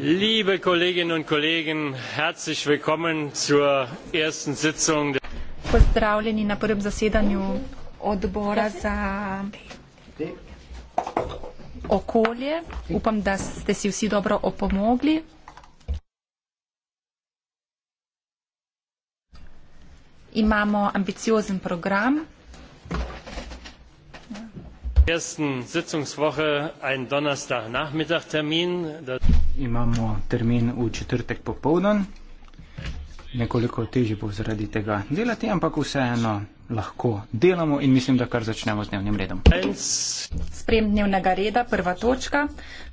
liebe kolleginnen und kollegen herzlich willkommen zur ersten sitzung pozdravljeni na prvem zasedanju odbora za okolje upam da ste si vsi dobro opomogli imamo ambiciozen program ersten sitzungswoche einen donnerstagnachmittagtermin. imamo termin v četrtek popoldan. Nekoliko težje bo zaradi tega delati, ampak vseeno lahko delamo in mislim, da kar začnemo z dnevnim redom. Sprem dnevnega reda, prva točka,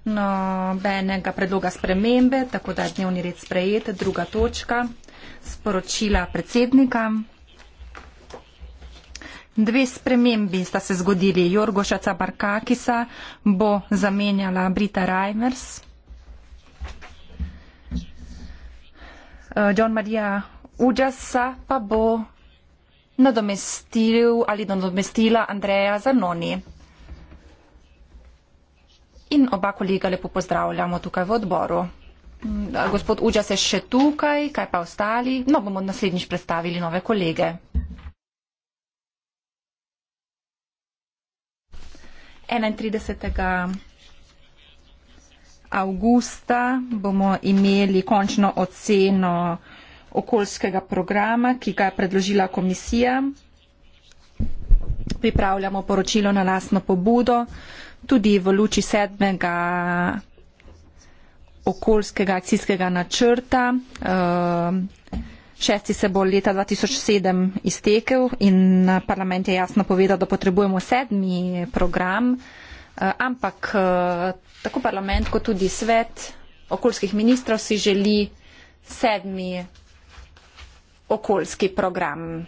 nobenega predloga spremembe, tako da je dnevni red sprejet, druga točka, sporočila predsednika, Dve spremembi sta se zgodili. Jorgoša Cabarkakisa bo zamenjala Brita Reimers. Eh, John Maria Uđasa pa bo nadomestil ali nadomestila Andreja Zanoni. In oba kolega lepo pozdravljamo tukaj v odboru. Mm, gospod Uđas je še tukaj, kaj pa ostali? No, bomo naslednjič predstavili nove kolege. 31. avgusta bomo imeli končno oceno okoljskega programa, ki ga je predložila komisija. Pripravljamo poročilo na lastno pobudo, tudi v luči sedmega okoljskega akcijskega načrta. Uh, Šesti se bo leta 2007 iztekel in eh, parlament je jasno povedal, da potrebujemo sedmi eh, program, eh, ampak tako parlament kot tudi svet okoljskih ministrov si želi sedmi okoljski program.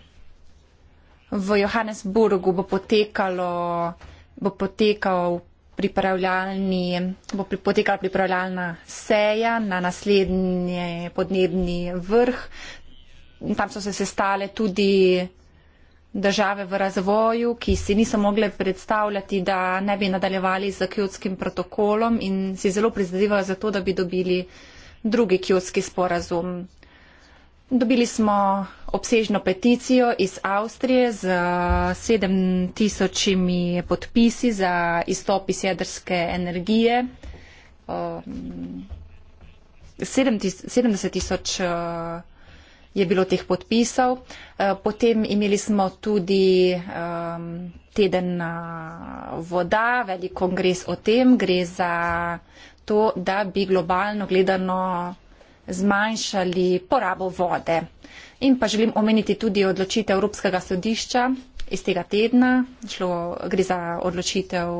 V Johannesburgu bo, potekalo, bo potekal pripravljalni, bo potekala pripravljalna seja na naslednji podnebni vrh, tam so se sestale tudi države v razvoju, ki si niso mogle predstavljati, da ne bi nadaljevali z kjotskim protokolom in si zelo prizadevajo za to, da bi dobili drugi kjotski sporazum. Dobili smo obsežno peticijo iz Avstrije z 7000 podpisi za izstop iz jedrske energije. 70 um, tisoč uh, je bilo teh podpisov. Eh, potem imeli smo tudi ehm, teden eh, voda, velik kongres o tem. Gre za to, da bi globalno gledano zmanjšali porabo vode. In pa želim omeniti tudi odločitev Evropskega sodišča iz tega tedna. Šlo, gre za odločitev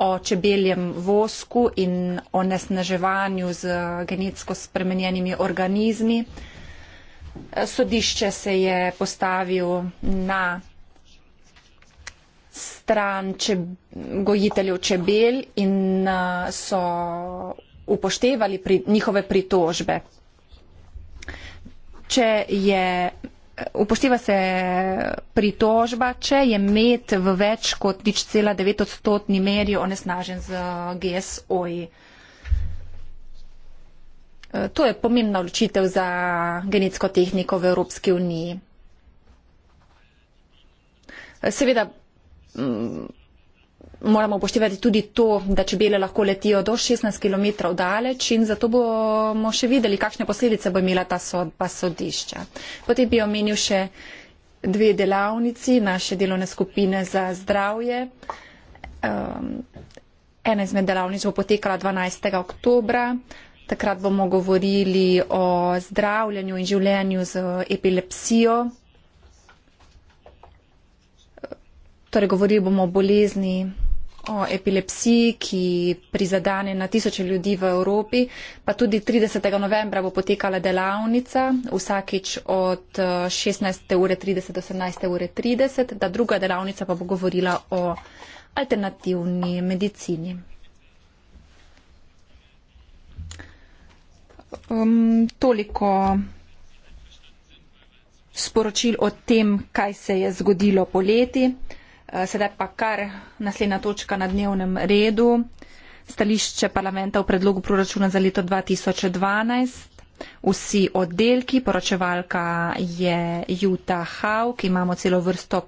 o čebeljem vosku in o nesnaževanju z genetsko spremenjenimi organizmi sodišče se je postavil na stran če, gojiteljev čebel in uh, so upoštevali pri, njihove pritožbe. Če je, upošteva se pritožba, če je med v več kot 0,9 odstotni meri onesnažen z GSO-ji. Eh, to je pomembna odločitev za genetsko tehniko v Evropski uniji. Eh, seveda mm, moramo upoštevati tudi to, da čebele lahko letijo do 16 km daleč in zato bomo še videli, kakšne posledice bo imela ta sodba sodišča. Potem bi omenil še dve delavnici naše delovne skupine za zdravje. Um, ena izmed delavnic bo potekala 12. oktobra. Takrat bomo govorili o zdravljanju in življenju z epilepsijo. Torej, govorili bomo o bolezni, o epilepsiji, ki prizadane na tisoče ljudi v Evropi, pa tudi 30. novembra bo potekala delavnica vsakič od 16.30 eh, do 18.30, da druga delavnica pa bo govorila o alternativni medicini. um, toliko sporočil o tem, kaj se je zgodilo poleti. Uh, sedaj pa kar naslednja točka na dnevnem redu. Stališče parlamenta v predlogu proračuna za leto 2012. Vsi oddelki, poročevalka je Juta Hauk, imamo celo vrsto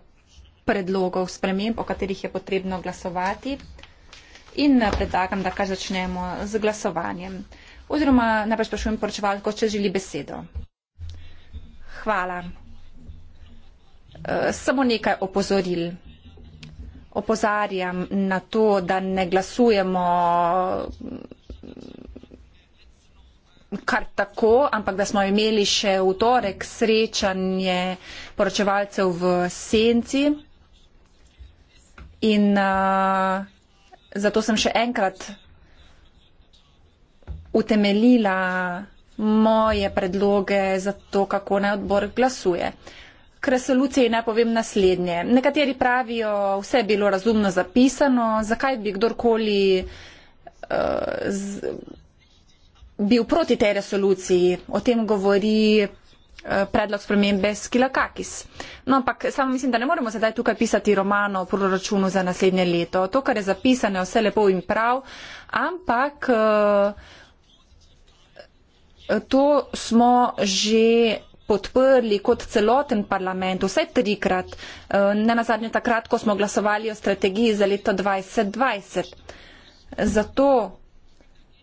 predlogov sprememb, o katerih je potrebno glasovati. In predlagam, da kar začnemo z glasovanjem oziroma najprej sprašujem poročevalko, če želi besedo. Hvala. Eh, samo nekaj opozoril. Opozarjam na to, da ne glasujemo kar tako, ampak da smo imeli še v torek srečanje poročevalcev v senci. In uh, zato sem še enkrat utemeljila moje predloge za to, kako naj odbor glasuje. K resoluciji naj povem naslednje. Nekateri pravijo, vse je bilo razumno zapisano, zakaj bi kdorkoli uh, z, bil proti tej resoluciji. O tem govori eh, predlog spremembe Skilakakis. No, ampak samo mislim, da ne moremo sedaj tukaj pisati romano o proračunu za naslednje leto. To, kar je zapisano, je vse lepo in prav, ampak uh, To smo že podprli kot celoten parlament, vse trikrat, eh, ne na zadnje takrat, ko smo glasovali o strategiji za leto 2020. Zato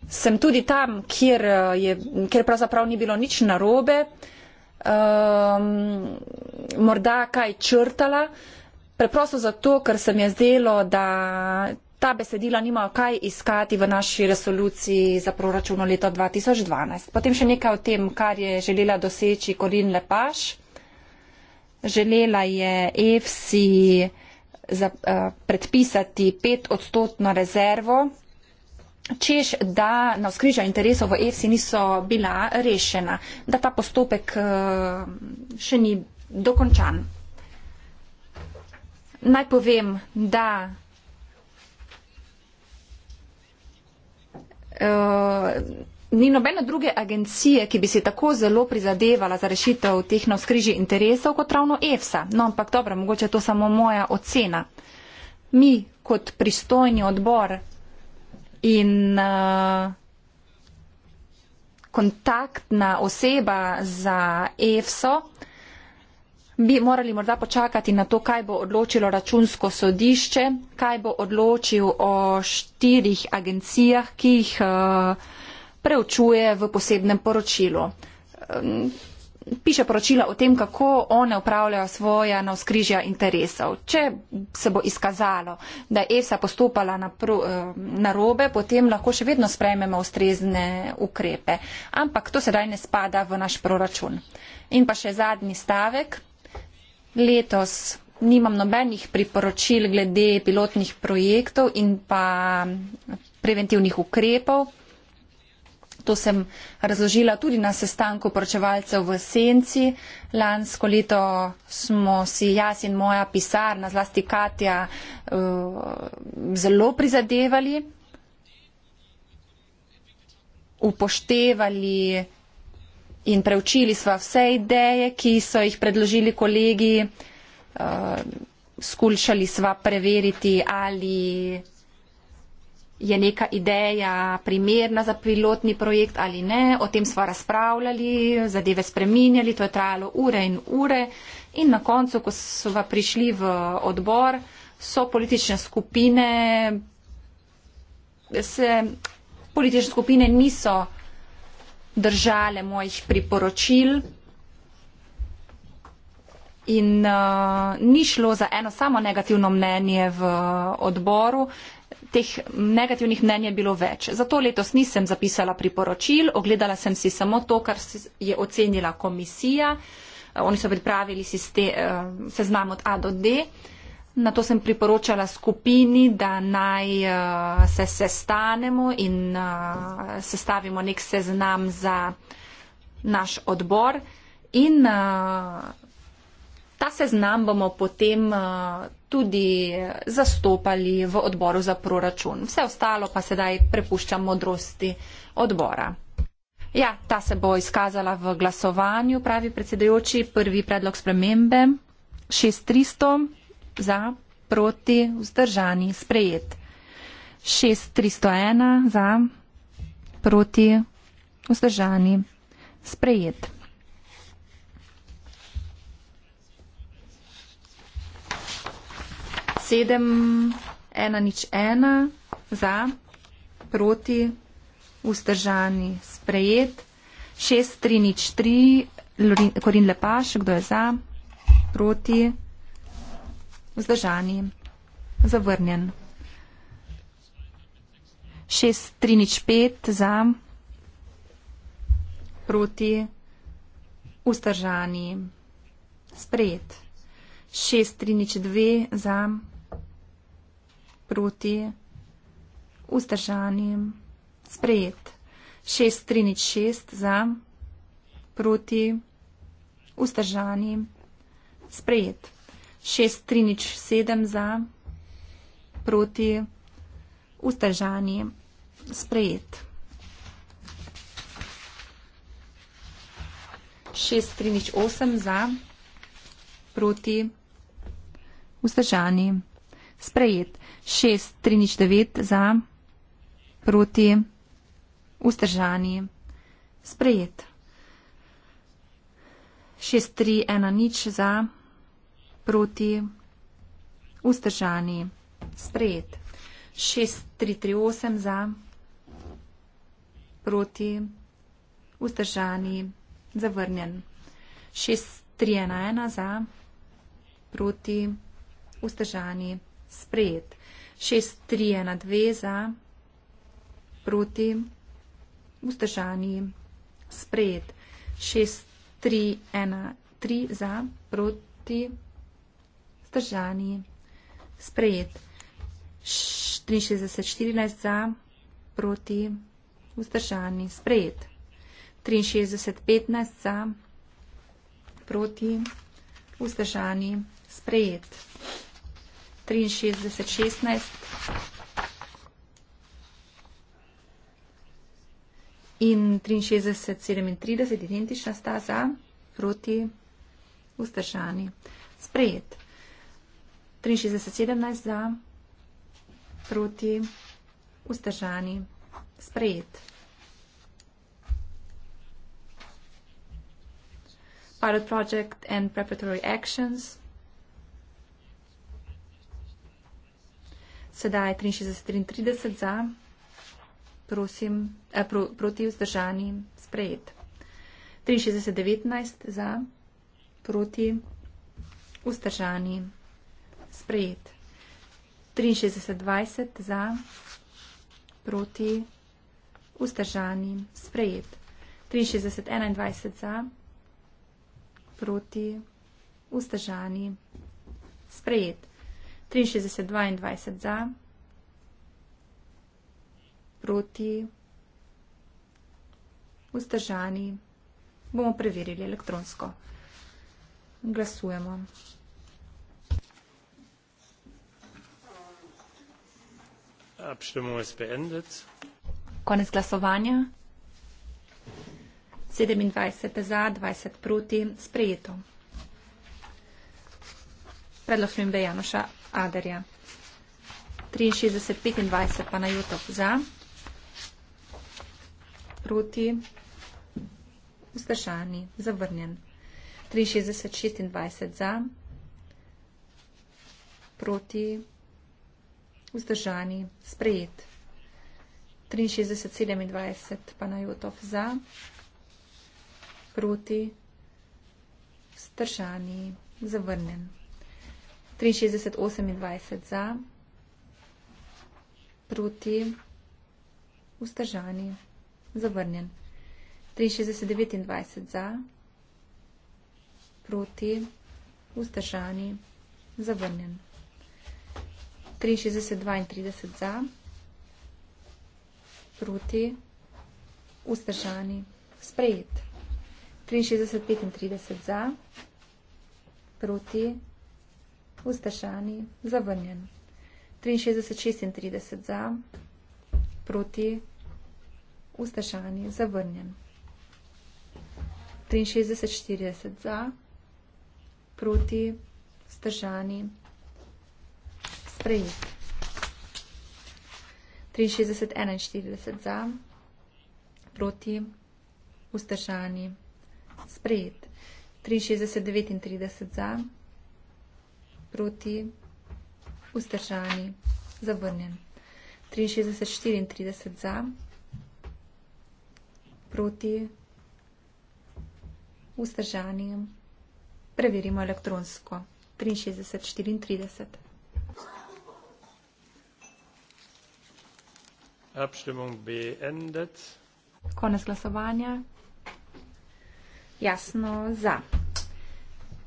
sem tudi tam, kjer, eh, je, kjer pravzaprav ni bilo nič narobe, um, morda kaj črtala, preprosto zato, ker se mi je zdelo, da ta besedila nimajo kaj iskati v naši resoluciji za proračuno leto 2012. Potem še nekaj o tem, kar je želela doseči Korin Lepaš. Želela je EFSI za, uh, predpisati pet odstotno rezervo, češ da na skrižja interesov v EFSI niso bila rešena, da ta postopek uh, še ni dokončan. Naj povem, da Eh, ni nobene druge agencije, ki bi si tako zelo prizadevala za rešitev teh navskrižij interesov kot ravno EFSA. No, ampak dobro, mogoče je to samo moja ocena. Mi kot pristojni odbor in uh, kontaktna oseba za EFSO bi morali morda počakati na to, kaj bo odločilo računsko sodišče, kaj bo odločil o štirih agencijah, ki jih eh, preučuje v posebnem poročilu. Eh, piše poročila o tem, kako one upravljajo svoja navskrižja interesov. Če se bo izkazalo, da je ESA postopala na eh, robe, potem lahko še vedno sprejmemo ustrezne ukrepe. Ampak to sedaj ne spada v naš proračun. In pa še zadnji stavek. Letos nimam nobenih priporočil glede pilotnih projektov in pa preventivnih ukrepov. To sem razložila tudi na sestanku poročevalcev v Senci. Lansko leto smo si jaz in moja pisarna, zlasti Katja, eh, zelo prizadevali, upoštevali in preučili sva vse ideje, ki so jih predložili kolegi, eh, skušali sva preveriti, ali je neka ideja primerna za pilotni projekt ali ne. O tem sva razpravljali, zadeve spreminjali, to je trajalo ure in ure. In na koncu, ko sva prišli v odbor, so politične skupine, se politične skupine niso držale mojih priporočil. In uh, ni šlo za eno samo negativno mnenje v uh, odboru. Teh negativnih mnenj je bilo več. Zato letos nisem zapisala priporočil, ogledala sem si samo to, kar je ocenila komisija. Uh, oni so pripravili uh, seznam od A do D. Uh, na to sem priporočala skupini, da naj uh, se sestanemo in uh, sestavimo nek seznam za naš odbor. In uh, ta seznam bomo potem uh, tudi zastopali v odboru za proračun. Vse ostalo pa sedaj prepuščam modrosti odbora. Ja, ta se bo izkazala v glasovanju, pravi predsedajoči, prvi predlog spremembe. 6300 za, proti, vzdržani, sprejet. 6301 za, proti, vzdržani, sprejet. Sedem, ena nič ena, za, proti, vzdržani, sprejet. Šest, tri nič tri, Korin Lepaš, kdo je za, proti, vzdržani. Vzdržani. Zavrnjen. 6-3-5 za. Proti. Vzdržani. Sprejet. 6-3-2 za. Proti. Vzdržani. Sprejet. 6-3-6 za. Proti. Vzdržani. Sprejet. 6-3-6 za. Proti. Vzdržani. Sprejet šest, tri, nič, sedem za, proti, vzdržani, sprejet. Šest, tri, nič, osem za, proti, vzdržani, sprejet. Šest, tri, nič, devet za, proti, vzdržani, sprejet. Šest, tri, ena, nič za, proti, vzdržani, sprejet. Proti. Vzdržani. Sprejet. 6338 za. Proti. Vzdržani. Zavrnjen. 6311 za. Proti. Vzdržani. Sprejet. 6312 za. Proti. Vzdržani. Sprejet. 6313 za. Proti vzdržani. Sprejet. 63-14 za, proti, vzdržani. Sprejet. 63-15 za, proti, vzdržani. Sprejet. 63-16 in 63-37 identična sta za, proti, vzdržani. Sprejet. 63-17. 63-17 za, proti, vzdržani, sprejet. Pilot project and preparatory actions. Sedaj 63-33 za, prosim, eh, pro, proti, vzdržani, sprejet. 63-19 za, proti, vzdržani, sprejet sprejet. 63-20 za, proti, vzdržani, sprejet. 63-21 za, proti, vzdržani, sprejet. 63-22 za, proti, vzdržani, bomo preverili elektronsko. Glasujemo. abstimmung ist beendet. Konec glasovanja. 27 za, 20 proti, sprejeto. Predlog spremembe Janoša Aderja. 63, 25 pa na jutok za, proti, vzdržani, zavrnjen. 63, 26 za, proti, vzdržani vzdržani, sprejet. 63,27 pa na jutov za, proti, vzdržani, zavrnen. 63,28 za, proti, vzdržani, zavrnen. 63,29 za, proti, vzdržani, zavrnen. 63,29 za, proti, vzdržani, zavrnen. 63, 32 za, proti, vzdržani, sprejet. 63, 35 za, proti, vzdržani, zavrnjen. 63, 36 za, proti, vzdržani, zavrnjen. 63, 40 za, proti, vzdržani, zavrnjen prej. 63, 41 za, proti, vzdržani, sprejet. 63, 39 za, proti, vzdržani, zavrnjen. 63, 34 za, proti, vzdržani, preverimo elektronsko. 63, 34. Abstimmung beendet. Konec glasovanja. Jasno za.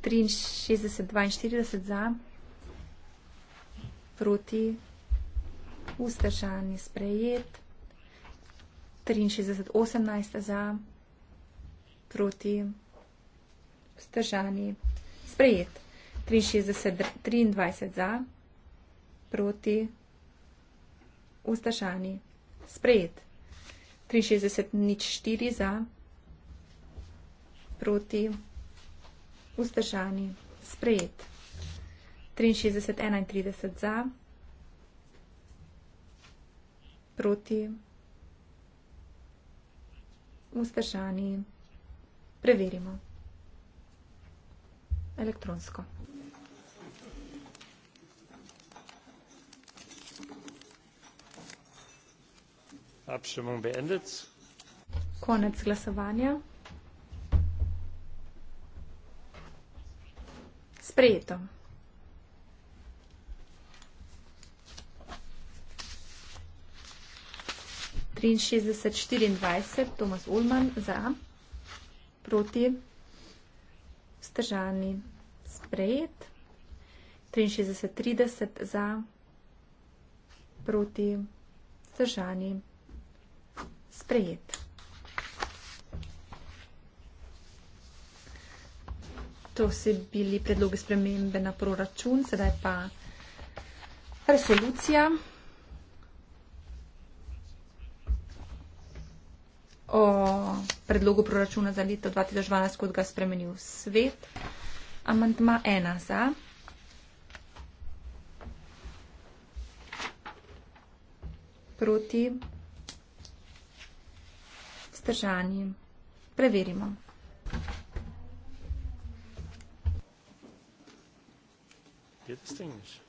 63-42 za. Proti. Ustržan je sprejet. 63-18 za. Proti. Ustržan je sprejet. 63-23 za. Proti. Ustržan je sprejet sprejet. 63 nič 4 za, proti, vzdržani, sprejet. 63 31 za, proti, vzdržani, preverimo elektronsko. abstimmung beendet. konec glasovanja. sprejeto. triinšestdeset štiriindvajset Tomas Ulman za proti vzdržani sprejet triinšestdeset trideset za proti vzdržani sprejet sprejet. To so bili predlogi spremembe na proračun, sedaj pa resolucija o predlogu proračuna za leto 2012, kot ga spremenil svet. Amantma ena za. Proti vzdržanjem. Preverimo. Je to stengiš?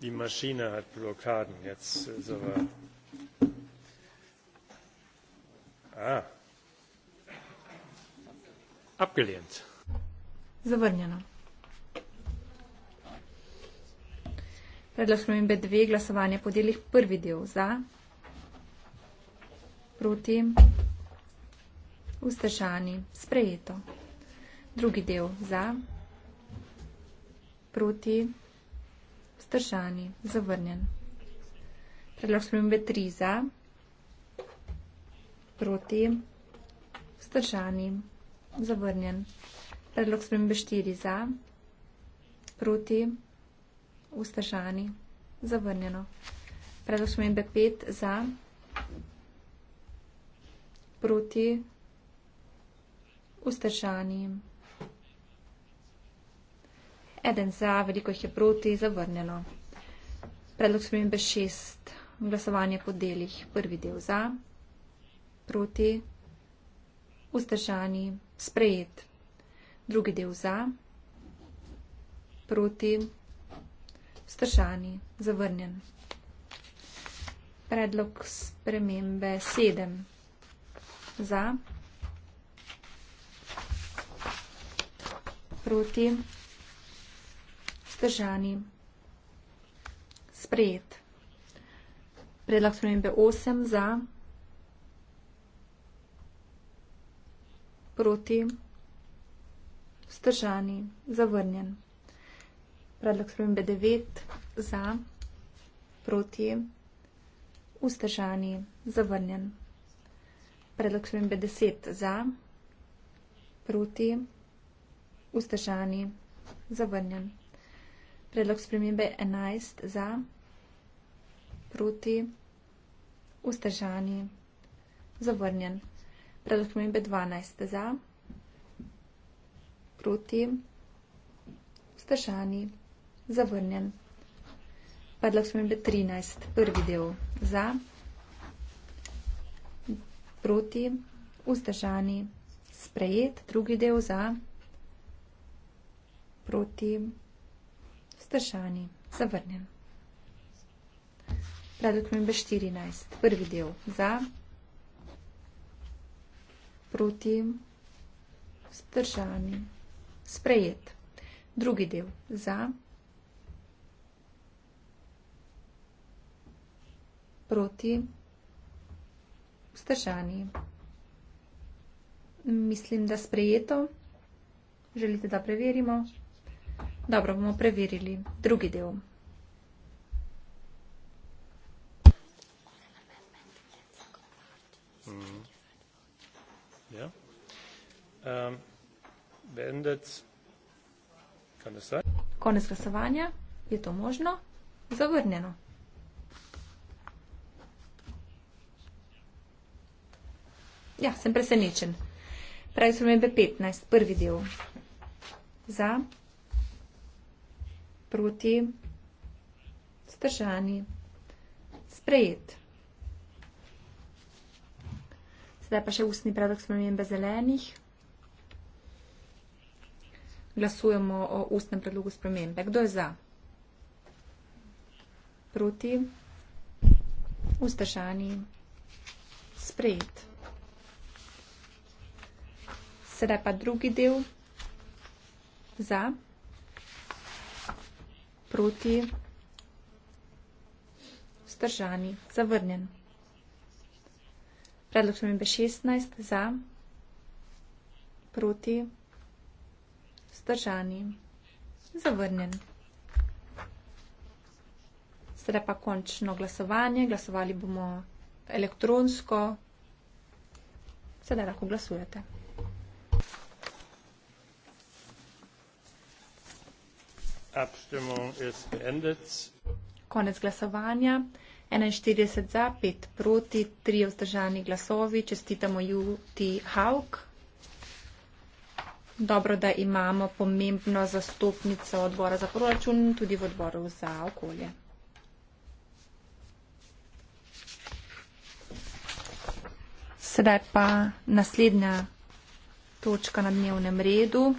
Die Maschine hat Blockaden jetzt. Ist aber ah. Abgelehnt. Zavrnjeno. So Predlog spremembe dve glasovanje po delih prvi del za, proti, vzdržani, sprejeto. Drugi del za, proti, vzdržani, zavrnjen. Predlog spremembe tri za, proti, vzdržani, zavrnjen. Predlog spremembe štiri za, proti, vzdržani vzdržani, zavrnjeno. Predlog spremembe 5 za, proti, vzdržani. Eden za, veliko jih je proti, zavrnjeno. Predlog spremembe 6, glasovanje po delih, prvi del za, proti, vzdržani, sprejet. Drugi del za, proti, vzdržani. Zdržani, zavrnjen. Predlog spremembe sedem. Za. Proti. Zdržani. Sprejet. Predlog spremembe osem. Za. Proti. Zdržani, zavrnjen predlog spremembe 9 za, proti, vzdržani, zavrnjen. Predlog spremembe 10 za, proti, vzdržani, zavrnjen. Predlog spremembe 11 za, proti, vzdržani, zavrnjen. Predlog spremembe 12 za, proti, vzdržani, zavrnjen. Zavrnjen. Predlog spremembe 13. Prvi del. Za. Proti. Vzdržani. Sprejet. Drugi del. Za. Proti. Vzdržani. Zavrnjen. Predlog spremembe 14. Prvi del. Za. Proti. Vzdržani. Sprejet. Drugi del. Za. Proti. proti vzdržani. Mislim, da sprejeto. Želite, da preverimo? Dobro, bomo preverili drugi del. Mm. Ja. Um, ähm, Bendec, kaj ne sve? Konec glasovanja je to možno, zavrnjeno. Ja, sem presenečen. Pravi so mi B15, prvi del. Za, proti, stržani, sprejet. Zdaj pa še ustni predlog spremembe zelenih. Glasujemo o ustnem predlogu spremembe. Kdo je za? Proti. Ustašani. Sprejet. Sedaj pa drugi del za, proti, vzdržani, zavrnjen. Predlog smo imeli 16 za, proti, vzdržani, zavrnjen. Sedaj pa končno glasovanje. Glasovali bomo elektronsko. Sedaj lahko glasujete. Abstimmung ist beendet. Konec glasovanja. 41 za, 5 proti, 3 vzdržani glasovi. Čestitamo Juti Hauk. Dobro, da imamo pomembno zastopnico odbora za proračun in tudi v odboru za okolje. Sedaj pa naslednja točka na dnevnem redu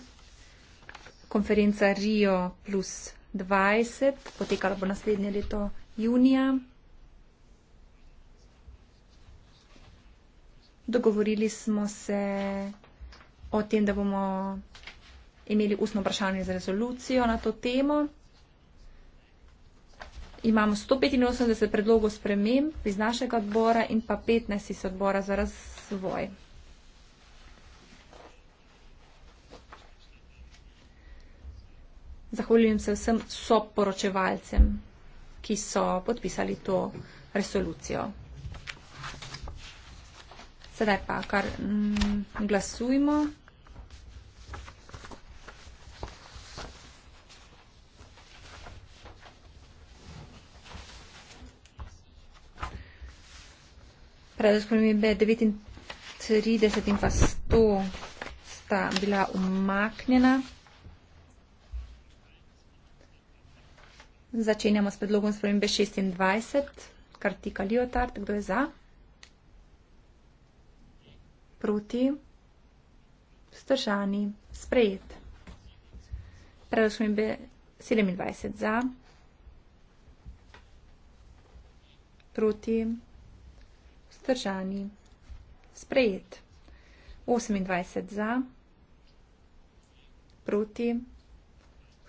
konferenca Rio plus 20, potekala bo naslednje leto junija. Dogovorili smo se o tem, da bomo imeli ustno vprašanje za rezolucijo na to temo. Imamo 185 predlogov sprememb iz našega odbora in pa 15 iz odbora za razvoj. Zahvaljujem se vsem soporočevalcem, ki so podpisali to resolucijo. Sedaj pa kar mm, glasujmo. Predoskolim je B39 in pa 100 sta bila umaknjena. Začenjamo s predlogom spremembe 26, kar tika Liotard. Kdo je za? Proti? Vzdržani? Sprejet. Predlog spremembe 27 za? Proti? Vzdržani? Sprejet. 28 za? Proti?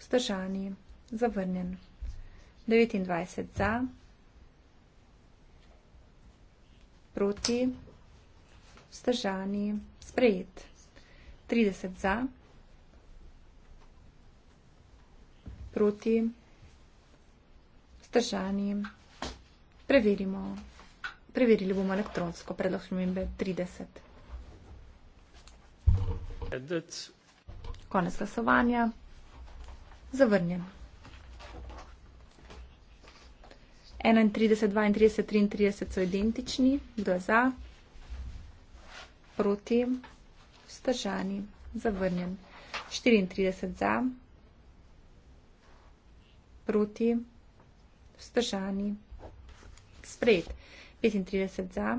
Vzdržani? Zavrnjen. 29 za, proti, vzdržani, sprejet. 30 za, proti, vzdržani, preverimo. Preverili bomo elektronsko predlog spremembe 30. Konec glasovanja. Zavrnjen. 31, 32, 33 so identični, kdo za, proti, vzdržani, zavrnjen. 34 za, proti, vzdržani, sprejet. 35 za,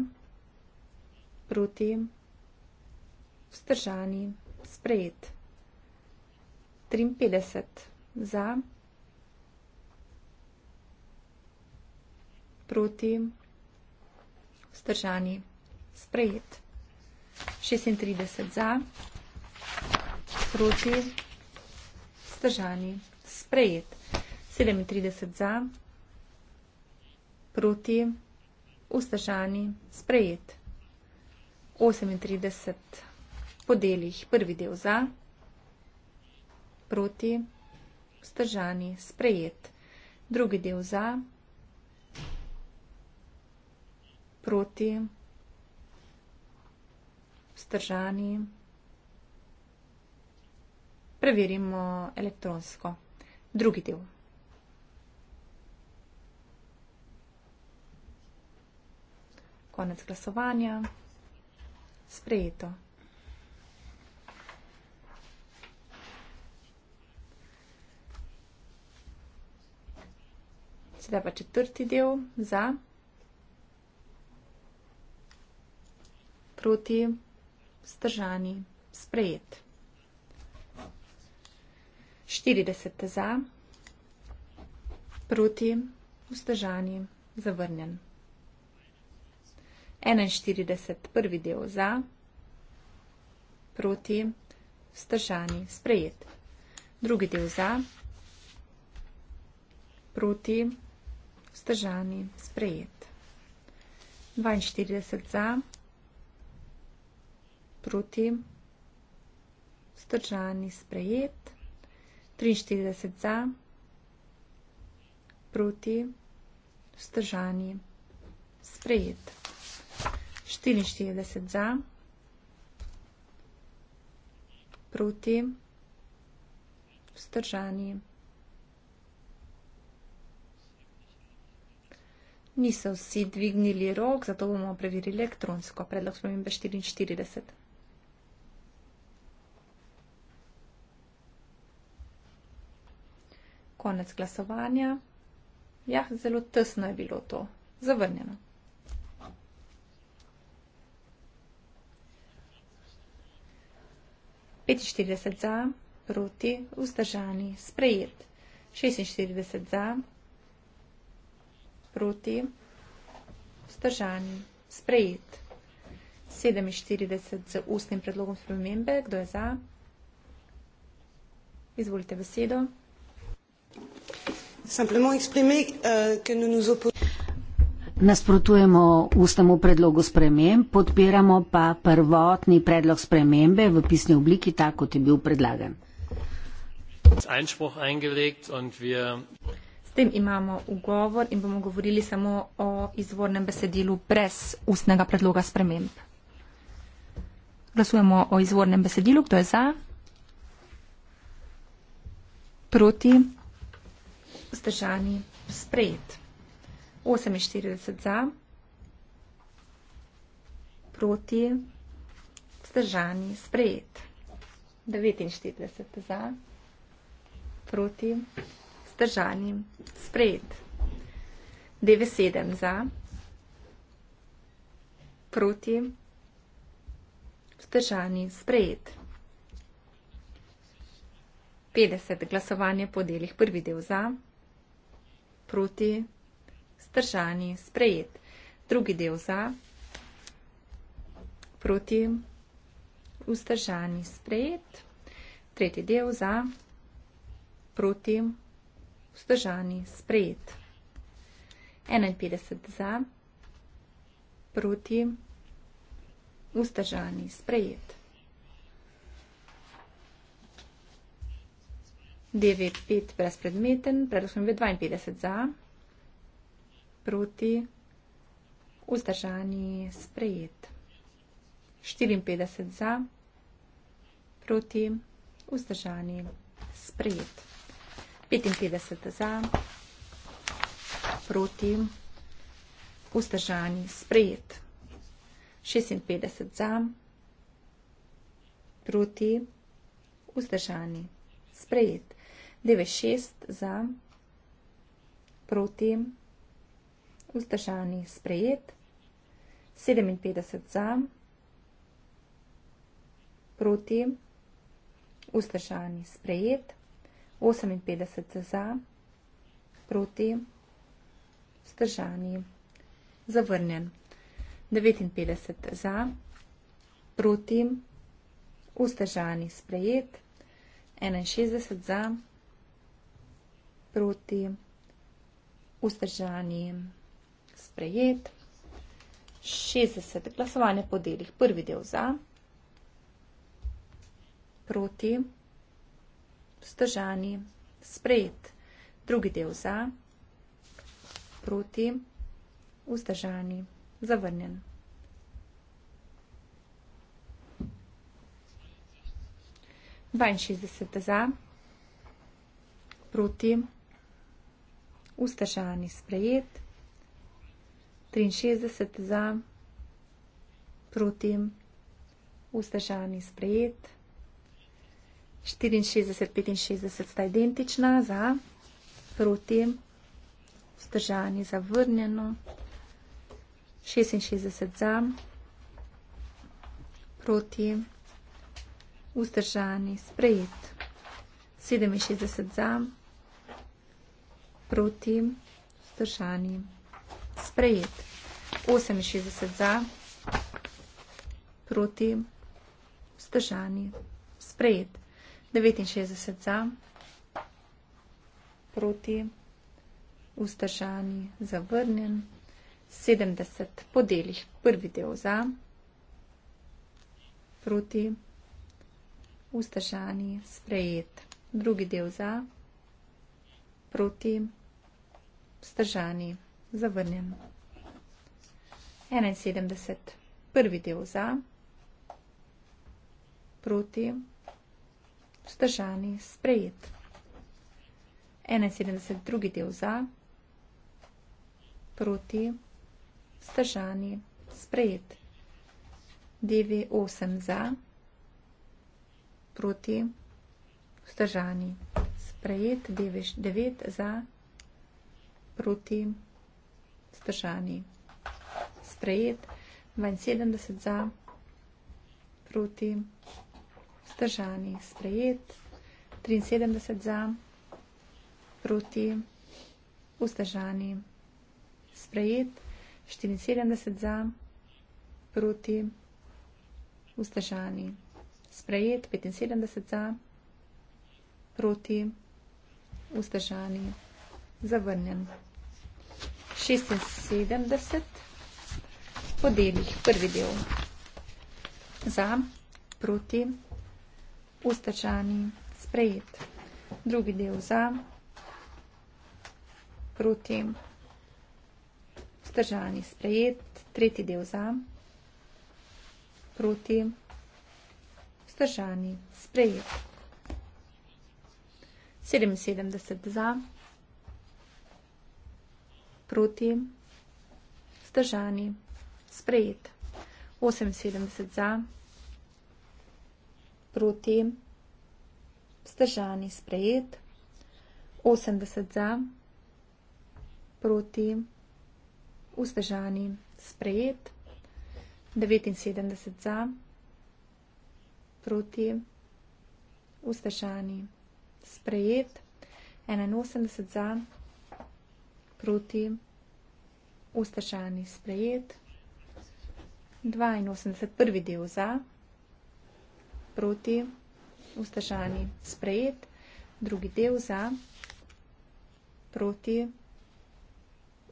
proti, vzdržani, sprejet. 53 za, proti, vzdržani, sprejet. proti, vzdržani, sprejet. 36 za, proti, vzdržani, sprejet. 37 za, proti, vzdržani, sprejet. 38 po delih, prvi del za, proti, vzdržani, sprejet. Drugi del za, proti, vzdržani, sprejet. proti, vzdržani. Preverimo elektronsko. Drugi del. Konec glasovanja. Sprejeto. Sedaj pa četrti del za. proti, vzdržani, sprejet. 40 za, proti, vzdržani, zavrnjen. 41 prvi del za, proti, vzdržani, sprejet. Drugi del za, proti, vzdržani, sprejet. 42 za, proti, vzdržani, sprejet proti, vzdržani, sprejet, 43 za, proti, vzdržani, sprejet, 44 za, proti, vzdržani, Niso vsi dvignili rok, zato bomo preverili elektronsko. Predlog spremembe 44. konec glasovanja. Ja, zelo tesno je bilo to. Zavrnjeno. Petinštirideset za, proti, vzdržani, sprejet. Šestinštirideset za, proti, vzdržani, sprejet. Sedeminštirideset z ustnim predlogom spremembe, kdo je za? Izvolite besedo. Euh, Nasprotujemo ustemu predlogu sprememb, podpiramo pa prvotni predlog spremembe v pisni obliki, tako kot je bil predlagan. S tem imamo ugovor in bomo govorili samo o izvornem besedilu brez ustnega predloga sprememb. Glasujemo o izvornem besedilu. Kdo je za? Proti? vzdržani, sprejet. 48 za, proti, vzdržani, sprejet. 49 za, proti, vzdržani, sprejet. 97 za, proti, vzdržani, sprejet. 50 glasovanje po delih prvi del za, proti, zdržani, sprejet. Drugi del za, proti, vzdržani, sprejet. Tretji del za, proti, vzdržani, sprejet. 51 za, proti, vzdržani, sprejet. DV5 brezpredmeten, predlog smo imeli 52 za, proti, vzdržani, sprejet. 54 za, proti, vzdržani, sprejet. 55 za, proti, vzdržani, sprejet. 56 za, proti, vzdržani, sprejet. 96 za, proti, vzdržani sprejet, 57 za, proti, vzdržani sprejet, 58 za, proti, vzdržani zavrnjen, 59 za, proti, vzdržani sprejet, 61 za, proti, proti, vzdržani, sprejet. 60 glasovanje po delih. Prvi del za, proti, vzdržani, sprejet. Drugi del za, proti, vzdržani, zavrnjen. Dvainšestdeset za, proti, vzdržani, sprejet vzdržani sprejet, 63 za, proti, vzdržani sprejet, 64, 65 sta identična za, proti, vzdržani zavrnjeno, 66 za, proti, vzdržani sprejet, 67 za, proti, proti, vzdržani, sprejet. 68 za, proti, vzdržani, sprejet. 69 za, proti, vzdržani, zavrnjen. 70 po delih, prvi del za, proti, vzdržani, sprejet. Drugi del za, proti, vzdržani, sprejet proti, vzdržani, zavrnjen. 71. Prvi del za, proti, vzdržani, sprejet. 71. Drugi del za, proti, vzdržani, sprejet. 9.8 za, proti, vzdržani, sprejet sprejet, devež 9 za, proti, zdržani. Sprejet, 72 za, proti, zdržani. Sprejet, 73 za, proti, vzdržani. Sprejet, 74 za, proti, vzdržani. Sprejet, 75 za, proti, vzdržani vzdržani, zavrnjen. 76 po delih, prvi del. Za, proti, vzdržani, sprejet. Drugi del za, proti, vzdržani, sprejet. Tretji del za, proti, vzdržani, sprejet. 77 za, proti, zdržani, sprejet. 78 za, proti, zdržani, sprejet. 80 za, proti, vzdržani, sprejet. 79 za, proti, vzdržani, sprejet sprejet, 81 za, proti, vzdržani sprejet, 82 prvi del za, proti, vzdržani sprejet, drugi del za, proti,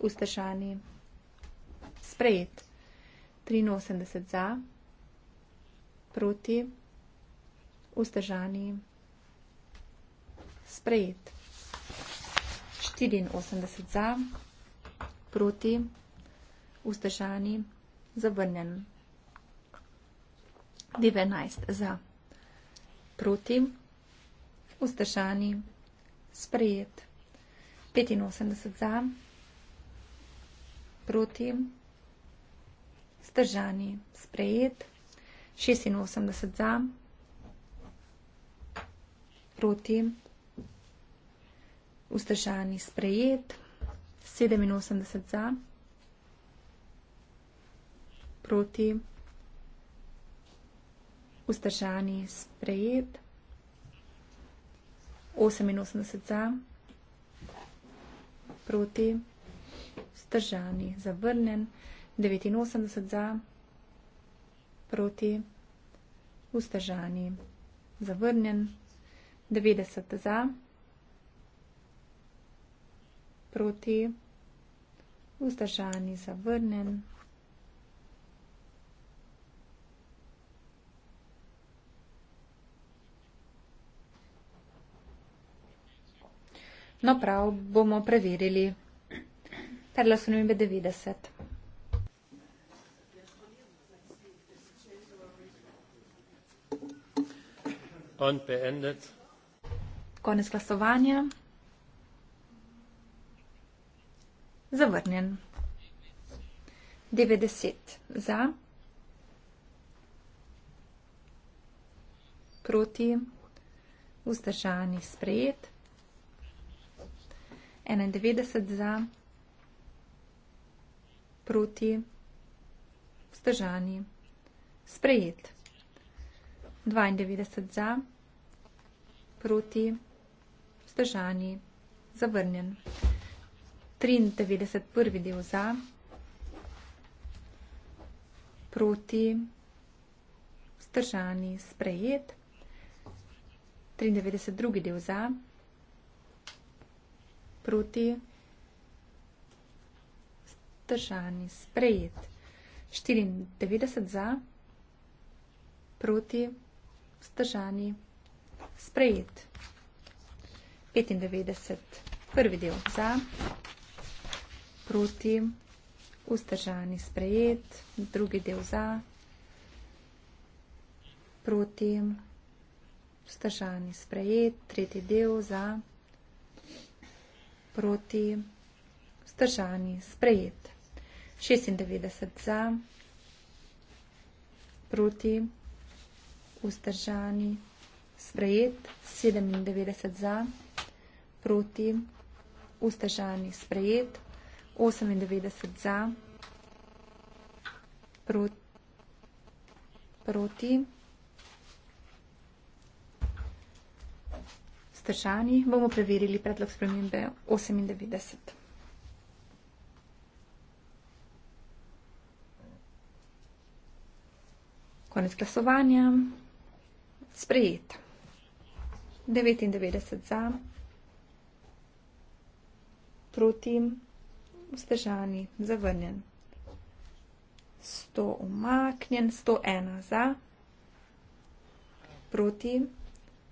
vzdržani sprejet, 83 za, proti, vzdržani sprejet sprejet. 84 za, proti, vzdržani, zavrnjen. 19 za, proti, vzdržani, sprejet. 85 za, proti, vzdržani, sprejet. 86 za, proti, vzdržani, sprejet vzdržani sprejet, 87 za, proti, vzdržani sprejet, 88 za, proti, vzdržani zavrnen, 89 za, proti, vzdržani zavrnen, 90 za, proti, proti, vzdržani, zavrnen. No prav, bomo preverili. Perla so nimi 90. Konec glasovanja. zavrnjen. 90 za, proti, vzdržani sprejet, 91 za, proti, vzdržani sprejet, 92 za, proti, vzdržani zavrnjen. 93, prvi del za, proti, vzdržani, sprejet, 93, drugi del za, proti, vzdržani, sprejet, 94 za, proti, vzdržani, sprejet, 95, prvi del za, proti, proti, vzdržani sprejet, drugi del za, proti, vzdržani sprejet, tretji del za, proti, vzdržani sprejet. 96 za, proti, vzdržani sprejet, 97 za, proti, vzdržani sprejet. 98 za, proti, stržani. Bomo preverili predlog spremembe 98. Konec glasovanja. Sprejet. 99 za, proti, stržani vzdržani, zavrnjen. 100 umaknjen, 101 za, proti,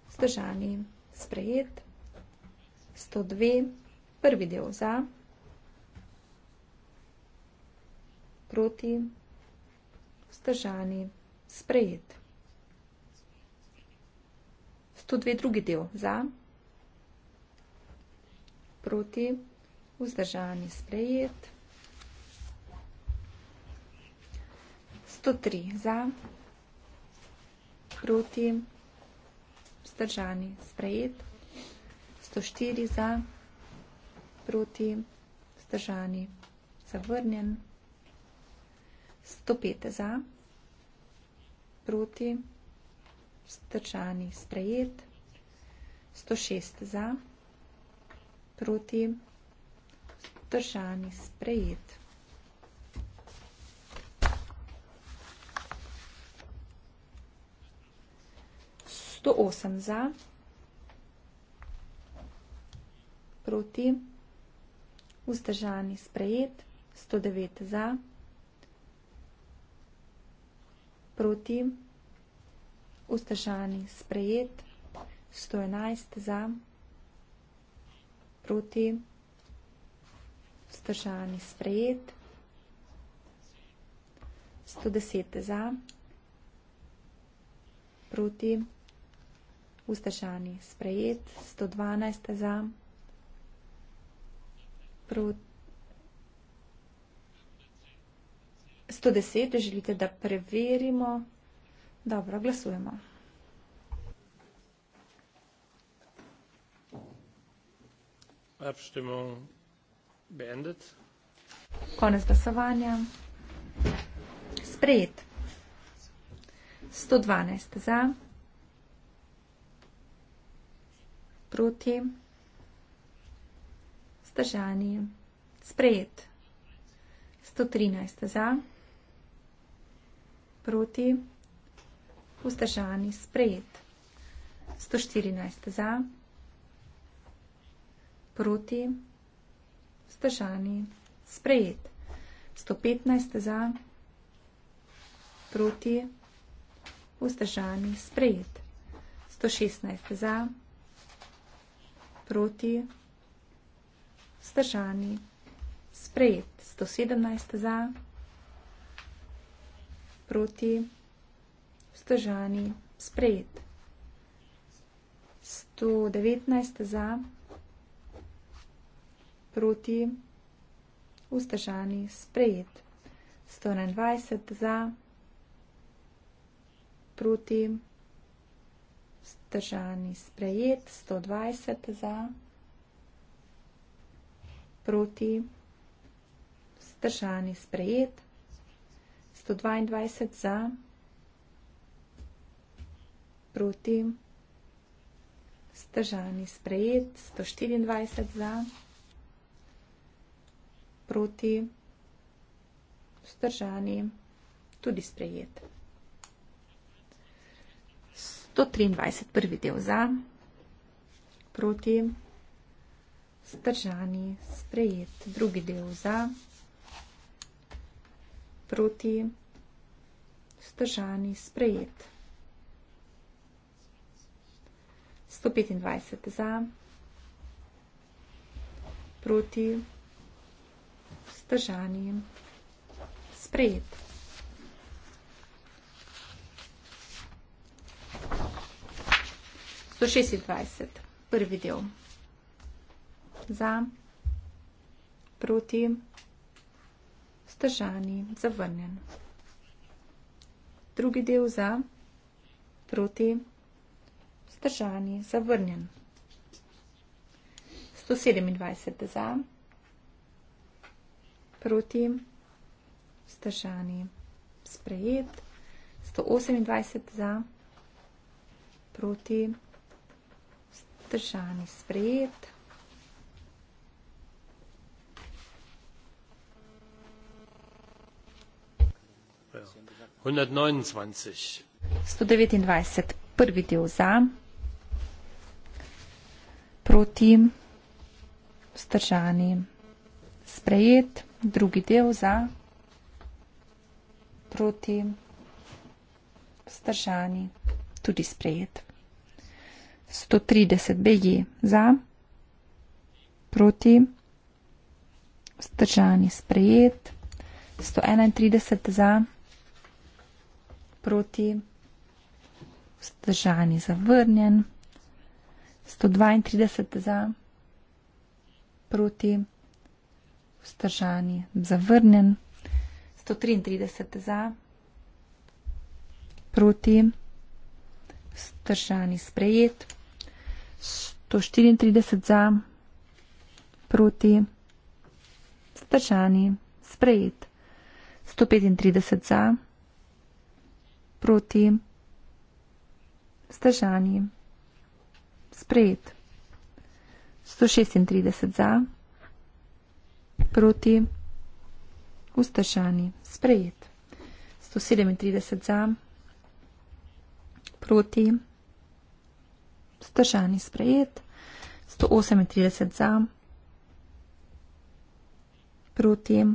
vzdržani, sprejet. 102, prvi del za, proti, vzdržani, sprejet. 102, drugi del za, proti, vzdržani, sprejet vzdržani sprejet. 103 za, proti, vzdržani sprejet. 104 za, proti, vzdržani zavrnjen. 105 za, proti, vzdržani sprejet. 106 za, proti, vzdržani sprejet vzdržani, sprejet. Sto osem za, proti, vzdržani, sprejet, sto devet za, proti, vzdržani, sprejet, sto enajst za, proti, vzdržani, sprejet, vzdržani, sprejet. 110 za, proti, vzdržani, sprejet. 112 za, proti. 110, želite, da preverimo. Dobro, glasujemo. Abstimmung Bandit. Konec glasovanja. Sprejet. 112 za. Proti. Zdržani. Sprejet. 113 za. Proti. Vzdržani. Sprejet. 114 za. Proti vzdržani, sprejet. 115 za, proti, vzdržani, sprejet. 116 za, proti, vzdržani, sprejet. 117 za, proti, vzdržani, sprejet. 119 za, proti, vzdržani, sprejet proti, vzdržani, sprejet. 121 za, proti, vzdržani, sprejet. 120 za, proti, vzdržani, sprejet. 122 za, proti, vzdržani, sprejet. 124 za, proti, vzdržani, sprejet proti, vzdržani, tudi sprejet. 123. prvi del za, proti, vzdržani, sprejet. Drugi del za, proti, vzdržani, sprejet. 125. za, proti, vzdržani, sprejet vzdržani. Sprejet. Do 26. Prvi del. Za, proti, vzdržani, zavrnjen. Drugi del za, proti, vzdržani, zavrnjen. 127. za, proti, vzdržani, zavrnjen proti, vzdržani, sprejet, 128 za, proti, vzdržani, sprejet. Sto devetindvajset prvi del za, proti, vzdržani, sprejet drugi del za proti vzdržani, tudi sprejet. 130 BG za proti vzdržani, sprejet. 131 za proti vzdržani, zavrnjen. 132 za proti vzdržani vzdržani, zavrnjen. 133 za, proti, vzdržani, sprejet. 134 za, proti, vzdržani, sprejet. 135 za, proti, vzdržani, sprejet. 136 za, proti, vzdržani, sprejet. 136 za, Proti. Vzdržani. Sprejet. 137 za. Proti. Vzdržani. Sprejet. 138 za. Proti.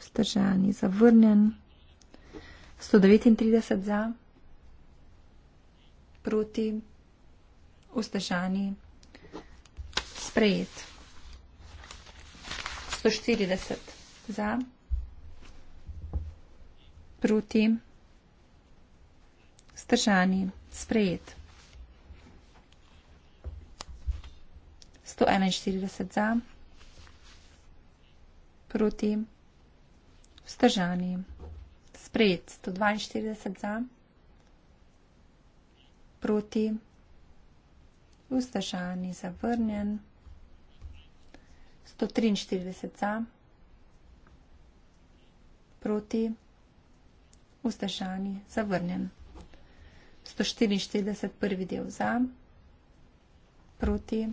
Vzdržani. Zavrnjen. 139 za. Proti. Vzdržani. Sprejet. 140 za, proti, vzdržani, sprejet. 141 za, proti, vzdržani, sprejet. 142 za, proti, vzdržani, zavrnjen. 143 za, proti, vzdržani, zavrnjen. 144 prvi del za, proti,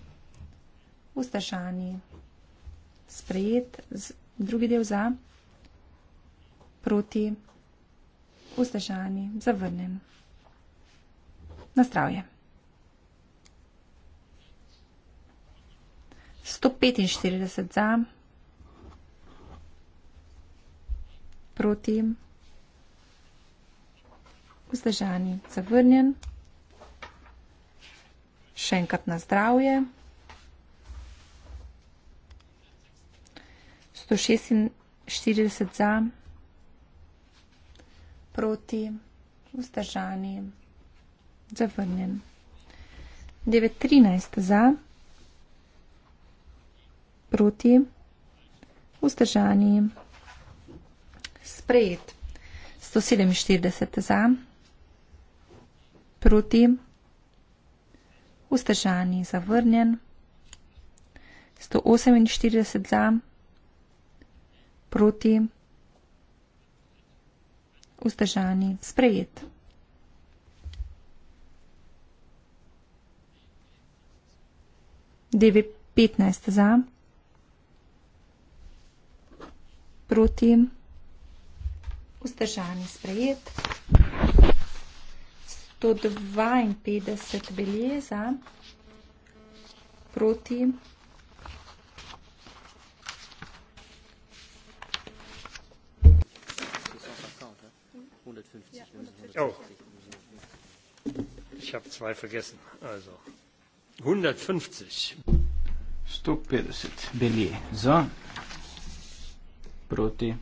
vzdržani, sprejet, drugi del za, proti, vzdržani, zavrnjen. Na zdravje. 145 za, proti, vzdržani, zavrnjen. Še enkrat na zdravje. 146 za, proti, vzdržani, zavrnjen. 913 za proti, vzdržani, sprejet. 147 za, proti, vzdržani, zavrnjen. 148 za, proti, vzdržani, sprejet. Devet petnajst za. proti. Vzdržani sprejet. 152 beleza proti. Oh. Ich habe zwei vergessen. Also 150. 150 Billet. So proti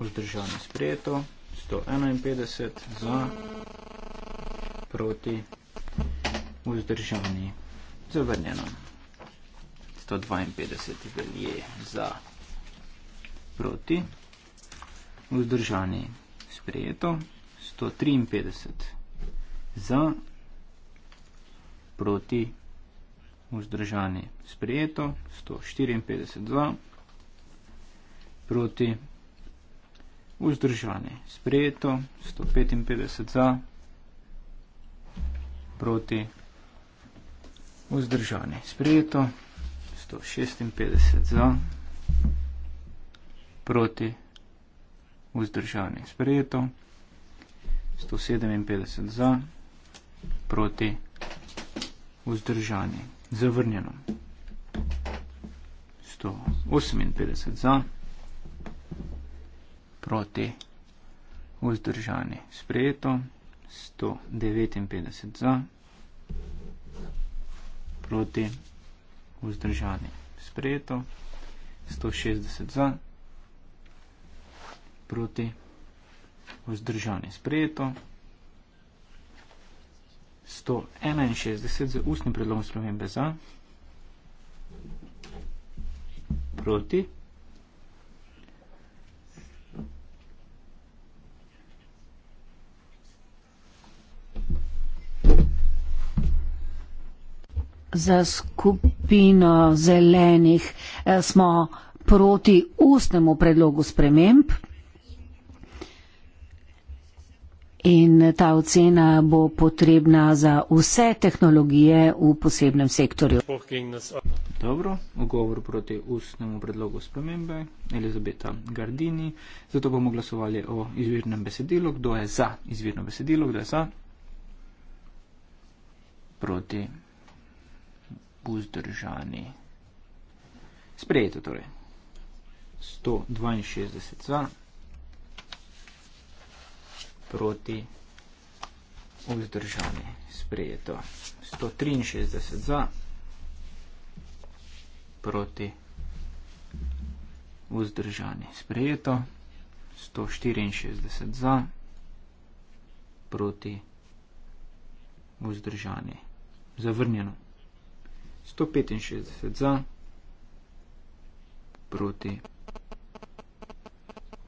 vzdržano sprejeto, 151 za proti vzdržani zavrnjeno, 152 velje za proti vzdržani sprejeto, 153 za proti vzdržani sprejeto, 154 za proti vzdržani sprejeto, proti vzdržani. Sprejeto 155 za proti vzdržani. Sprejeto 156 za proti vzdržani. Sprejeto 157 za proti vzdržani. Zavrnjeno 158 za proti vzdržani proti vzdržani sprejeto, 159 za, proti vzdržani sprejeto, 160 za, proti vzdržani sprejeto, 161 za ustni predlog spremembe za, proti vzdržani sprejeto, za skupino zelenih eh, smo proti ustnemu predlogu sprememb. In ta ocena bo potrebna za vse tehnologije v posebnem sektorju. Dobro, ogovor proti ustnemu predlogu spremembe Elizabeta Gardini. Zato bomo glasovali o izvirnem besedilu. Kdo je za izvirno besedilo? Kdo je za? Proti lahko zdržani. Sprejeto torej. 162 sva proti vzdržani. Sprejeto. 163 sva proti vzdržani. Sprejeto. 164 sva proti vzdržani. Zavrnjeno. 165 za, proti,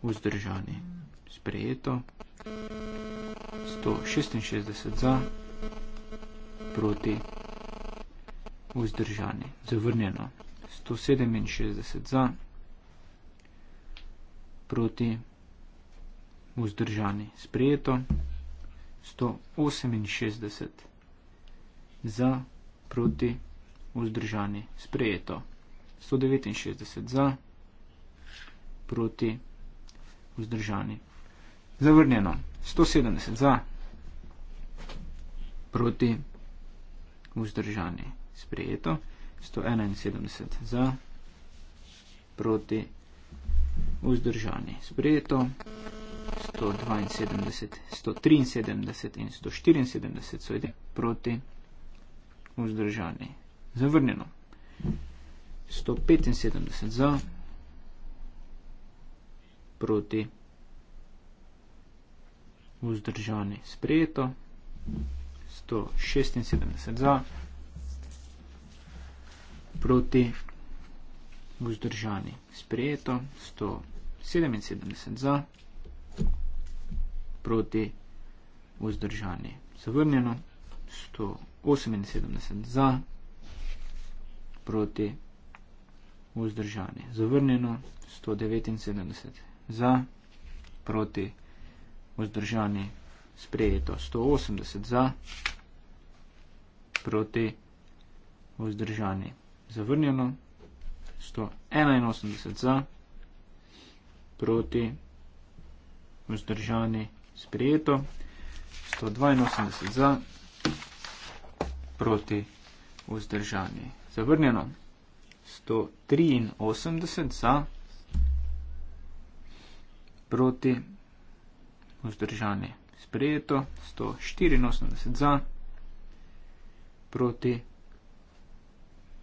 vzdržani, sprejeto, 166 za, proti, vzdržani, zavrnjeno, 167 za, proti, vzdržani, sprejeto, 168 za, proti, vzdržani, sprejeto, 168 za, proti, vzdržani sprejeto. 169 za, proti vzdržani. Zavrnjeno. 170 za, proti vzdržani sprejeto. 171 za, proti vzdržani sprejeto. 172, 173 in 174 so edi proti vzdržani sprejeto zavrnjeno. 175 za, proti, vzdržani, sprejeto. 176 za, proti, vzdržani, sprejeto. 177 za, proti, vzdržani, zavrnjeno. 178 za, proti vzdržanje. Zavrnjeno 179, za proti vzdržanje sprejeto 180, za proti vzdržanje zavrnjeno 181, za proti vzdržanje sprejeto 182, za proti vzdržanje zavrnjeno. 183 za, proti, vzdržanje sprejeto, 184 za, proti,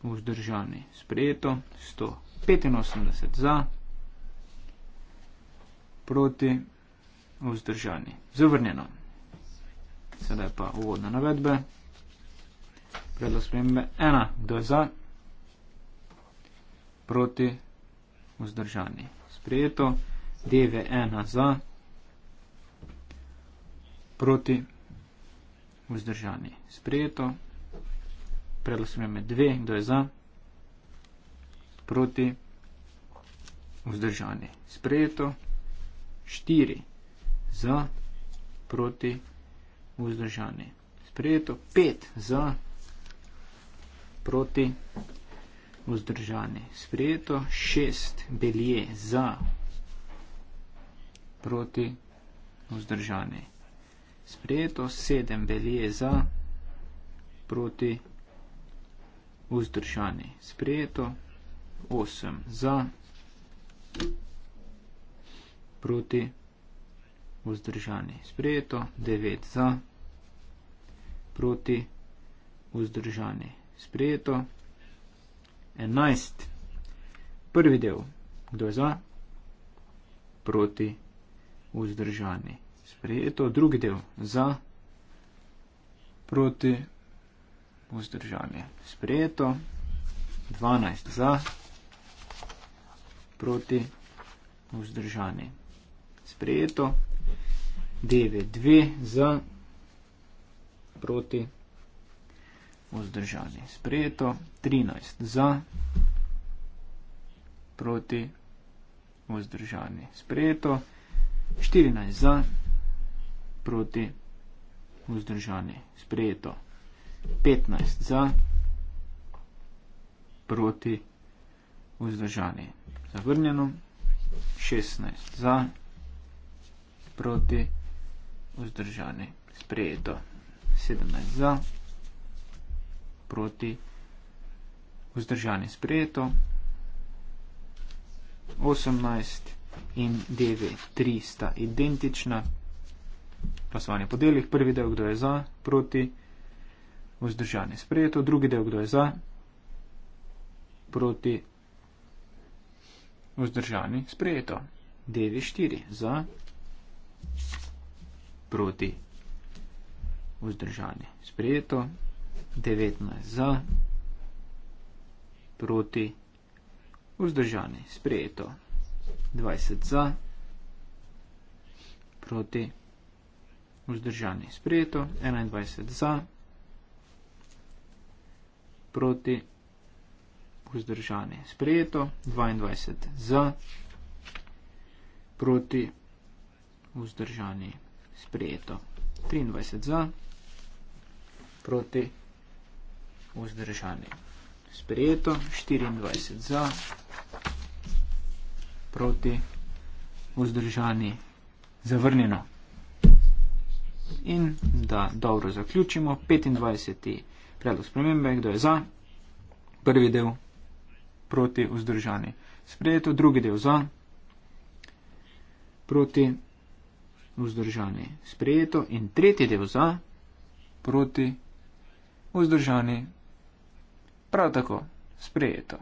vzdržanje sprejeto, 185 za, proti, vzdržanje zavrnjeno. Sedaj pa uvodne navedbe predlog spremembe ena, kdo je za, proti, vzdržani. Sprejeto, DV ena za, proti, vzdržani. Sprejeto, predlog spremembe dve, kdo je za, proti, vzdržani. Sprejeto, štiri, za, proti, vzdržani. Sprejeto, pet, za, proti, vzdržani proti, vzdržani. Sprejeto, šest belje za, proti, vzdržani. Sprejeto, sedem belje za, proti, vzdržani. Sprejeto, osem za, proti, vzdržani. Sprejeto, devet za, proti, vzdržani sprejeto. 11. Prvi del. Kdo je za? Proti. Vzdržani. Sprejeto. Drugi del. Za. Proti. Vzdržani. Sprejeto. 12. Za. Proti. Vzdržani. Sprejeto. 9. 2. Za. Proti. Vzdržani vzdržani. Sprejeto 13 za, proti vzdržani. Sprejeto 14 za, proti vzdržani. Sprejeto 15 za, proti vzdržani. Zavrnjeno 16 za, proti vzdržani. Sprejeto 17 za, proti vzdržani proti vzdržanje sprejeto, 18 in 9, 3 sta identična, glasovanje po delih, prvi del, kdo je za, proti vzdržanje sprejeto, drugi del, kdo je za, proti vzdržanje sprejeto, 9, 4 za, proti vzdržanje sprejeto. 19 za, proti, vzdržani, sprejeto, 20 za, proti, vzdržani, sprejeto, 21 za, proti, vzdržani, sprejeto, 22 za, proti, vzdržani, sprejeto, 23 za, proti, vzdržani, sprejeto vzdržani. Sprejeto, 24 za, proti, vzdržani, zavrnjeno. In da dobro zaključimo, 25. predlog spremembe, kdo je za, prvi del, proti, vzdržani, sprejeto, drugi del za, proti, vzdržani, sprejeto in tretji del za, proti, vzdržani, sprejeto. Prav tako, sprejeto.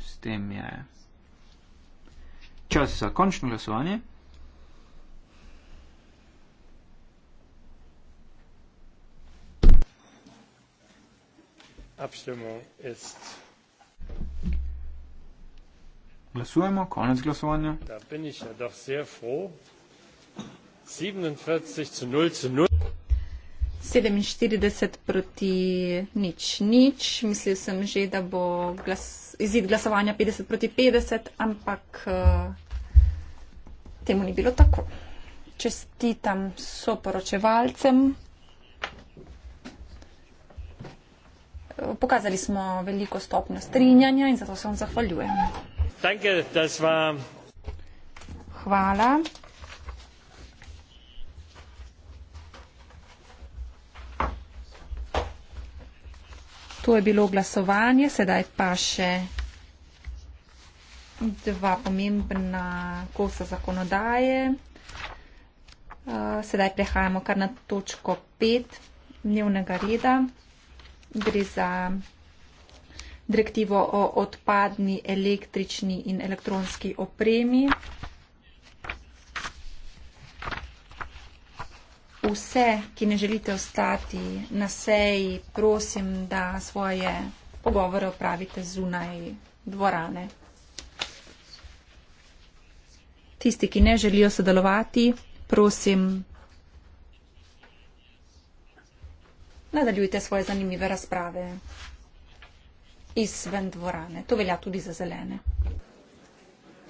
S tem je čas za končno glasovanje. Glasujemo, konec glasovanja. Da bin ich ja doch sehr froh. 47 zu 0 zu 0. 47 proti nič, nič. Mislil sem že, da bo glas, izid glasovanja 50 proti 50, ampak uh, temu ni bilo tako. Čestitam soporočevalcem. Pokazali smo veliko stopnjo strinjanja in zato se vam zahvaljujem. Danke, Hvala. To je bilo glasovanje, sedaj pa še dva pomembna kosa zakonodaje. Uh, sedaj prehajamo kar na točko 5 dnevnega reda. Gre za direktivo o odpadni električni in elektronski opremi. vse, ki ne želite ostati na seji, prosim, da svoje pogovore opravite zunaj dvorane. Tisti, ki ne želijo sodelovati, prosim, nadaljujte svoje zanimive razprave izven dvorane. To velja tudi za zelene.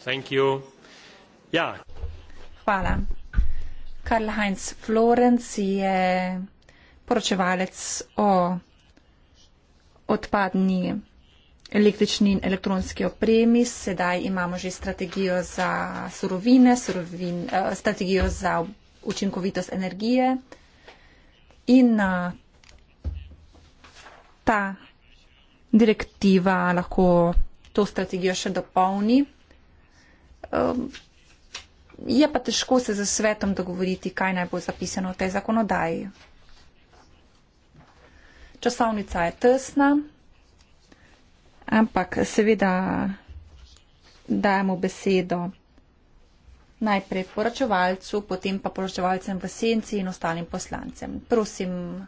Thank you. Ja. Hvala. Karl Heinz Florenc je poročevalec o odpadni električni in elektronski opremi. Sedaj imamo že strategijo za surovine, surovin, eh, strategijo za učinkovitost energije in eh, ta direktiva lahko to strategijo še dopolni. Ehm, je pa težko se za svetom dogovoriti, kaj naj bo zapisano v tej zakonodaji. Časovnica je tesna, ampak seveda dajemo besedo najprej poročevalcu, potem pa poročevalcem v senci in ostalim poslancem. Prosim,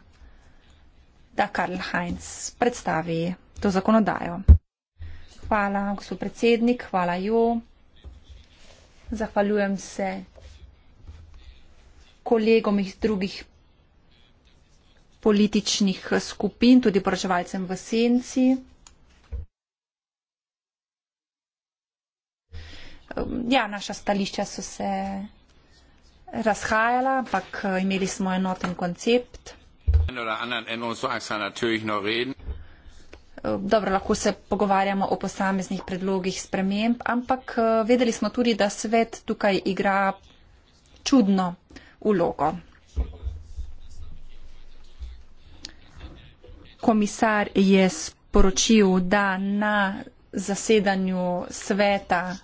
da Karl Heinz predstavi to zakonodajo. Hvala, gospod predsednik, hvala jo zahvaljujem se kolegom iz drugih političnih skupin, tudi poročevalcem v senci. Um, ja, naša stališča so se razhajala, ampak eh, imeli smo enoten koncept. Ein oder anderen Änderungsantrag natürlich noch reden dobro, lahko se pogovarjamo o posameznih predlogih sprememb, ampak eh, vedeli smo tudi, da svet tukaj igra čudno ulogo. Komisar je sporočil, da na zasedanju sveta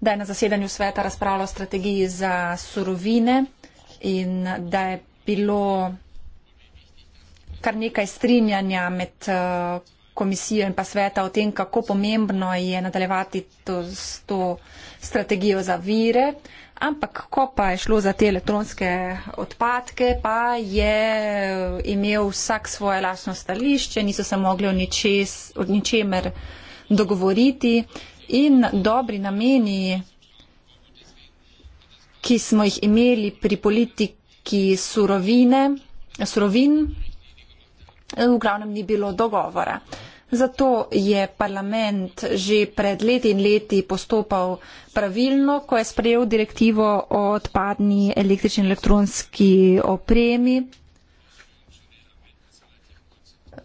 da je na zasedanju sveta razpravljal o strategiji za surovine in da je bilo kar nekaj strinjanja med eh, komisijo in pa sveta o tem, kako pomembno je nadaljevati to, s to strategijo za vire. Ampak ko pa je šlo za te elektronske odpadke, pa je eh, imel vsak svoje lasno stališče, niso se mogli o ničemer dogovoriti in dobri nameni, ki smo jih imeli pri politiki surovine, surovin, v glavnem ni bilo dogovora. Zato je parlament že pred leti in leti postopal pravilno, ko je sprejel direktivo o odpadni električni elektronski opremi.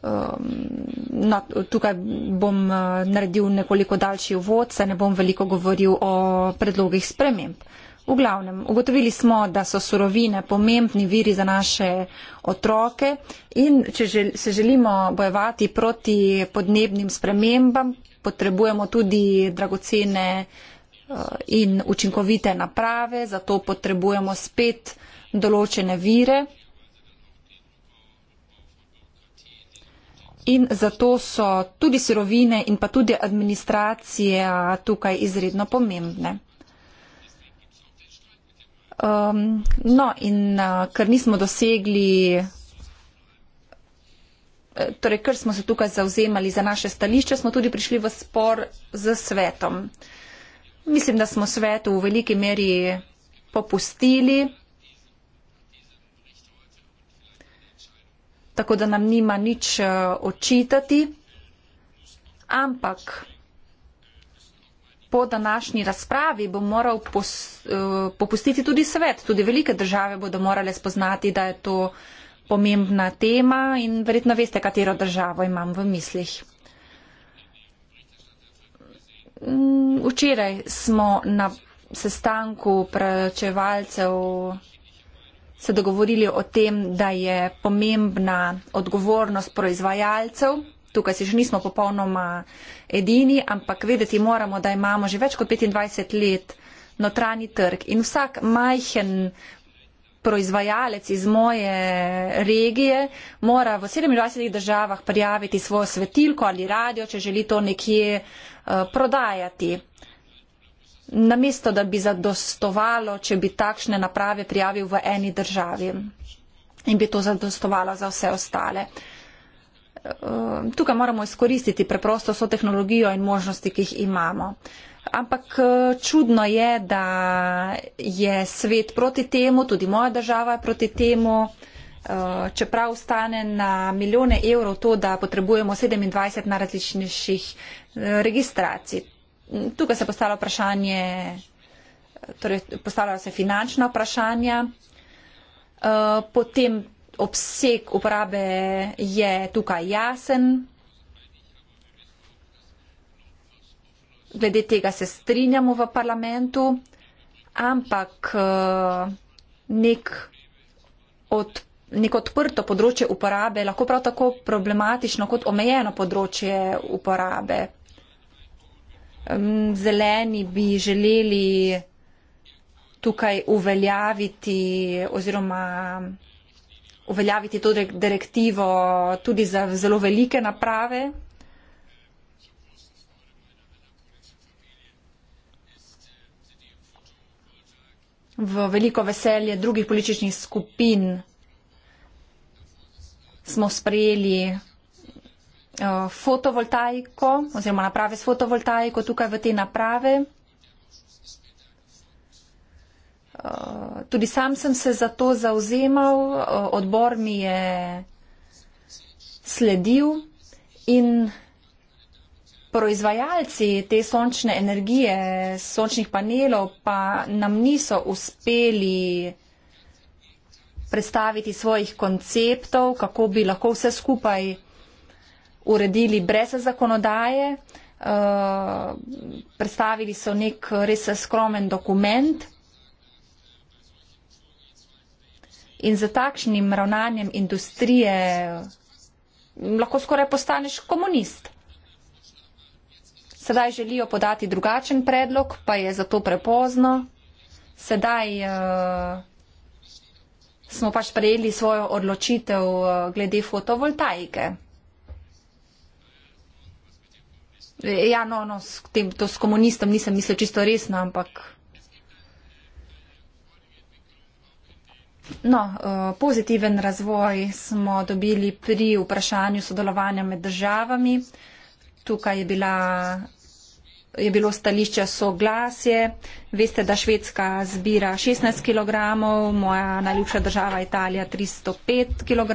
Um, no, tukaj bom uh, naredil nekoliko daljši uvod, se ne bom veliko govoril o predlogih sprememb. V glavnem, ugotovili smo, da so surovine pomembni viri za naše otroke in če žel, se želimo bojevati proti podnebnim spremembam, potrebujemo tudi dragocene eh, in učinkovite naprave, zato potrebujemo spet določene vire. In zato so tudi surovine in pa tudi administracija tukaj izredno pomembne. Um, no, in uh, ker nismo dosegli, eh, torej ker smo se tukaj zauzemali za naše stališče, smo tudi prišli v spor z svetom. Mislim, da smo svetu v veliki meri popustili, tako da nam nima nič eh, očitati, ampak po današnji razpravi bo moral pos, uh, popustiti tudi svet. Tudi velike države bodo morale spoznati, da je to pomembna tema in verjetno veste, katero državo imam v mislih. Mm, včeraj smo na sestanku prečevalcev se dogovorili o tem, da je pomembna odgovornost proizvajalcev tukaj si še nismo popolnoma edini, ampak vedeti moramo, da imamo že več kot 25 let notranji trg in vsak majhen proizvajalec iz moje regije mora v 27 državah prijaviti svojo svetilko ali radio, če želi to nekje eh, prodajati. Namesto, da bi zadostovalo, če bi takšne naprave prijavil v eni državi in bi to zadostovalo za vse ostale. Uh, Ehm, tukaj moramo izkoristiti preprosto so tehnologijo in možnosti, ki jih imamo. Ampak eh, čudno je, da je svet proti temu, tudi moja država je proti temu, eh, čeprav stane na milijone evrov to, da potrebujemo 27 najrazličnejših eh, registracij. Tukaj se postavlja vprašanje, torej postavljajo se finančna vprašanja, potem obseg uporabe je tukaj jasen. Glede tega se strinjamo v parlamentu, ampak eh, nek, od, nek odprto področje uporabe je lahko prav tako problematično kot omejeno področje uporabe. Zeleni bi želeli tukaj uveljaviti oziroma uveljaviti to direktivo tudi za zelo velike naprave. V veliko veselje drugih političnih skupin smo sprejeli eh, fotovoltaiko oziroma naprave s fotovoltaiko tukaj v te naprave. Eh, tudi sam sem se za to zauzemal, eh, odbor mi je sledil in proizvajalci te sončne energije, sončnih panelov pa nam niso uspeli predstaviti svojih konceptov, kako bi lahko vse skupaj uredili brez zakonodaje. Uh, predstavili so nek res skromen dokument, in za takšnim ravnanjem industrije lahko skoraj postaneš komunist. Sedaj želijo podati drugačen predlog, pa je zato prepozno. Sedaj uh, smo pač prejeli svojo odločitev uh, glede fotovoltaike. Ja, no, no, s tem, to s komunistom nisem mislil čisto resno, ampak No, eh, pozitiven razvoj smo dobili pri vprašanju sodelovanja med državami. Tukaj je, bila, je bilo stališče soglasje. Veste, da Švedska zbira 16 kg, moja najljubša država Italija 305 kg.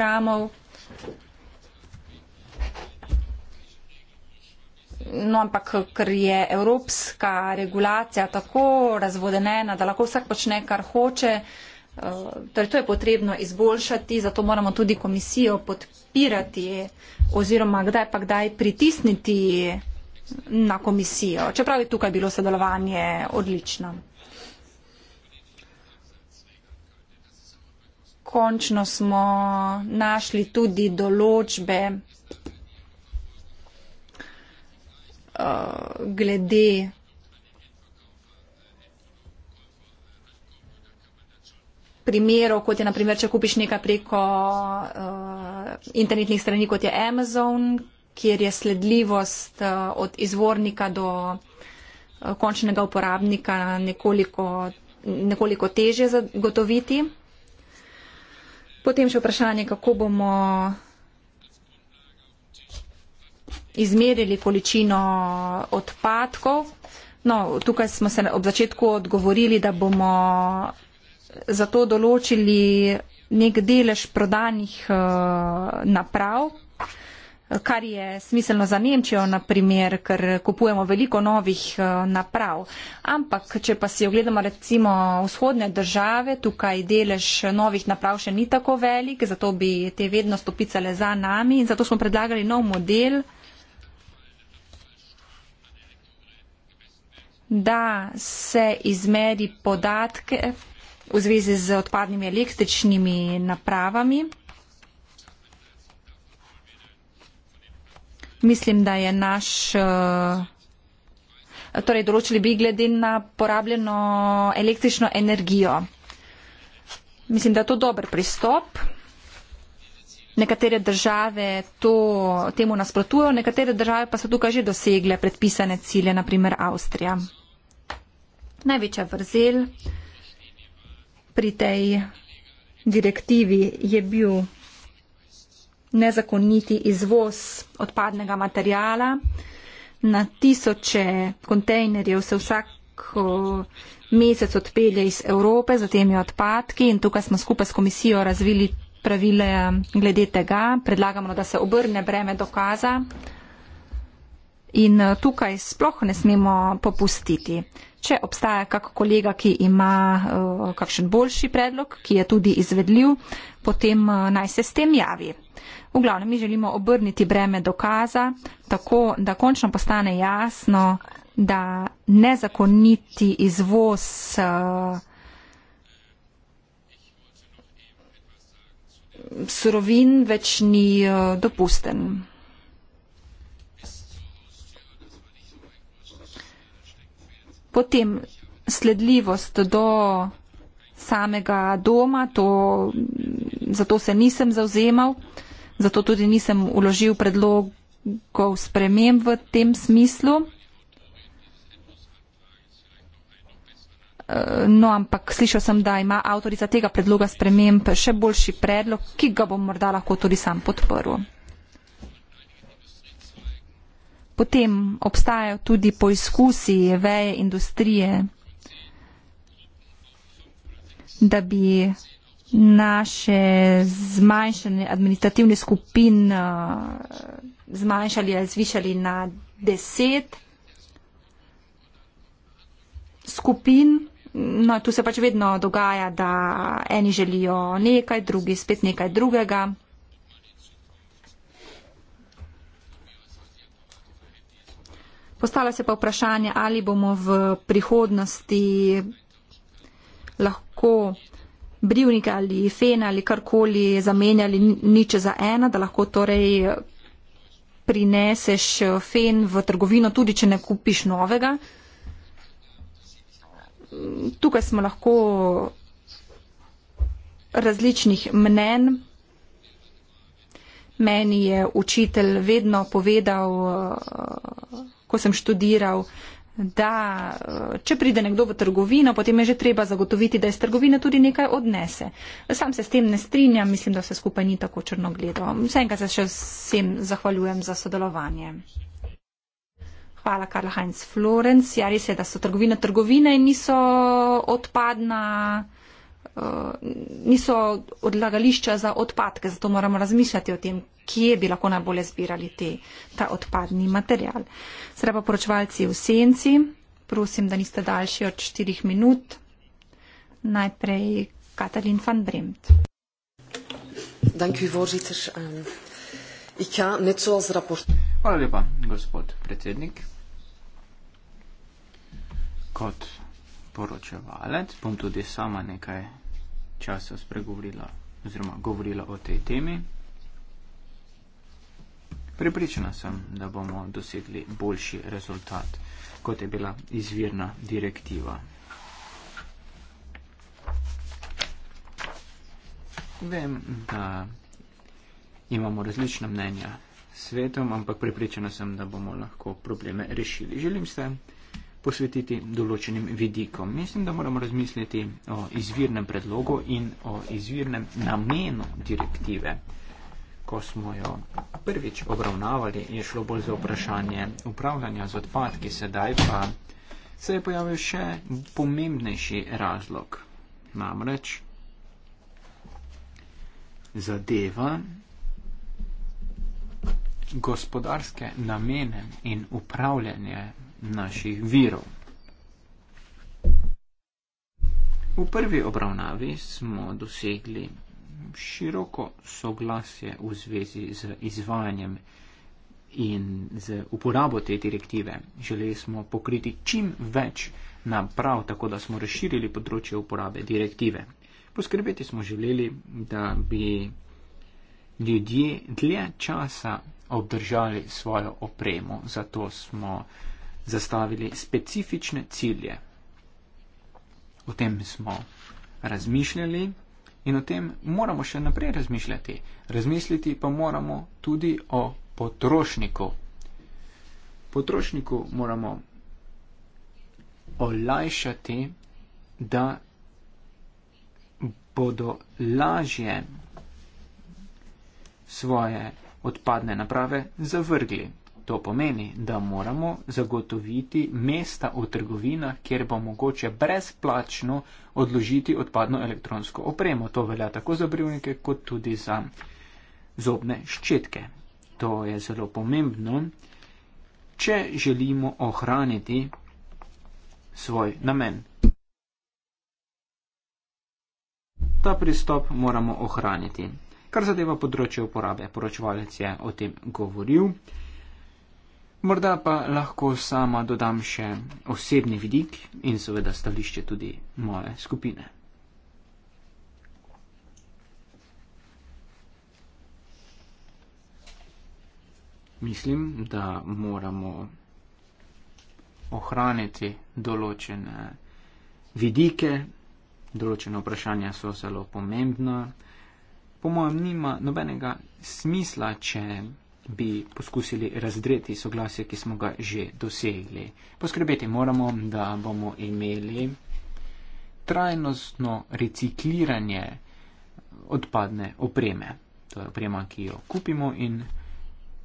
No, ampak ker je evropska regulacija tako razvodenena, da lahko vsak počne, kar hoče, uh, Eh, torej, to je potrebno izboljšati, zato moramo tudi komisijo podpirati oziroma kdaj pa kdaj pritisniti na komisijo. Čeprav je tukaj bilo sodelovanje odlično. Končno smo našli tudi določbe eh, glede primerov, kot je naprimer, če kupiš nekaj preko uh, internetnih strani, kot je Amazon, kjer je sledljivost uh, od izvornika do uh, končnega uporabnika nekoliko, nekoliko teže zagotoviti. Potem še vprašanje, kako bomo izmerili količino odpadkov. No, tukaj smo se ob začetku odgovorili, da bomo zato določili nek delež prodanih eh, naprav, kar je smiselno za Nemčijo, naprimer, ker kupujemo veliko novih eh, naprav. Ampak, če pa si ogledamo recimo vzhodne države, tukaj delež novih naprav še ni tako velik, zato bi te vedno stopicale za nami in zato smo predlagali nov model. Da se izmeri podatke, v zvezi z odpadnimi električnimi napravami. Mislim, da je naš. Eh, torej, določili bi glede na porabljeno električno energijo. Mislim, da je to dober pristop. Nekatere države to, temu nasprotujo, nekatere države pa so tukaj že dosegle predpisane cilje, naprimer Avstrija. Največja vrzel pri tej direktivi je bil nezakoniti izvoz odpadnega materijala. Na tisoče kontejnerjev se vsak mesec odpelje iz Evrope za temi odpadki in tukaj smo skupaj s komisijo razvili pravile glede tega. Predlagamo, da se obrne breme dokaza In eh, tukaj sploh ne smemo popustiti. Če obstaja kak kolega, ki ima eh, kakšen boljši predlog, ki je tudi izvedljiv, potem eh, naj se s tem javi. V glavnem, mi želimo obrniti breme dokaza, tako da končno postane jasno, da nezakoniti izvoz surovin več ni dopusten. Potem sledljivost do samega doma, to, zato se nisem zauzemal, zato tudi nisem uložil predlogov sprememb v tem smislu. No, ampak slišal sem, da ima avtorica tega predloga sprememb še boljši predlog, ki ga bom morda lahko tudi sam podporil. Potem obstajajo tudi poizkusi veje industrije, da bi naše zmanjšanje administrativnih skupin eh, zmanjšali ali zvišali na deset skupin. No, tu se pač vedno dogaja, da eni želijo nekaj, drugi spet nekaj drugega. Postavlja se pa vprašanje, ali bomo v prihodnosti lahko brivnike ali fen ali karkoli zamenjali niče za ena, da lahko torej prineseš eh, fen v trgovino, tudi če ne kupiš novega. Tukaj smo lahko različnih mnen. Meni je učitelj vedno povedal, eh, ko sem študiral, da eh, če pride nekdo v trgovino, potem je že treba zagotoviti, da iz trgovine tudi nekaj odnese. Sam se s tem ne strinjam, mislim, da vse skupaj ni tako črno gledo. Vsem, kar se še vsem zahvaljujem za sodelovanje. Hvala, Karl Heinz Florenc. Ja, res je, da so trgovine trgovine in niso odpadna uh, niso odlagališča za odpadke, zato moramo razmišljati o tem, kje bi lahko najbolje zbirali te, ta odpadni material. Sedaj pa poročevalci v senci, prosim, da niste daljši od 4 minut. Najprej Katalin van Bremt. Ehm, Hvala lepa, gospod predsednik. Kot poročevalec bom tudi sama nekaj časa spregovorila oziroma govorila o tej temi. Pripričana sem, da bomo dosegli boljši rezultat, kot je bila izvirna direktiva. Vem, da imamo različna mnenja svetom, ampak pripričana sem, da bomo lahko probleme rešili. Želim se posvetiti določenim vidikom. Mislim, da moramo razmisliti o izvirnem predlogu in o izvirnem namenu direktive. Ko smo jo prvič obravnavali, je šlo bolj za vprašanje upravljanja z odpadki, sedaj pa se je pojavil še pomembnejši razlog. Namreč zadeva gospodarske namene in upravljanje naših virov. V prvi obravnavi smo dosegli široko soglasje v zvezi z izvajanjem in z uporabo te direktive. Želeli smo pokriti čim več naprav, tako da smo razširili področje uporabe direktive. Poskrbeti smo želeli, da bi ljudje dlje časa obdržali svojo opremo. Zato smo zastavili specifične cilje. O tem smo razmišljali in o tem moramo še naprej razmišljati. Razmisliti pa moramo tudi o potrošniku. Potrošniku moramo olajšati, da bodo lažje svoje odpadne naprave zavrgli to pomeni, da moramo zagotoviti mesta v trgovinah, kjer bo mogoče brezplačno odložiti odpadno elektronsko opremo. To velja tako za brivnike, kot tudi za zobne ščetke. To je zelo pomembno, če želimo ohraniti svoj namen. Ta pristop moramo ohraniti. Kar zadeva področje uporabe, poročevalec je o tem govoril. Morda pa lahko sama dodam še osebni vidik in seveda stališče tudi moje skupine. Mislim, da moramo ohraniti določene vidike, določene vprašanja so zelo pomembna. Po mojem, nima nobenega smisla, če bi poskusili razdreti soglasje, ki smo ga že dosegli. Poskrbeti moramo, da bomo imeli trajnostno recikliranje odpadne opreme. To je oprema, ki jo kupimo in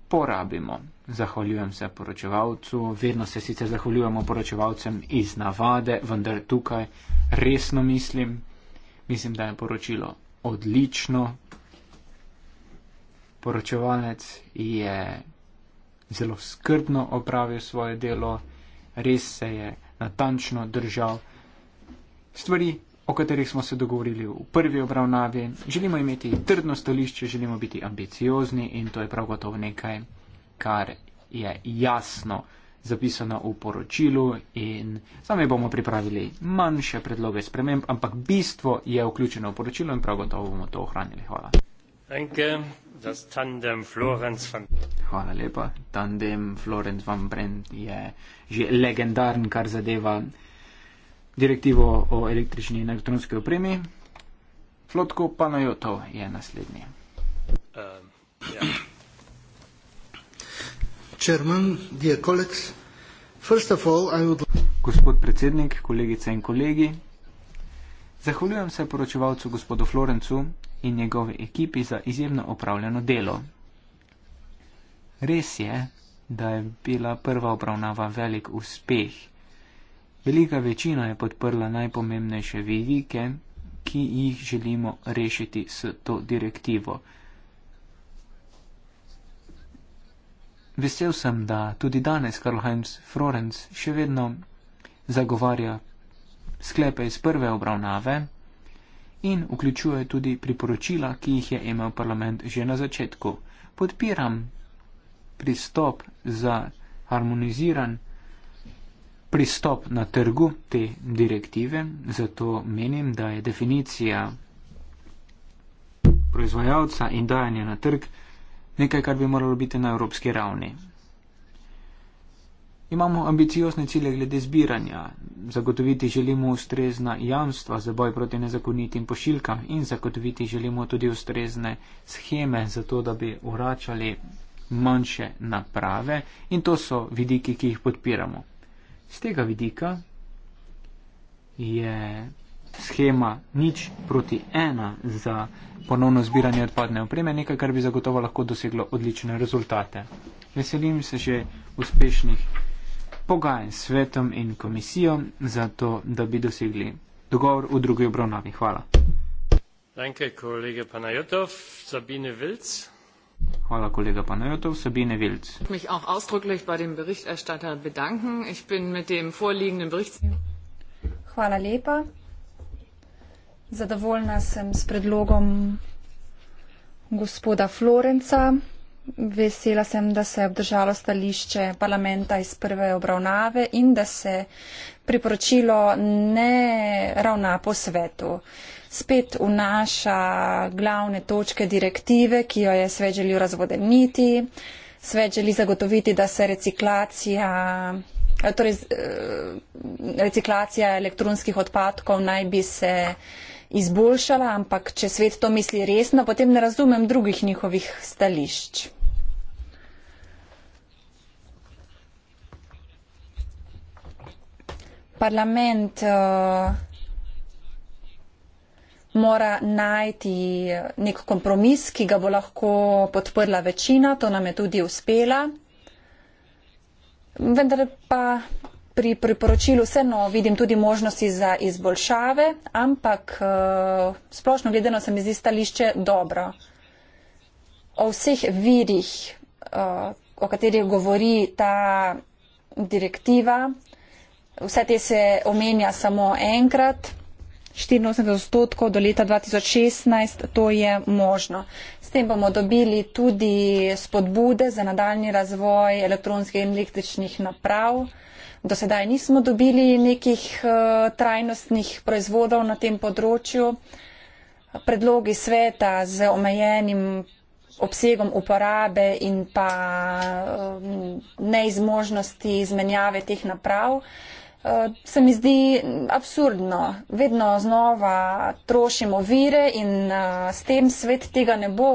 porabimo. Zahvaljujem se poročevalcu, vedno se sicer zahvaljujemo poročevalcem iz navade, vendar tukaj resno mislim, mislim, da je poročilo odlično poročevalec je zelo skrbno opravil svoje delo, res se je natančno držal stvari, o katerih smo se dogovorili v prvi obravnavi. Želimo imeti trdno stališče, želimo biti ambiciozni in to je prav gotovo nekaj, kar je jasno zapisano v poročilu in sami bomo pripravili manjše predloge sprememb, ampak bistvo je vključeno v poročilo in prav gotovo bomo to ohranili. Hvala. Hvala lepa. Tandem Florence van Brent je že legendaren, kar zadeva direktivo o električni in elektronski opremi. Flotko pa na jo to je naslednje. Čerman, uh, ja. dear colleagues, first of all I would Gospod predsednik, kolegice in kolegi, zahvaljujem se poročevalcu gospodu Florencu, in njegovi ekipi za izjemno opravljeno delo. Res je, da je bila prva obravnava velik uspeh. Velika večina je podprla najpomembnejše vidike, ki jih želimo rešiti s to direktivo. Vesel sem, da tudi danes Karlheinz Florenc še vedno zagovarja sklepe iz prve obravnave in vključuje tudi priporočila, ki jih je imel parlament že na začetku. Podpiram pristop za harmoniziran pristop na trgu te direktive, zato menim, da je definicija proizvajalca in dajanja na trg nekaj, kar bi moralo biti na evropski ravni. Imamo ambiciozne cilje glede zbiranja, zagotoviti želimo ustrezna jamstva za boj proti nezakonitim pošilkam in zagotoviti želimo tudi ustrezne scheme za to, da bi uračali manjše naprave in to so vidiki, ki jih podpiramo. Z tega vidika je schema nič proti ena za ponovno zbiranje odpadne opreme nekaj, kar bi zagotovo lahko doseglo odlične rezultate. Veselim se že uspešnih pogajanj s svetom in komisijo, zato da bi dosegli dogovor v drugi obravnavi. Hvala. Danke, kolega Panajotov. Sabine Vilc. Hvala, kolega Panajotov. Sabine Vilc. Hvala lepa. Zadovoljna sem s predlogom gospoda Florenca. Vesela sem, da se je obdržalo stališče parlamenta iz prve obravnave in da se priporočilo ne ravna po svetu. Spet vnaša glavne točke direktive, ki jo je svet želil razvodeniti. Svet želi zagotoviti, da se reciklacija, torej eh, reciklacija elektronskih odpadkov naj bi se izboljšala, ampak če svet to misli resno, potem ne razumem drugih njihovih stališč. Parlament uh, mora najti nek kompromis, ki ga bo lahko podprla večina, to nam je tudi uspela. Vendar pa pri priporočilu vseeno vidim tudi možnosti za izboljšave, ampak eh, splošno gledano se mi zdi stališče dobro. O vseh virih, eh, o katerih govori ta direktiva, vse te se omenja samo enkrat. 84 odstotkov do leta 2016, to je možno. S tem bomo dobili tudi spodbude za nadaljni razvoj elektronskih in električnih naprav. Do sedaj nismo dobili nekih eh, trajnostnih proizvodov na tem področju. Predlogi sveta z omejenim obsegom uporabe in pa eh, neizmožnosti izmenjave teh naprav eh, se mi zdi absurdno. Vedno znova trošimo vire in s tem svet tega ne bo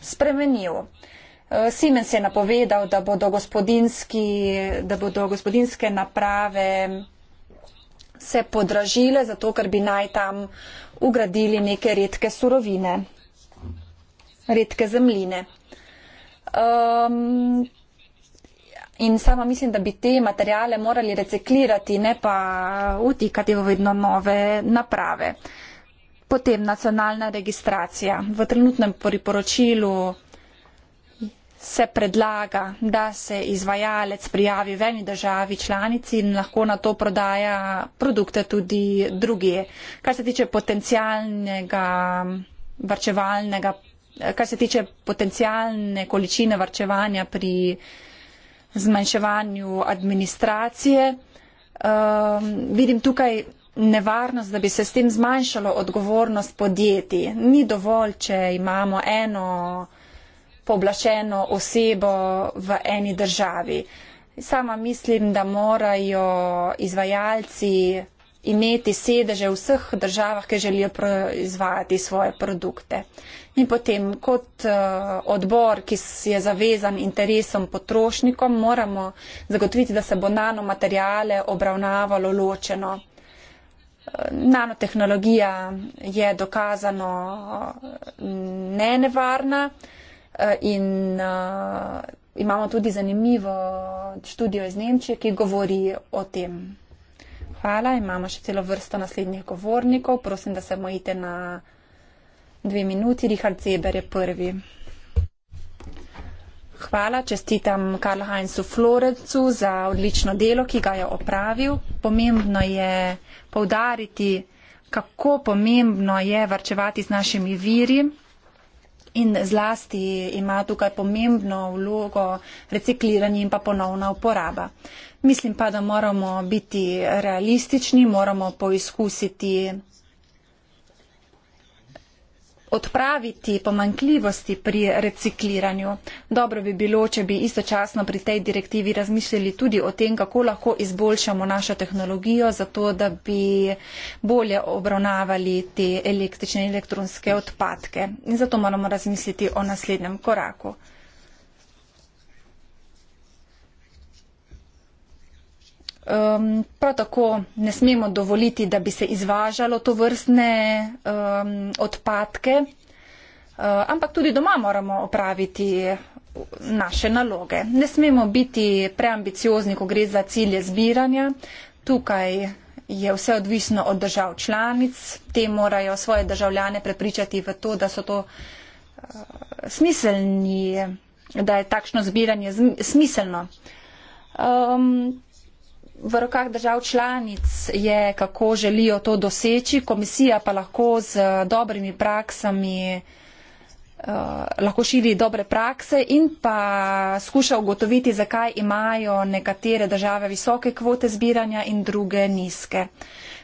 spremenil. Eh, Siemens je napovedal, da bodo, da bodo gospodinske naprave se podražile, zato ker bi naj tam ugradili neke redke surovine, redke zemljine. Um, In sama mislim, da bi te materijale morali reciklirati, ne pa utikati v vedno nove naprave. Potem nacionalna registracija. V trenutnem priporočilu se predlaga, da se izvajalec prijavi v eni državi članici in lahko na to prodaja produkte tudi druge. Kar se tiče potencijalnega varčevalnega, kar se tiče potencijalne količine varčevanja pri zmanjševanju administracije, um, vidim tukaj nevarnost, da bi se s tem zmanjšalo odgovornost podjetij. Ni dovolj, če imamo eno pooblaščeno osebo v eni državi. Sama mislim, da morajo izvajalci imeti sedeže v vseh državah, ki želijo proizvajati svoje produkte. In potem kot eh, odbor, ki je zavezan interesom potrošnikom, moramo zagotoviti, da se bo nanomaterjale obravnavalo ločeno. Eh, nanotehnologija je dokazano mm, nenevarna. Eh, in uh, imamo tudi zanimivo študijo iz Nemčije, ki govori o tem. Hvala, imamo še celo vrsto naslednjih govornikov. Prosim, da se mojite na dve minuti. Richard Zeber je prvi. Hvala, čestitam Karl Heinzu Florecu za odlično delo, ki ga je opravil. Pomembno je poudariti, kako pomembno je varčevati z našimi viri in zlasti ima tukaj pomembno vlogo recikliranje in pa ponovna uporaba. Mislim pa, da moramo biti realistični, moramo poizkusiti odpraviti pomankljivosti pri recikliranju. Dobro bi bilo, če bi istočasno pri tej direktivi razmišljali tudi o tem, kako lahko izboljšamo našo tehnologijo, zato da bi bolje obravnavali te električne in elektronske odpadke. In zato moramo razmisliti o naslednjem koraku. Um, prav tako ne smemo dovoliti, da bi se izvažalo to vrstne um, ehm, odpadke, uh, ampak tudi doma moramo opraviti naše naloge. Ne smemo biti preambiciozni, ko gre za cilje zbiranja. Tukaj je vse odvisno od držav članic. Te morajo svoje državljane prepričati v to, da so to uh, smiselni, da je takšno zbiranje smiselno. Um, v rokah držav članic je, kako želijo to doseči, komisija pa lahko z dobrimi praksami Uh, lahko širi dobre prakse in pa skuša ugotoviti, zakaj imajo nekatere države visoke kvote zbiranja in druge nizke.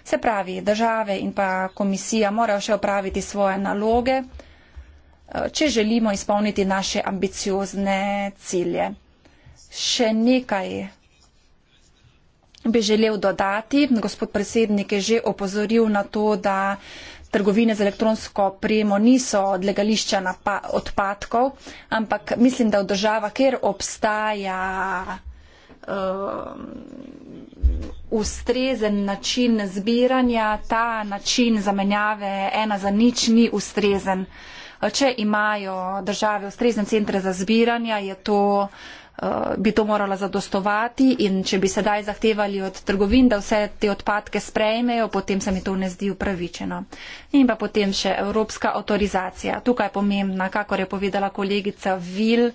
Se pravi, države in pa komisija morajo še opraviti svoje naloge, uh, če želimo izpolniti naše ambiciozne cilje. Še nekaj bi želel dodati. Gospod predsednik je že opozoril na to, da trgovine z elektronsko opremo niso odlegališča odpadkov, ampak mislim, da v državah, kjer obstaja um, ustrezen način zbiranja, ta način zamenjave ena za nič ni ustrezen. Če imajo države ustrezen centre za zbiranje, je to uh, Eh, bi to morala zadostovati in če bi sedaj zahtevali od trgovin, da vse te odpadke sprejmejo, potem se mi to ne zdi upravičeno. In pa potem še evropska autorizacija. Tukaj je pomembna, kakor je povedala kolegica Vil,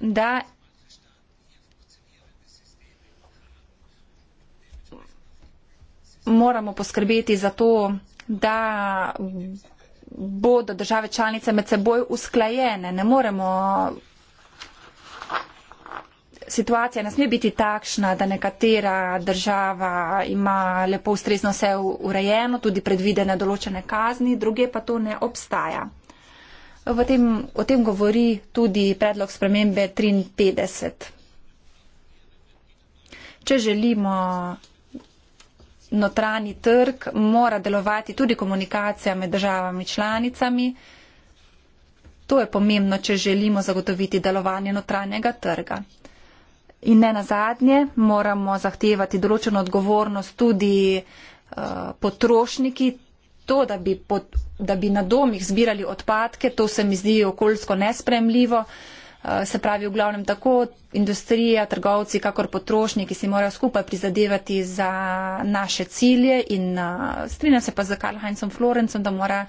da. Moramo poskrbeti za to, da bodo države članice med seboj usklajene. Ne moremo situacija ne sme biti takšna, da nekatera država ima lepo ustrezno vse urejeno, tudi predvidene določene kazni, druge pa to ne obstaja. Tem, o tem govori tudi predlog spremembe 53. Če želimo notranji trg, mora delovati tudi komunikacija med državami članicami. To je pomembno, če želimo zagotoviti delovanje notranjega trga. In ne nazadnje, moramo zahtevati določeno odgovornost tudi uh, potrošniki. To, da bi, pot, da bi na domih zbirali odpadke, to se mi zdi okoljsko nespremljivo. Uh, se pravi, v glavnem tako industrija, trgovci, kakor potrošniki si morajo skupaj prizadevati za naše cilje in uh, strinjam se pa z Karl-Heinzom Florencom, da mora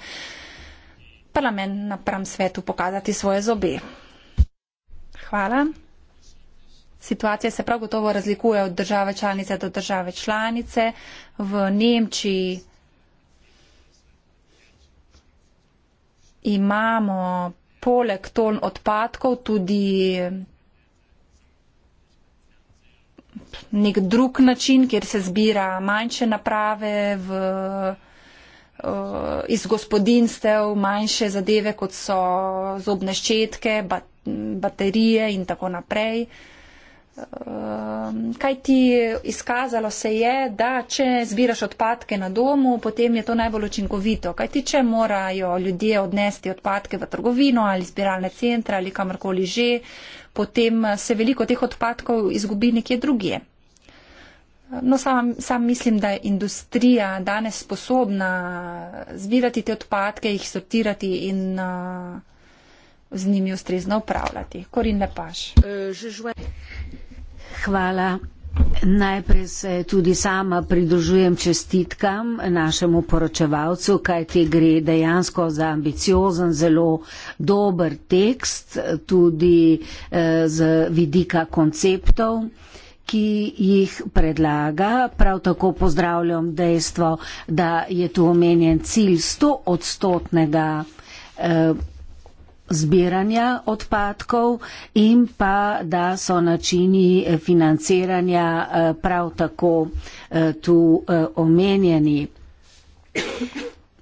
parlament napram svetu pokazati svoje zobe. Hvala. Situacija se prav gotovo razlikuje od države članice do države članice. V Nemčiji imamo poleg ton odpadkov tudi nek drug način, kjer se zbira manjše naprave v, eh, iz gospodinstev, manjše zadeve, kot so zobne ščetke, baterije in tako naprej. Um, kaj ti izkazalo se je, da če zbiraš odpadke na domu, potem je to najbolj učinkovito. Kaj ti, če morajo ljudje odnesti odpadke v trgovino ali zbiralne centre ali kamorkoli že, potem se veliko teh odpadkov izgubi nekje drugje. No, sam, sam mislim, da je industrija danes sposobna zbirati te odpadke, jih sortirati in. Uh, z njimi ustrezno upravljati. Korin Lepaš. Uh, hvala. Najprej se tudi sama pridružujem čestitkam našemu poročevalcu, kaj ti gre dejansko za ambiciozen, zelo dober tekst, tudi eh, z vidika konceptov ki jih predlaga. Prav tako pozdravljam dejstvo, da je tu omenjen cilj 100-odstotnega eh, zbiranja odpadkov in pa da so načini eh, financiranja eh, prav tako eh, tu omenjeni.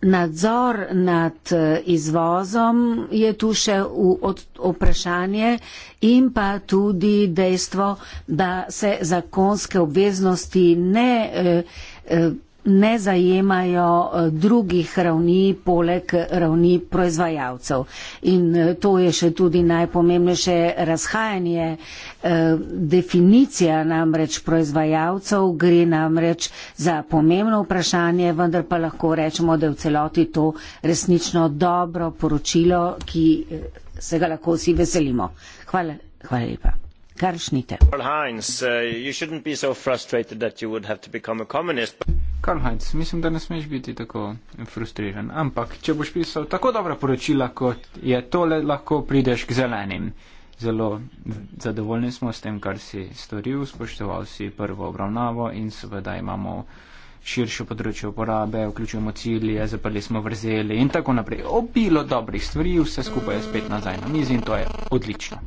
Nadzor nad izvozom je tu še v vprašanje in pa tudi dejstvo, da se zakonske obveznosti ne. Eh, eh, ne zajemajo eh, drugih ravni poleg ravni proizvajalcev. In eh, to je še tudi najpomembnejše razhajanje. Eh, definicija namreč proizvajalcev gre namreč za pomembno vprašanje, vendar pa lahko rečemo, da je v celoti to resnično dobro poročilo, ki se ga lahko vsi veselimo. Hvala, hvala lepa karlsznite. karlheinz uh, mislim da ne smeš biti tako frustriran ampak če boš pisal tako dobra poročila kot je tole lahko prideš k zelenim zelo zadovoljni smo s tem kar si storil spoštoval si prvo obravnavo in seveda imamo širše področje uporabe, vključujemo cilje, zaprli smo vrzeli in tako naprej. Obilo dobrih stvari, vse skupaj je spet nazaj na mizi in to je odlično.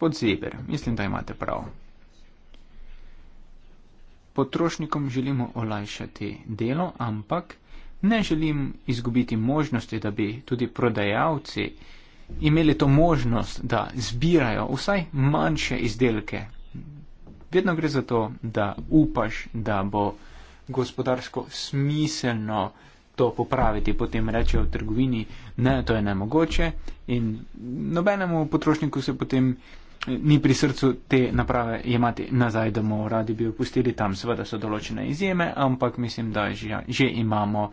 Gospod Zeber, mislim, da imate prav. Potrošnikom želimo olajšati delo, ampak ne želim izgubiti možnosti, da bi tudi prodajalci imeli to možnost, da zbirajo vsaj manjše izdelke. Vedno gre za to, da upaš, da bo gospodarsko smiselno to popraviti, potem reče v trgovini, ne, to je nemogoče in nobenemu potrošniku se potem ni pri srcu te naprave jemati nazaj, da bomo radi bi jo pustili tam. Seveda so določene izjeme, ampak mislim, da že, že imamo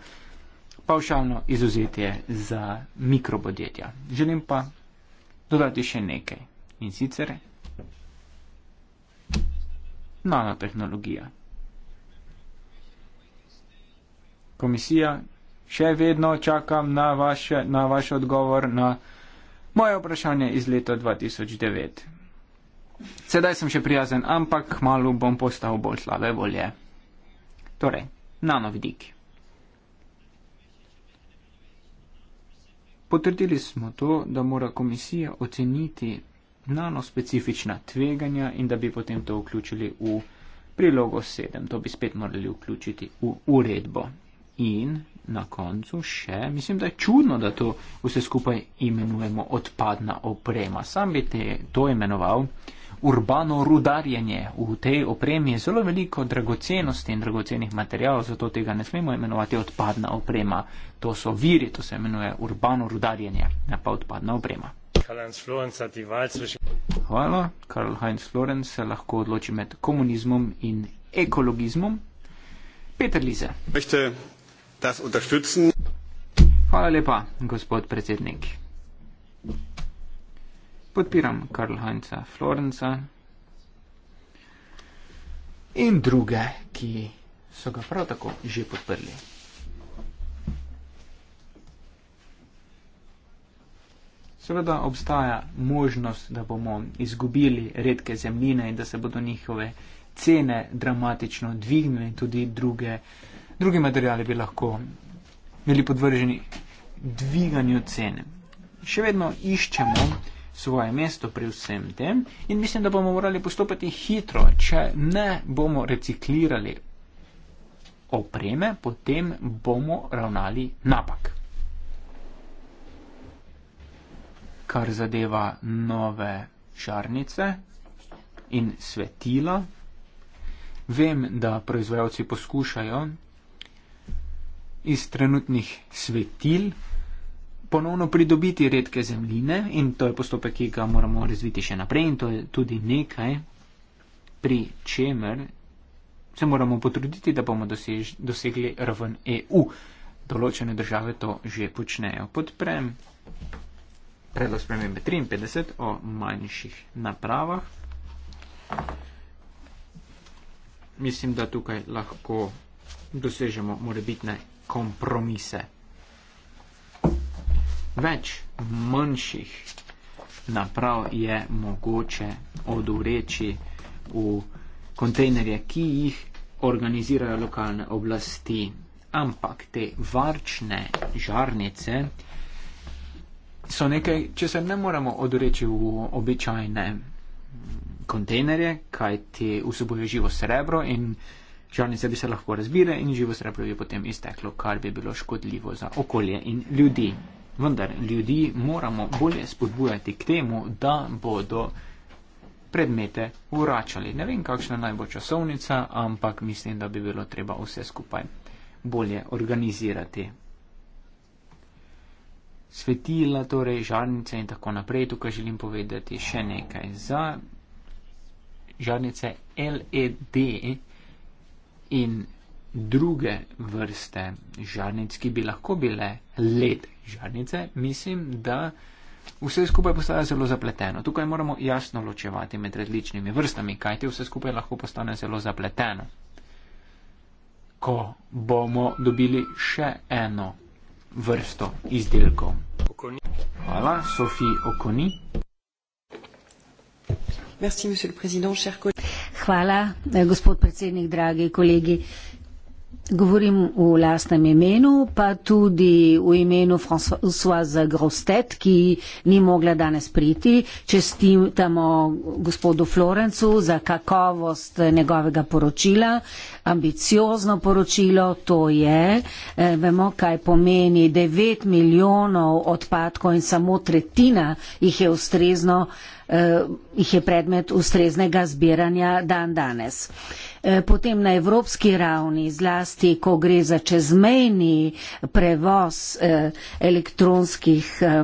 pavšalno izuzetje za mikropodjetja. Želim pa dodati še nekaj. In sicer nanotehnologija. Komisija, še vedno čakam na, vaše, na vaš odgovor na moje vprašanje iz leta 2009. Sedaj sem še prijazen, ampak malo bom postal bolj slave volje. Torej, nano vidik. Potrdili smo to, da mora komisija oceniti nanospecifična tveganja in da bi potem to vključili v prilogo 7. To bi spet morali vključiti v uredbo. In na koncu še, mislim, da je čudno, da to vse skupaj imenujemo odpadna oprema. Sam bi te to imenoval urbano rudarjenje. V tej opremi je zelo veliko dragocenosti in dragocenih materijalov, zato tega ne smemo imenovati odpadna oprema. To so viri, to se imenuje urbano rudarjenje, ne pa odpadna oprema. Hvala. Karl Heinz Florenc se lahko odloči med komunizmom in ekologizmom. Peter Lize. Hvala lepa, gospod predsednik podpiram Karl Heinza Florenca in druge, ki so ga prav tako že podprli. Seveda obstaja možnost, da bomo izgubili redke zemljine in da se bodo njihove cene dramatično dvignile in tudi druge, drugi materijali bi lahko bili podvrženi dviganju cene. Še vedno iščemo svoje mesto pri vsem tem in mislim, da bomo morali postopati hitro. Če ne bomo reciklirali opreme, potem bomo ravnali napak. Kar zadeva nove žarnice in svetila, vem, da proizvajalci poskušajo iz trenutnih svetil ponovno pridobiti redke zemljine in to je postopek, ki ga moramo razviti še naprej in to je tudi nekaj, pri čemer se moramo potruditi, da bomo dosež, dosegli raven EU. Določene države to že počnejo. Podprem predlog spremembe 53 o manjših napravah. Mislim, da tukaj lahko dosežemo morebitne kompromise več manjših naprav je mogoče odureči v kontejnerje, ki jih organizirajo lokalne oblasti. Ampak te varčne žarnice so nekaj, če se ne moremo odureči v običajne kontejnerje, kaj ti vsebuje živo srebro in žarnice bi se lahko razbile in živo srebro bi potem izteklo, kar bi bilo škodljivo za okolje in ljudi. Vendar ljudi moramo bolje spodbujati k temu, da bodo predmete vračali. Ne vem, kakšna naj bo časovnica, ampak mislim, da bi bilo treba vse skupaj bolje organizirati. Svetila, torej žarnice in tako naprej. Tukaj želim povedati še nekaj za žarnice LED in druge vrste žarnic, ki bi lahko bile led žarnice, mislim, da vse skupaj postaja zelo zapleteno. Tukaj moramo jasno ločevati med različnimi vrstami, kajti vse skupaj lahko postane zelo zapleteno. Ko bomo dobili še eno vrsto izdelkov. Okoni. Hvala, Sofi Okoni. Merci, Hvala, eh, gospod predsednik, dragi kolegi govorim v lastnem imenu, pa tudi v imenu Françoise Grostet, ki ni mogla danes priti. Čestitamo gospodu Florencu za kakovost njegovega poročila, ambiciozno poročilo to je. Eh, vemo, kaj pomeni 9 milijonov odpadkov in samo tretjina jih je ustrezno eh, jih je predmet ustreznega zbiranja dan danes. Eh, potem na evropski ravni, zlasti, ko gre za čezmejni prevoz eh, elektronskih eh,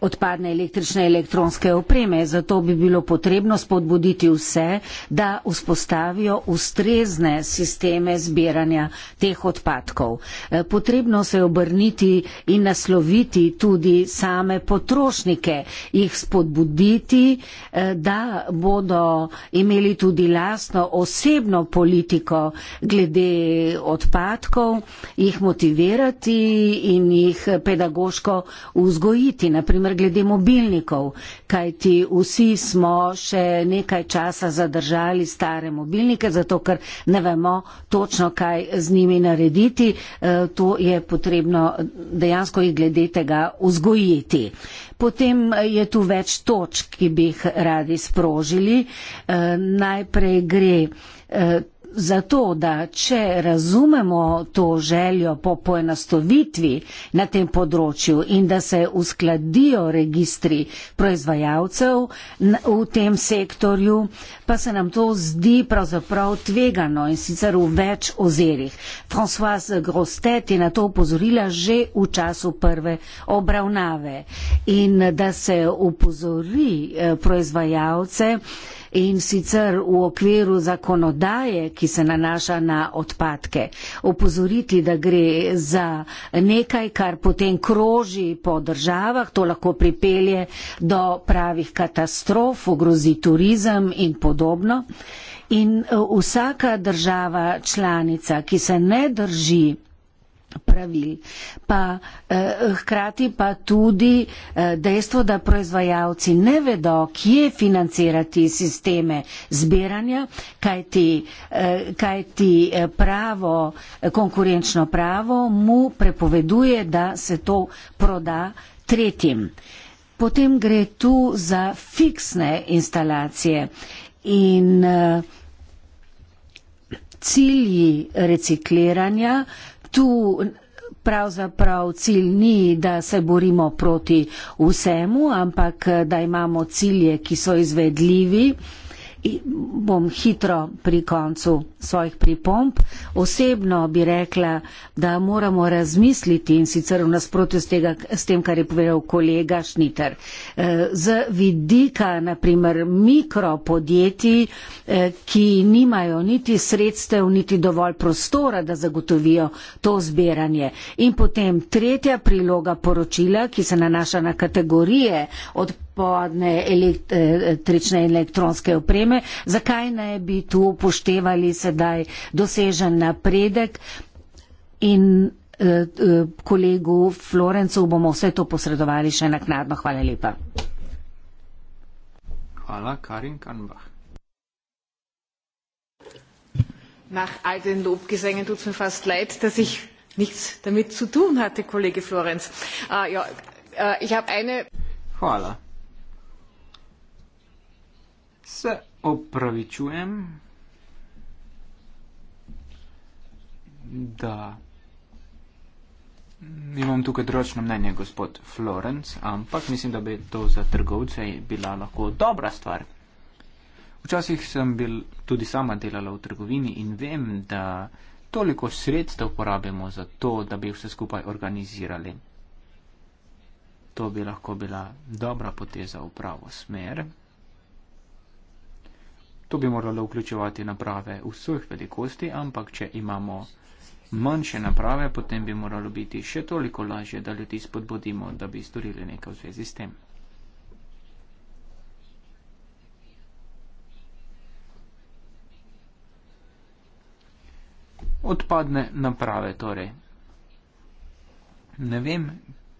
odpadne električne elektronske opreme. Zato bi bilo potrebno spodbuditi vse, da vzpostavijo ustrezne sisteme zbiranja teh odpadkov. Eh, potrebno se je obrniti in nasloviti tudi same potrošnike, jih spodbuditi, eh, da bodo imeli tudi lastno osebno politiko glede odpadkov, jih motivirati in jih pedagoško vzgojiti. Naprimer, primer glede mobilnikov, kajti vsi smo še nekaj časa zadržali stare mobilnike, zato ker ne vemo točno, kaj z njimi narediti. E, to je potrebno dejansko jih glede tega vzgojiti. Potem je tu več točk, ki bi jih radi sprožili. E, najprej gre e, zato, da če razumemo to željo po poenostovitvi na tem področju in da se uskladijo registri proizvajalcev v tem sektorju, pa se nam to zdi pravzaprav tvegano in sicer v več ozirih. François Grostet je na to upozorila že v času prve obravnave in da se upozori eh, proizvajalce, in sicer v okviru zakonodaje, ki se nanaša na odpadke, opozoriti, da gre za nekaj, kar potem kroži po državah, to lahko pripelje do pravih katastrof, ogrozi turizem in podobno. In eh, vsaka država članica, ki se ne drži pravil. Pa, eh, hkrati pa tudi eh, dejstvo, da proizvajalci ne vedo, kje financirati sisteme zbiranja, kaj ti, eh, kaj ti eh, pravo, eh, konkurenčno pravo mu prepoveduje, da se to proda tretjim. Potem gre tu za fiksne instalacije in eh, cilji recikliranja, tu pravzaprav cilj ni, da se borimo proti vsemu, ampak da imamo cilje, ki so izvedljivi bom hitro pri koncu svojih pripomp. Osebno bi rekla, da moramo razmisliti in sicer v nasprotju s, tega, s tem, kar je povedal kolega Šniter. Eh, z vidika, naprimer, mikropodjetij, eh, ki nimajo niti sredstev, niti dovolj prostora, da zagotovijo to zbiranje. In potem tretja priloga poročila, ki se nanaša na kategorije od proizvodne eh, električne in elektronske opreme, zakaj ne bi tu upoštevali sedaj dosežen napredek in eh, eh, kolegu Florencu bomo vse to posredovali še naknadno. Hvala lepa. Hvala, Karin Kanbah. Nach all den Lobgesängen tut es mir fast leid, dass ich nichts damit zu tun hatte, Kollege Florenz. Uh, ja, uh, ich habe eine. Hvala. Se opravičujem, da imam tukaj drugačno mnenje, gospod Florence, ampak mislim, da bi to za trgovce bila lahko dobra stvar. Včasih sem bil tudi sama delala v trgovini in vem, da toliko sredstev porabimo za to, da bi vse skupaj organizirali. To bi lahko bila dobra poteza v pravo smer. To bi moralo vključevati naprave vseh velikosti, ampak če imamo manjše naprave, potem bi moralo biti še toliko lažje, da ljudi spodbudimo, da bi storili nekaj v zvezi s tem. Odpadne naprave torej. Ne vem,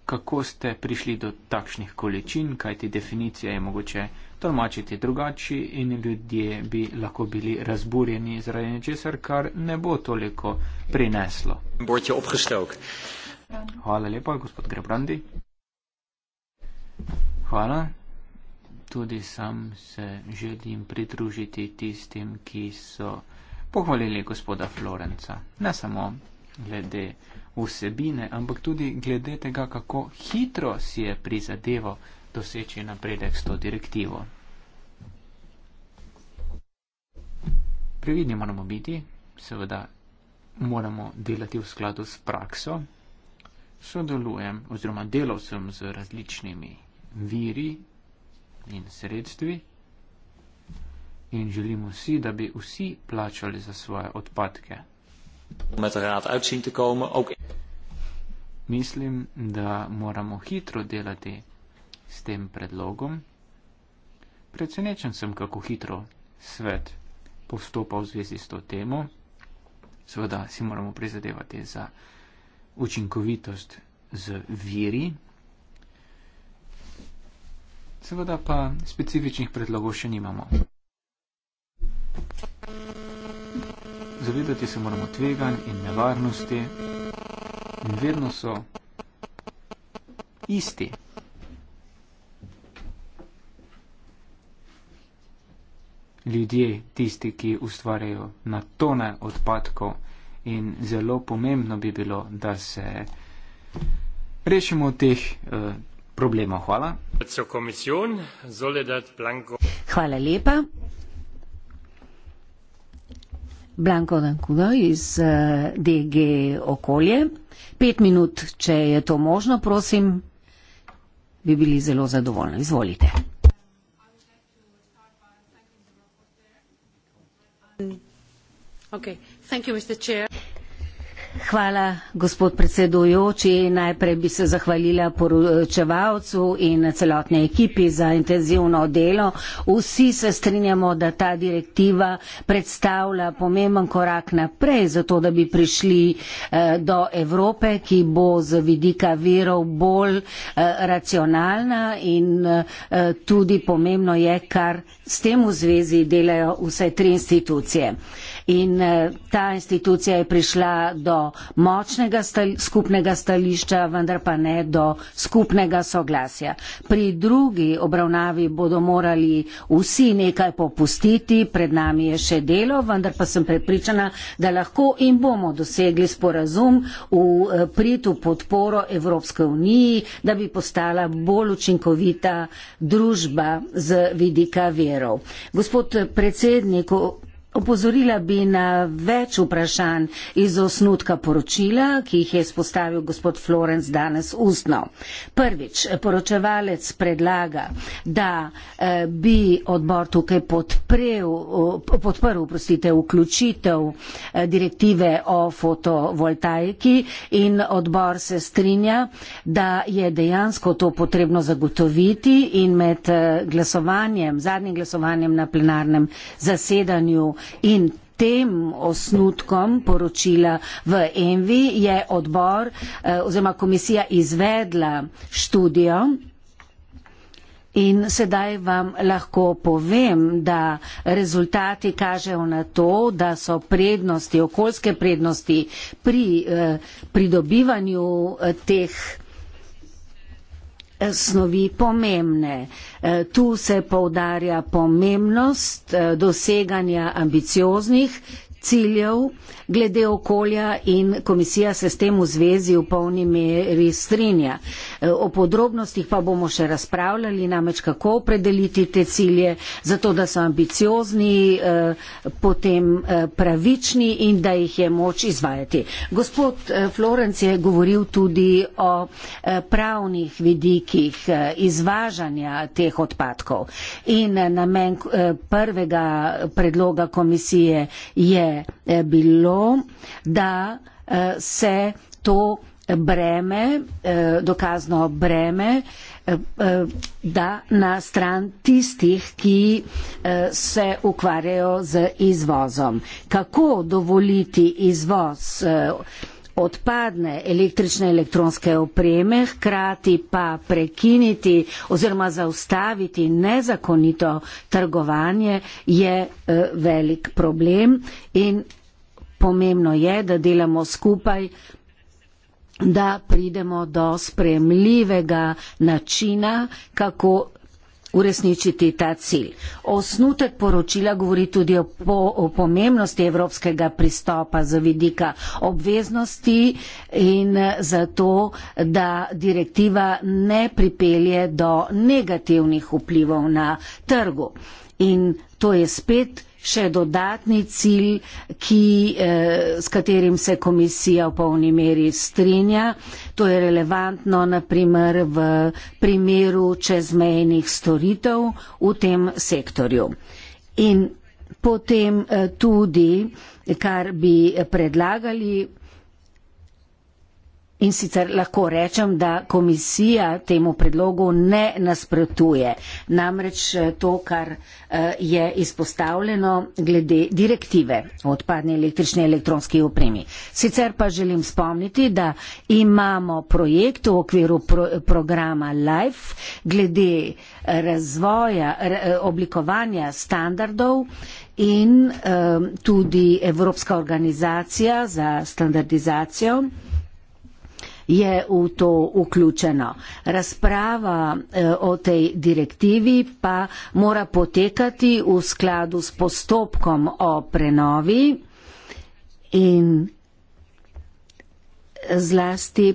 kako ste prišli do takšnih količin, kajti definicija je mogoče tolmačiti drugače in ljudje bi lahko bili razburjeni zaradi nečesar, kar ne bo toliko prineslo. Hvala lepa, gospod Grebrandi. Hvala. Tudi sam se želim pridružiti tistim, ki so pohvalili gospoda Florenca. Ne samo glede vsebine, ampak tudi glede tega, kako hitro si je prizadeval doseči napredek s to direktivo. Previdni moramo biti, seveda moramo delati v skladu s prakso. Sodelujem oziroma delal sem z različnimi viri in sredstvi in želimo si, da bi vsi plačali za svoje odpadke met de raad uit zien te komen. Ook Mislim, da moramo hitro delati s tem predlogom. Predsenečen sem, kako hitro svet postopa v zvezi s to temo. Seveda si moramo prizadevati za učinkovitost z viri. Seveda pa specifičnih predlogov še nimamo zavedati se moramo tveganj in nevarnosti in vedno so isti. Ljudje, tisti, ki ustvarjajo na tone odpadkov in zelo pomembno bi bilo, da se rešimo teh eh, problemov. Hvala. Hvala lepa. Blanko Dankuno iz eh, DG Okolje. Pet minut, če je to možno, prosim, bi bili zelo zadovoljni. Izvolite. Okay. Thank you, Mr. Chair. Hvala, gospod predsedujoči. Najprej bi se zahvalila poročevalcu in celotni ekipi za intenzivno delo. Vsi se strinjamo, da ta direktiva predstavlja pomemben korak naprej, zato da bi prišli eh, do Evrope, ki bo z vidika virov bolj eh, racionalna in eh, tudi pomembno je, kar s tem v zvezi delajo vse tri institucije in eh, ta institucija je prišla do močnega stali, skupnega stališča, vendar pa ne do skupnega soglasja. Pri drugi obravnavi bodo morali vsi nekaj popustiti, pred nami je še delo, vendar pa sem prepričana, da lahko in bomo dosegli sporazum v eh, pritu podporo Evropske unije, da bi postala bolj učinkovita družba z vidika verov. Gospod predsednik, Opozorila bi na več vprašanj iz osnutka poročila, ki jih je spostavil gospod Florenc danes ustno. Prvič, poročevalec predlaga, da eh, bi odbor tukaj podprel, eh, podprl prostite, vključitev eh, direktive o fotovoltaiki in odbor se strinja, da je dejansko to potrebno zagotoviti in med glasovanjem, zadnjim glasovanjem na plenarnem zasedanju in tem osnutkom poročila v Envi je odbor eh, oziroma komisija izvedla študijo. In sedaj vam lahko povem, da rezultati kažejo na to, da so prednosti, okoljske prednosti pri eh, pridobivanju eh, teh snovi pomembne. E, tu se poudarja pomembnost e, doseganja ambicioznih ciljev glede okolja in komisija se s tem v zvezi v polni meri strinja. E, o podrobnostih pa bomo še razpravljali, namreč kako opredeliti te cilje, zato da so ambiciozni, e, potem e, pravični in da jih je moč izvajati. Gospod Florenc je govoril tudi o pravnih vidikih izvažanja teh odpadkov in namen prvega predloga komisije je bilo, da eh, se to breme, eh, dokazno breme, eh, da na stran tistih, ki se ukvarjajo z izvozom. Kako dovoliti izvoz? odpadne električne elektronske opreme, hkrati pa prekiniti oziroma zaustaviti nezakonito trgovanje je eh, velik problem in pomembno je, da delamo skupaj da pridemo do spremljivega načina, kako uresničiti ta cilj. Osnutek poročila govori tudi o, po, o pomembnosti evropskega pristopa za vidika obveznosti in zato, da direktiva ne pripelje do negativnih vplivov na trgu. In to je spet še dodatni cilj, ki, eh, s katerim se komisija v polni meri strinja. To je relevantno naprimer v primeru čezmejnih storitev v tem sektorju. In potem eh, tudi, kar bi predlagali In sicer lahko rečem, da komisija temu predlogu ne nasprotuje. Namreč eh, to, kar eh, je izpostavljeno glede direktive o odpadni električni elektronski opremi. Sicer pa želim spomniti, da imamo projekt v okviru pro programa LIFE glede eh, razvoja, oblikovanja standardov. In um, tudi Evropska organizacija za standardizacijo uh, je v to vključeno. Razprava eh, o tej direktivi pa mora potekati v skladu s postopkom o prenovi in zlasti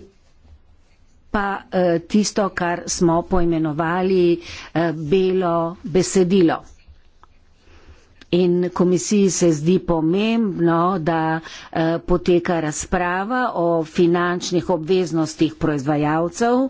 pa eh, tisto, kar smo poimenovali eh, belo besedilo. In komisiji se zdi pomembno, da eh, poteka razprava o finančnih obveznostih proizvajalcev.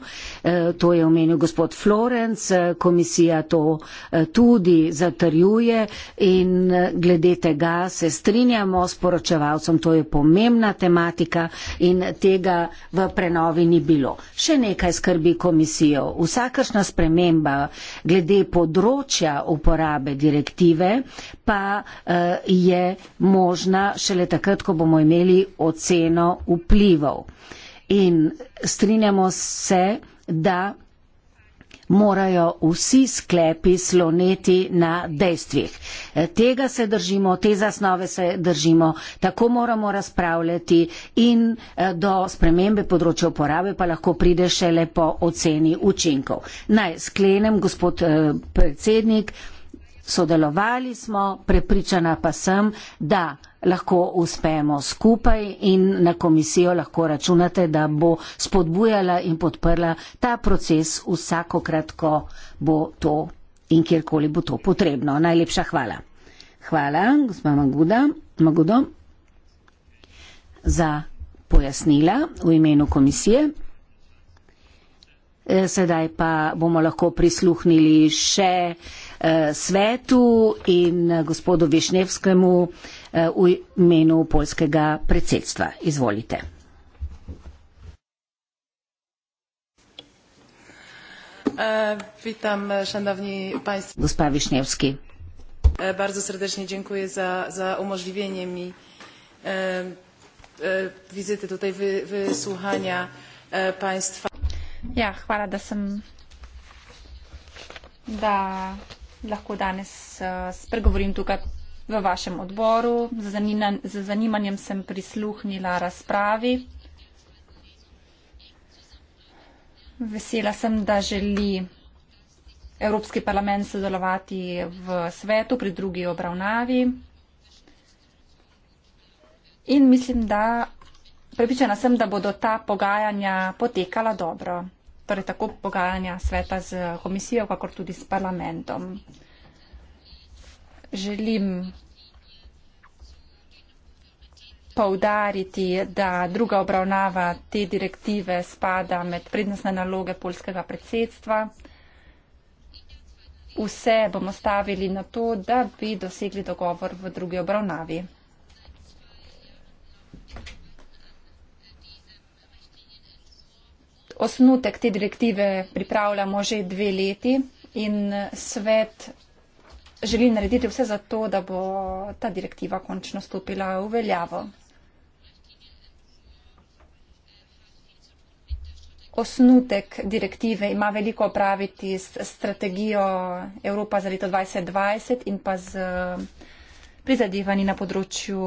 Eh, to je omenil gospod Florenc, komisija to eh, tudi zatrjuje in eh, glede tega se strinjamo s poročevalcem. To je pomembna tematika in tega v prenovi ni bilo. Še nekaj skrbi komisijo. Vsakršna sprememba glede področja uporabe direktive, pa eh, je možna šele takrat, ko bomo imeli oceno vplivov. In strinjamo se, da morajo vsi sklepi sloneti na dejstvih. Eh, tega se držimo, te zasnove se držimo, tako moramo razpravljati in eh, do spremembe področja uporabe pa lahko pride šele po oceni učinkov. Naj sklenem, gospod predsednik. Sodelovali smo, prepričana pa sem, da lahko uspemo skupaj in na komisijo lahko računate, da bo spodbujala in podprla ta proces vsakokrat, ko bo to in kjerkoli bo to potrebno. Najlepša hvala. Hvala, gospod Maguda, Magudo, za pojasnila v imenu komisije. E, sedaj pa bomo lahko prisluhnili še. Eh, svetu in eh, gospodu Višnevskemu eh, v imenu polskega predsedstva. Izvolite. Uh, witam szanowni państwo. Gospa Wiśniewski. Uh, bardzo serdecznie dziękuję za, za umożliwienie mi uh, uh, wizyty tutaj wy, wysłuchania uh, państwa. Ja, chwała da sam. Da lahko danes uh, spregovorim tukaj v vašem odboru. Z, zaninan, z zanimanjem sem prisluhnila razpravi. Vesela sem, da želi Evropski parlament sodelovati v svetu pri drugi obravnavi. In mislim, da. Pripričana sem, da bodo ta pogajanja potekala dobro torej tako pogajanja sveta z komisijo, kakor tudi s parlamentom. Želim povdariti, da druga obravnava te direktive spada med prednostne naloge polskega predsedstva. Vse bomo stavili na to, da bi dosegli dogovor v drugi obravnavi. osnutek te direktive pripravljamo že dve leti in svet želi narediti vse za to, da bo ta direktiva končno stopila v veljavo. Osnutek direktive ima veliko opraviti s strategijo Evropa za leto 2020 in pa z prizadevanji na področju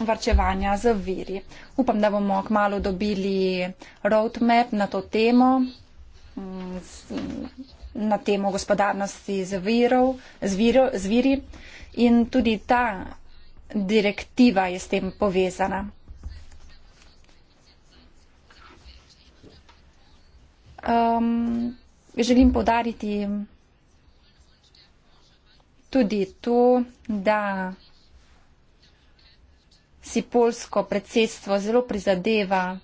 varčevanja z viri. Upam, da bomo kmalo dobili roadmap na to temo, mm, na temo gospodarnosti z, virov, z, viro, z viri in tudi ta direktiva je s tem povezana. Um, želim podariti tudi to, da si polsko predsedstvo zelo prizadeva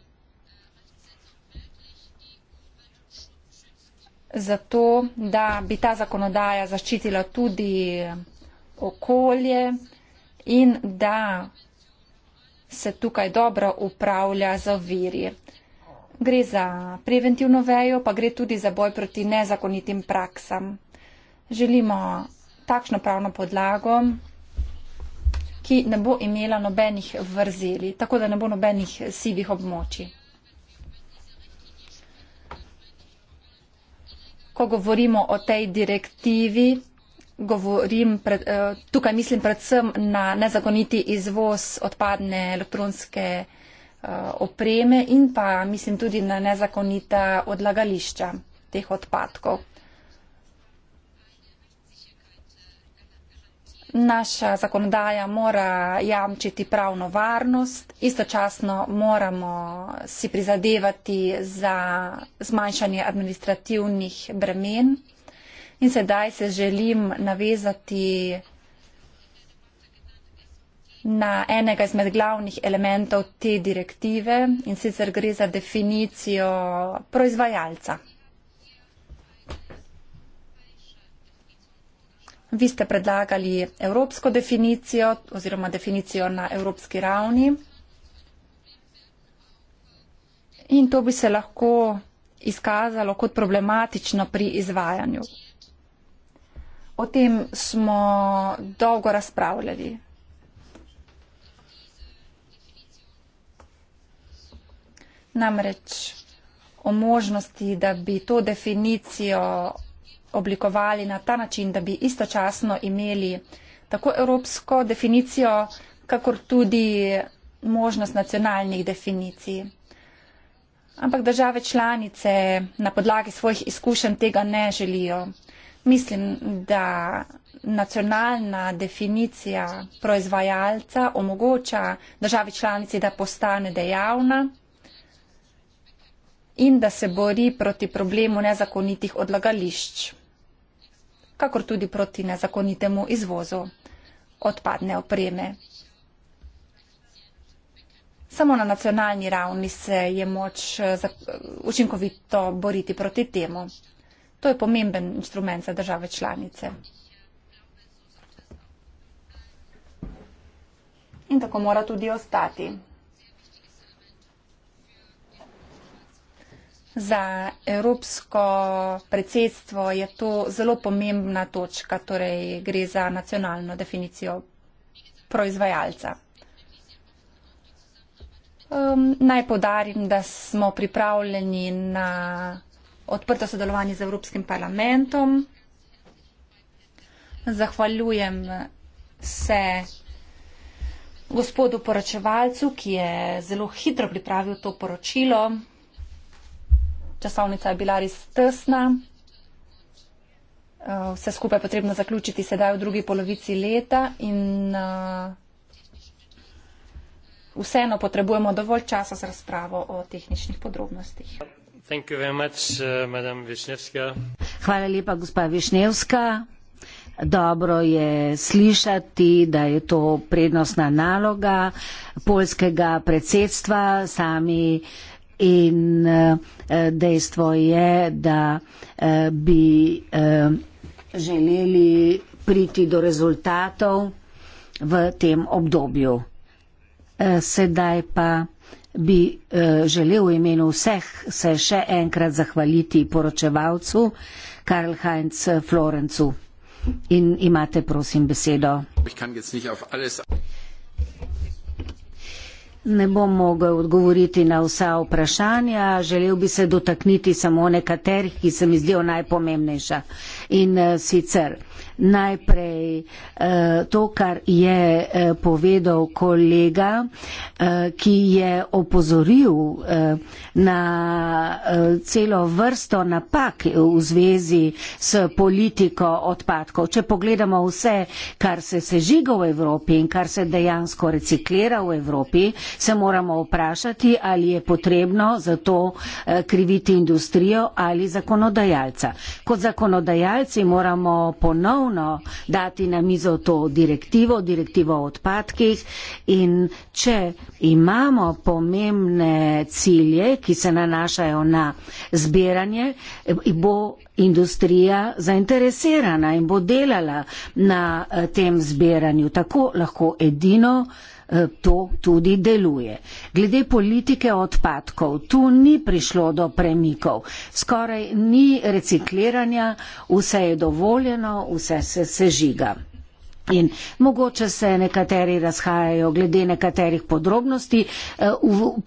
za to, da bi ta zakonodaja zaščitila tudi okolje in da se tukaj dobro upravlja za viri. Gre za preventivno vejo, pa gre tudi za boj proti nezakonitim praksam. Želimo takšno pravno podlago, ki ne bo imela nobenih vrzeli, tako da ne bo nobenih sivih območij. Ko govorimo o tej direktivi, govorim, eh, tukaj mislim predvsem na nezakoniti izvoz odpadne elektronske eh, opreme in pa mislim tudi na nezakonita odlagališča teh odpadkov. Naša zakonodaja mora jamčiti pravno varnost, istočasno moramo si prizadevati za zmanjšanje administrativnih bremen in sedaj se želim navezati na enega izmed glavnih elementov te direktive in sicer gre za definicijo proizvajalca. Vi ste predlagali evropsko definicijo oziroma definicijo na evropski ravni. In to bi se lahko izkazalo kot problematično pri izvajanju. O tem smo dolgo razpravljali. Namreč o možnosti, da bi to definicijo oblikovali na ta način, da bi istočasno imeli tako evropsko definicijo, kakor tudi možnost nacionalnih definicij. Ampak države članice na podlagi svojih izkušenj tega ne želijo. Mislim, da nacionalna definicija proizvajalca omogoča državi članici, da postane dejavna in da se bori proti problemu nezakonitih odlagališč kakor tudi proti nezakonitemu izvozu odpadne opreme. Samo na nacionalni ravni se je moč eh, učinkovito boriti proti temu. To je pomemben instrument za države članice. In tako mora tudi ostati. Za evropsko predsedstvo je to zelo pomembna točka, torej gre za nacionalno definicijo proizvajalca. Um, naj podarim, da smo pripravljeni na odprto sodelovanje z Evropskim parlamentom. Zahvaljujem se gospodu poročevalcu, ki je zelo hitro pripravil to poročilo časovnica je bila res tesna. Eh, vse skupaj je potrebno zaključiti sedaj v drugi polovici leta in eh, vseeno potrebujemo dovolj časa za razpravo o tehničnih podrobnostih. Much, eh, Hvala lepa, gospa Višnevska. Dobro je slišati, da je to prednostna naloga polskega predsedstva. Sami in eh, eh, dejstvo je, da eh, bi želeli priti do rezultatov v tem obdobju. Sedaj pa bi želel v imenu vseh se še enkrat zahvaliti poročevalcu Karl Heinz Florencu. In imate prosim besedo. Ich kann jetzt nicht auf alles... Ne bom mogel odgovoriti na vsa vprašanja, želel bi se dotakniti samo nekaterih, ki se mi zdijo najpomembnejša. In eh, sicer, najprej uh, to, kar je uh, povedal kolega, uh, ki je opozoril uh, na uh, celo vrsto napak v zvezi s politiko odpadkov. Če pogledamo vse, kar se sežiga v Evropi in kar se dejansko reciklira v Evropi, se moramo vprašati, ali je potrebno za to uh, kriviti industrijo ali zakonodajalca. Kot zakonodajalci moramo ponovno ponovno dati na mizo to direktivo, direktivo o odpadkih in če imamo pomembne cilje, ki se nanašajo na zbiranje, bo industrija zainteresirana in bo delala na eh, tem zbiranju. Tako lahko edino Eh, to tudi deluje. Glede politike odpadkov, tu ni prišlo do premikov, skoraj ni recikliranja, vse je dovoljeno, vse se sežiga. In mogoče se nekateri razhajajo glede nekaterih podrobnosti, eh,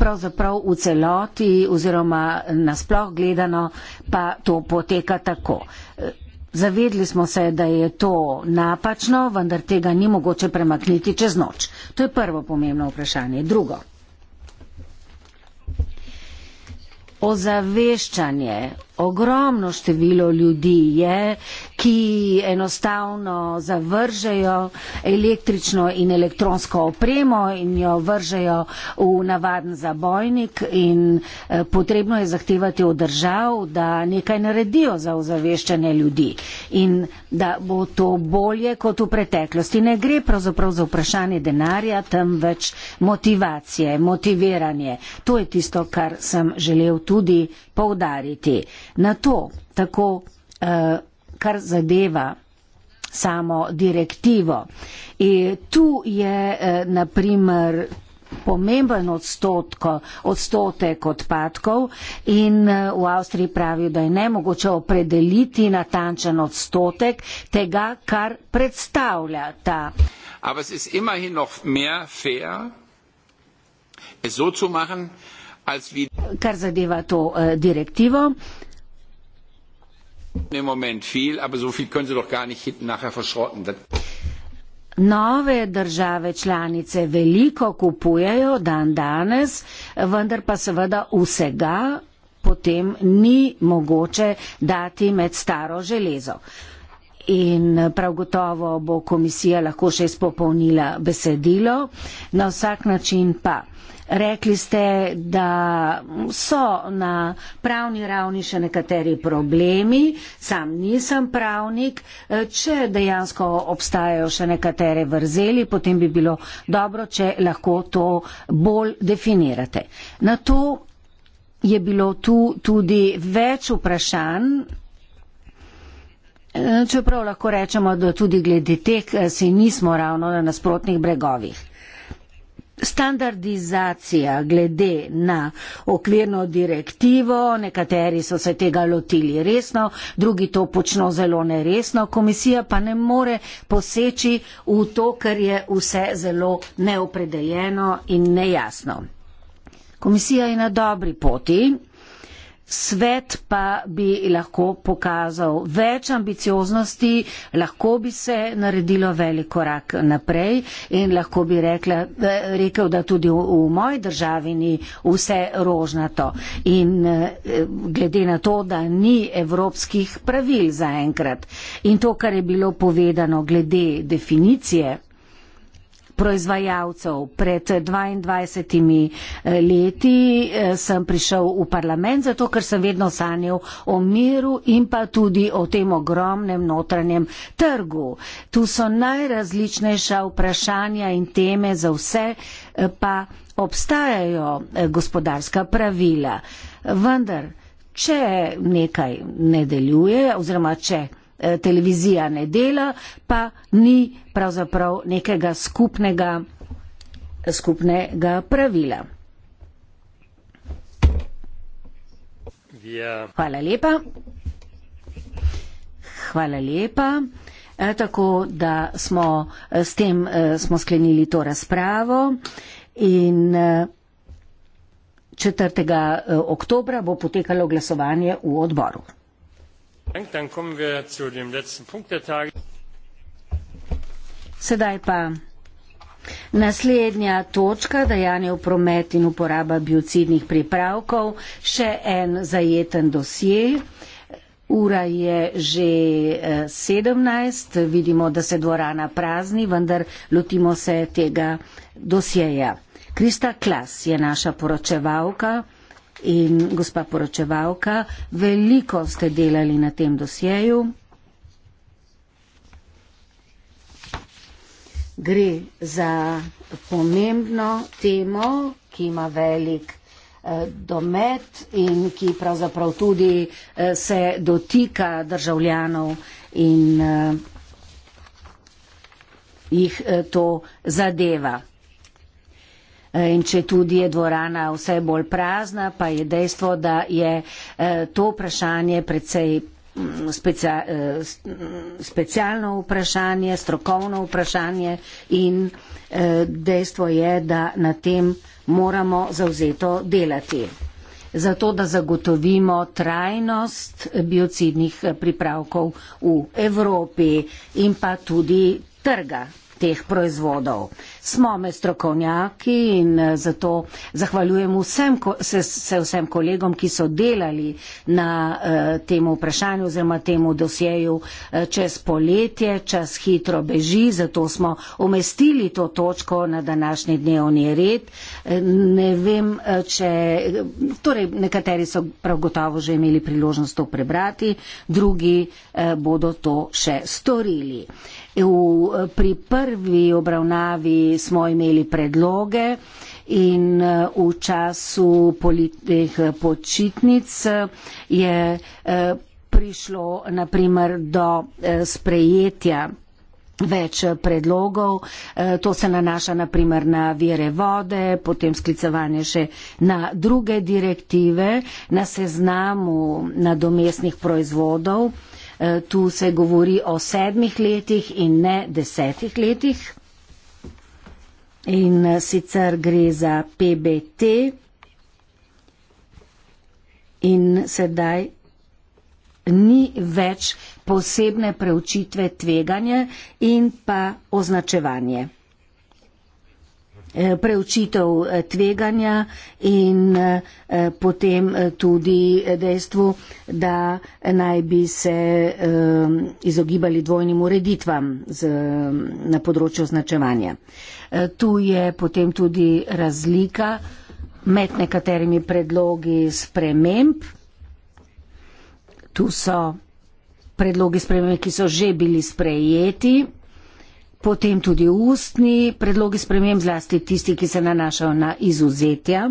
pravzaprav v celoti oziroma nasploh gledano pa to poteka tako. Eh, Zavedli smo se, da je to napačno, vendar tega ni mogoče premakniti čez noč. To je prvo pomembno vprašanje. Drugo. Ozaveščanje ogromno število ljudi je, ki enostavno zavržejo električno in elektronsko opremo in jo vržejo v navaden zabojnik in eh, potrebno je zahtevati od držav, da nekaj naredijo za ozaveščanje ljudi in da bo to bolje kot v preteklosti. Ne gre pravzaprav za vprašanje denarja, temveč motivacije, motiviranje. To je tisto, kar sem želel tudi poudariti. Na to, tako eh, kar zadeva samo direktivo. In tu je eh, naprimer pomemben odstotko, odstotek odpadkov in eh, v Avstriji pravijo, da je nemogoče opredeliti natančen odstotek tega, kar predstavlja ta. Ampak je vedno bolj fair, es so zu machen, kar zadeva to eh, direktivo. Nove države članice veliko kupujejo dan danes, vendar pa seveda vsega potem ni mogoče dati med staro železo. In eh, prav gotovo bo komisija lahko še izpopolnila besedilo. Na vsak način pa. Eh, Rekli ste, da so na pravni ravni še nekateri problemi, sam nisem pravnik. E, če dejansko obstajajo še nekatere vrzeli, potem bi bilo dobro, če lahko to bolj definirate. Na to je bilo tu tudi več vprašanj. E, čeprav lahko rečemo, da tudi glede teh se nismo ravno na nasprotnih bregovih standardizacija glede na okvirno direktivo, nekateri so se tega lotili resno, drugi to počno zelo neresno, komisija pa ne more poseči v to, ker je vse zelo neopredeljeno in nejasno. Komisija je na dobri poti, Svet pa bi lahko pokazal več ambicioznosti, lahko bi se naredilo velik korak naprej in lahko bi rekla, eh, rekel, da tudi v, v moji državi ni vse rožnato. In eh, glede na to, da ni evropskih pravil zaenkrat in to, kar je bilo povedano glede definicije proizvajalcev. Pred 22 eh, leti eh, sem prišel v parlament, zato ker sem vedno sanjal o miru in pa tudi o tem ogromnem notranjem trgu. Tu so najrazličnejša vprašanja in teme za vse, eh, pa obstajajo gospodarska pravila. Vendar, če nekaj ne deluje oziroma če Eh, televizija ne dela, pa ni pravzaprav nekega skupnega, skupnega pravila. Ja. Hvala lepa. Hvala lepa. E, tako da smo eh, s tem e, smo sklenili to razpravo in e, 4. oktobra bo potekalo glasovanje v odboru. Sedaj pa naslednja točka, dajanje v promet in uporaba biocidnih pripravkov, še en zajeten dosje. Ura je že 17, eh, vidimo, da se dvorana prazni, vendar lotimo se tega dosjeja. Krista Klas je naša poročevalka. In gospa poročevalka, veliko ste delali na tem dosjeju. Gre za pomembno temo, ki ima velik eh, domet in ki pravzaprav tudi eh, se dotika državljanov in eh, jih to zadeva. Eh, in če tudi je dvorana vse bolj prazna, pa je dejstvo, da je eh, to vprašanje predvsej mm, specia, eh, mm, specialno vprašanje, strokovno vprašanje in dejstvo je, da na tem moramo zauzeto delati. Zato, da zagotovimo trajnost biocidnih pripravkov v Evropi in pa tudi trga teh proizvodov. Smo med strokovnjaki in eh, zato zahvaljujem vsem, se, se vsem kolegom, ki so delali na eh, tem vprašanju oziroma temu dosjeju eh, čez poletje, čas hitro beži, zato smo umestili to točko na današnji dnevni red. Eh, ne vem, eh, če, torej nekateri so prav gotovo že imeli priložnost to prebrati, drugi eh, bodo to še storili. Eh, V, pri prvi obravnavi smo imeli predloge in v času politnih počitnic je prišlo naprimer do sprejetja več predlogov. To se nanaša naprimer na vire vode, potem sklicevanje še na druge direktive, na seznamu nadomestnih proizvodov. Eh, tu se govori o sedmih letih in ne desetih letih. In eh, sicer gre za PBT. In sedaj ni več posebne preučitve tveganje in pa označevanje. Eh, preučitev eh, tveganja in eh, potem tudi dejstvu, da naj bi se izogibali dvojnim ureditvam na področju označevanja. Tu je potem tudi razlika med nekaterimi predlogi sprememb. Tu so predlogi sprememb, ki so že bili sprejeti potem tudi ustni predlogi sprememb, zlasti tisti, ki se nanašajo na izuzetja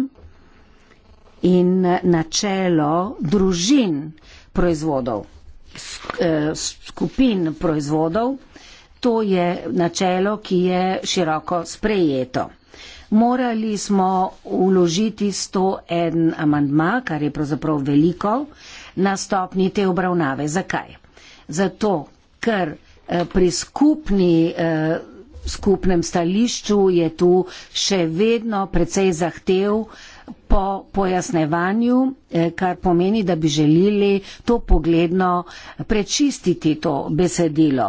in načelo družin proizvodov, eh, skupin proizvodov, to je načelo, ki je široko sprejeto. Morali smo uložiti 101 amandma, kar je pravzaprav veliko, na stopni te obravnave. Zakaj? Zato, ker Eh, pri skupni, eh, skupnem stališču je tu še vedno precej zahtev po pojasnevanju, eh, kar pomeni, da bi želeli to pogledno prečistiti to besedilo.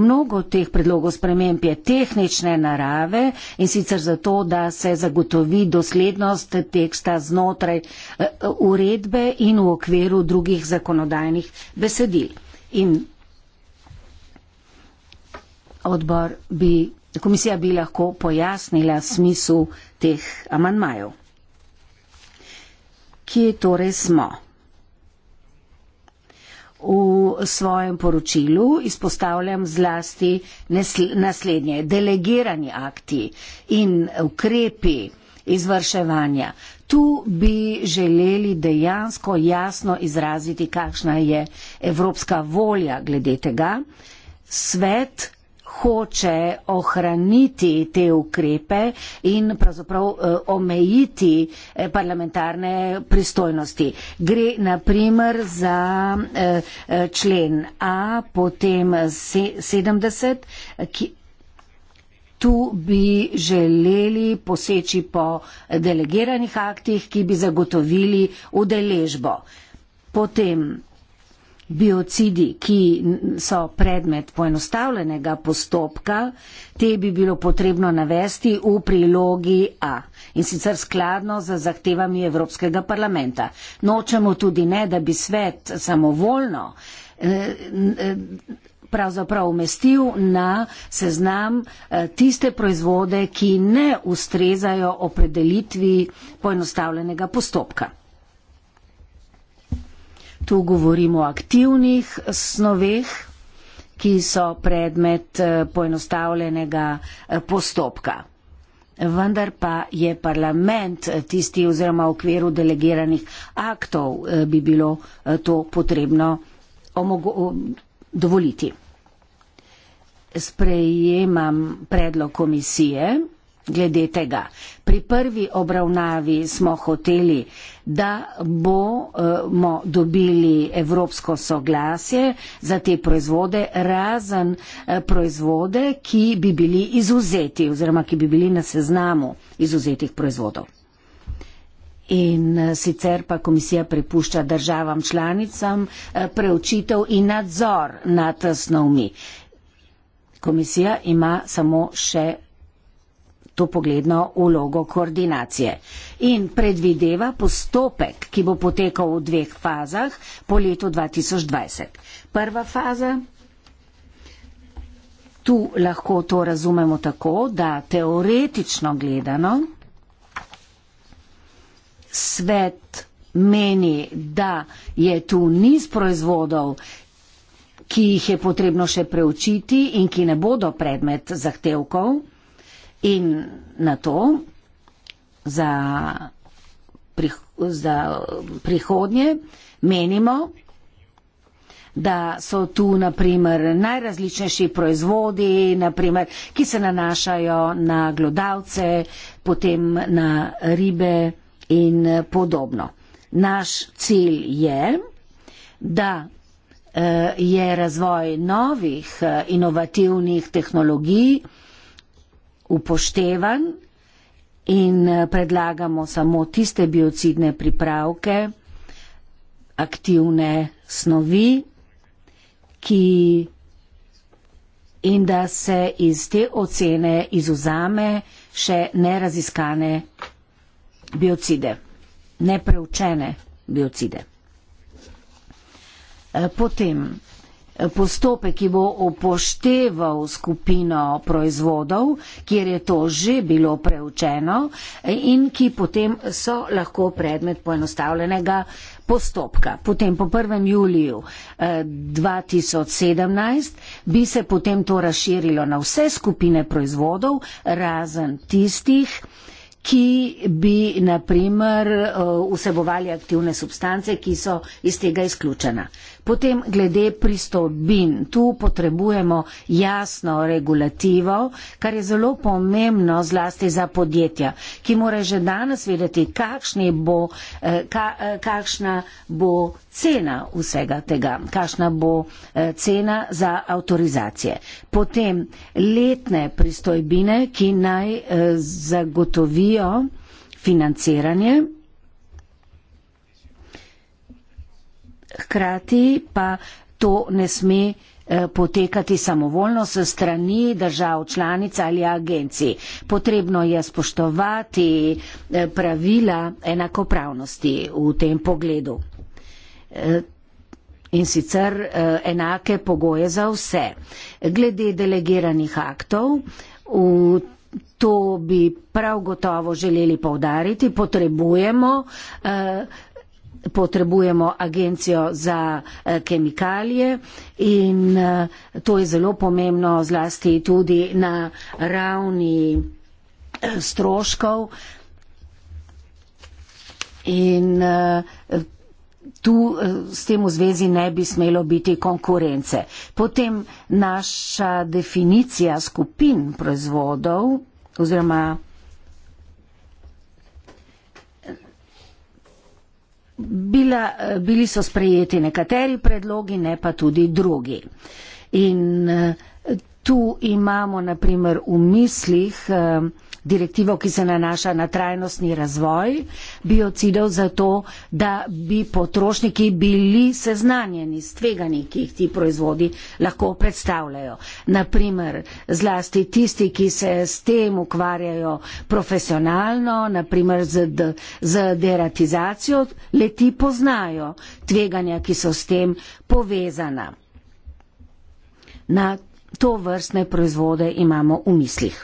Mnogo teh predlogov sprememb je tehnične narave in sicer zato, da se zagotovi doslednost teksta znotraj uredbe in v okviru drugih zakonodajnih besedil. In odbor bi, komisija bi lahko pojasnila smislu teh amanmajev. Kje torej smo? V svojem poročilu izpostavljam zlasti naslednje. Delegirani akti in ukrepi izvrševanja. Tu bi želeli dejansko jasno izraziti, kakšna je evropska volja glede tega. Svet hoče ohraniti te ukrepe in pravzaprav eh, omejiti eh, parlamentarne pristojnosti. Gre naprimer za eh, člen A, potem 70, ki. Tu bi želeli poseči po delegiranih aktih, ki bi zagotovili udeležbo. Potem biocidi, ki so predmet poenostavljenega postopka, te bi bilo potrebno navesti v prilogi A in sicer skladno z zahtevami Evropskega parlamenta. Nočemo tudi ne, da bi svet samovoljno eh, eh, pravzaprav umestil na seznam eh, tiste proizvode, ki ne ustrezajo opredelitvi poenostavljenega postopka. Tu govorimo o aktivnih snoveh, ki so predmet eh, poenostavljenega eh, postopka. Vendar pa je parlament eh, tisti oziroma v okviru delegiranih aktov bi bilo to potrebno dovoliti. Sprejemam predlog komisije glede tega. Pri prvi obravnavi smo hoteli, da bomo dobili evropsko soglasje za te proizvode, razen eh, proizvode, ki bi bili izuzeti oziroma ki bi bili na seznamu izuzetih proizvodov. In eh, sicer pa komisija prepušča državam članicam eh, preučitev in nadzor nad snovmi. Komisija ima samo še to pogledno vlogo koordinacije in predvideva postopek, ki bo potekal v dveh fazah po letu 2020. Prva faza. Tu lahko to razumemo tako, da teoretično gledano svet meni, da je tu niz proizvodov, ki jih je potrebno še preučiti in ki ne bodo predmet zahtevkov. In na to za, prih, za prihodnje menimo, da so tu naprimer najrazličnejši proizvodi, naprimer, ki se nanašajo na glodavce, potem na ribe in podobno. Naš cilj je, da eh, je razvoj novih eh, inovativnih tehnologij, upoštevan in eh, predlagamo samo tiste biocidne pripravke, aktivne snovi, ki in da se iz te ocene izuzame še neraziskane biocide, nepreučene biocide. Eh, potem postopek, ki bo upošteval skupino proizvodov, kjer je to že bilo preučeno in ki potem so lahko predmet poenostavljenega postopka. Potem po 1. juliju eh, 2017 bi se potem to razširilo na vse skupine proizvodov, razen tistih, ki bi naprimer eh, vsebovali aktivne substance, ki so iz tega izključena. Potem glede pristojbin. Tu potrebujemo jasno regulativo, kar je zelo pomembno zlasti za podjetja, ki mora že danes vedeti, bo, eh, eh, kakšna bo cena vsega tega, kakšna bo eh, cena za avtorizacije. Potem letne pristojbine, ki naj zagotovijo financiranje. hkrati pa to ne sme eh, potekati samovoljno se strani držav članic ali agencij. Potrebno je spoštovati eh, pravila enakopravnosti v tem pogledu eh, in sicer enake pogoje za vse. Glede delegiranih aktov, v to bi prav gotovo želeli povdariti, potrebujemo potrebujemo agencijo za eh, kemikalije in eh, to je zelo pomembno zlasti tudi na ravni eh, stroškov. In tu s tem v zvezi ne bi smelo biti konkurence. Potem naša definicija skupin proizvodov oziroma bila, eh, bili so sprejeti nekateri predlogi, ne pa tudi drugi. In eh, tu imamo naprimer v mislih, uh, direktivo, ki se nanaša na trajnostni razvoj biocidov, zato da bi potrošniki bili seznanjeni s tveganji, ki jih ti proizvodi lahko predstavljajo. Naprimer, zlasti tisti, ki se s tem ukvarjajo profesionalno, naprimer z, z deratizacijo, le ti poznajo tveganja, ki so s tem povezana. Na to vrstne proizvode imamo v mislih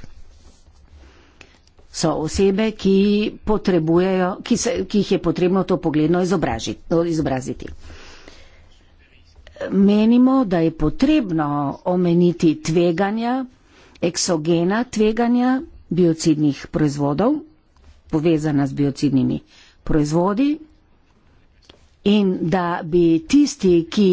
so osebe, ki, ki, se, ki jih je potrebno to pogledno izobraziti. Menimo, da je potrebno omeniti tveganja, eksogena tveganja biocidnih proizvodov, povezana z biocidnimi proizvodi, in da bi tisti, ki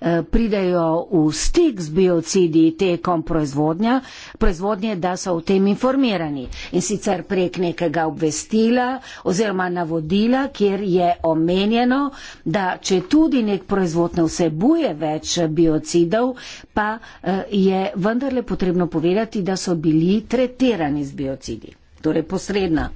eh, pridejo v stik z biocidi tekom proizvodnje, da so o tem informirani in sicer prek nekega obvestila oziroma navodila, kjer je omenjeno, da če tudi nek proizvod ne vsebuje več biocidov, pa eh, je vendarle potrebno povedati, da so bili tretirani z biocidi, torej posredna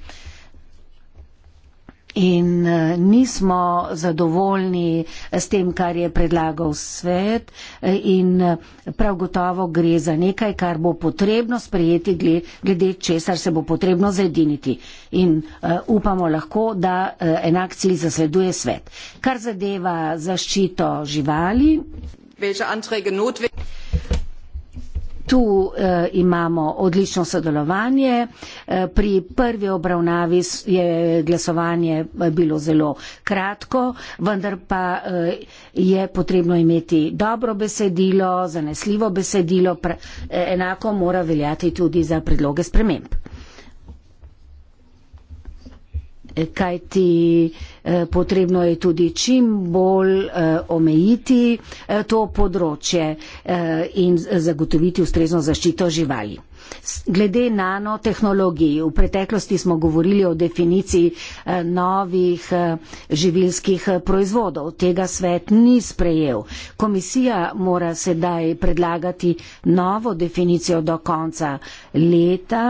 in eh, nismo zadovoljni s tem, kar je predlagal svet eh, in eh, prav gotovo gre za nekaj, kar bo potrebno sprejeti glede česar se bo potrebno zediniti. In upamo lahko, da enak cilj zasleduje svet. Kar zadeva zaščito živali. Tu eh, imamo odlično sodelovanje. Eh, pri prvi obravnavi je glasovanje eh, bilo zelo kratko, vendar pa eh, je potrebno imeti dobro besedilo, zanesljivo besedilo, pra, eh, enako mora veljati tudi za predloge sprememb kajti eh, potrebno je tudi čim bolj eh, omejiti eh, to področje in zagotoviti ustrezno zaščito živali. Glede nanotehnologij, v preteklosti smo govorili o definiciji novih živilskih proizvodov. Tega svet ni sprejel. Komisija mora sedaj predlagati novo definicijo do konca leta,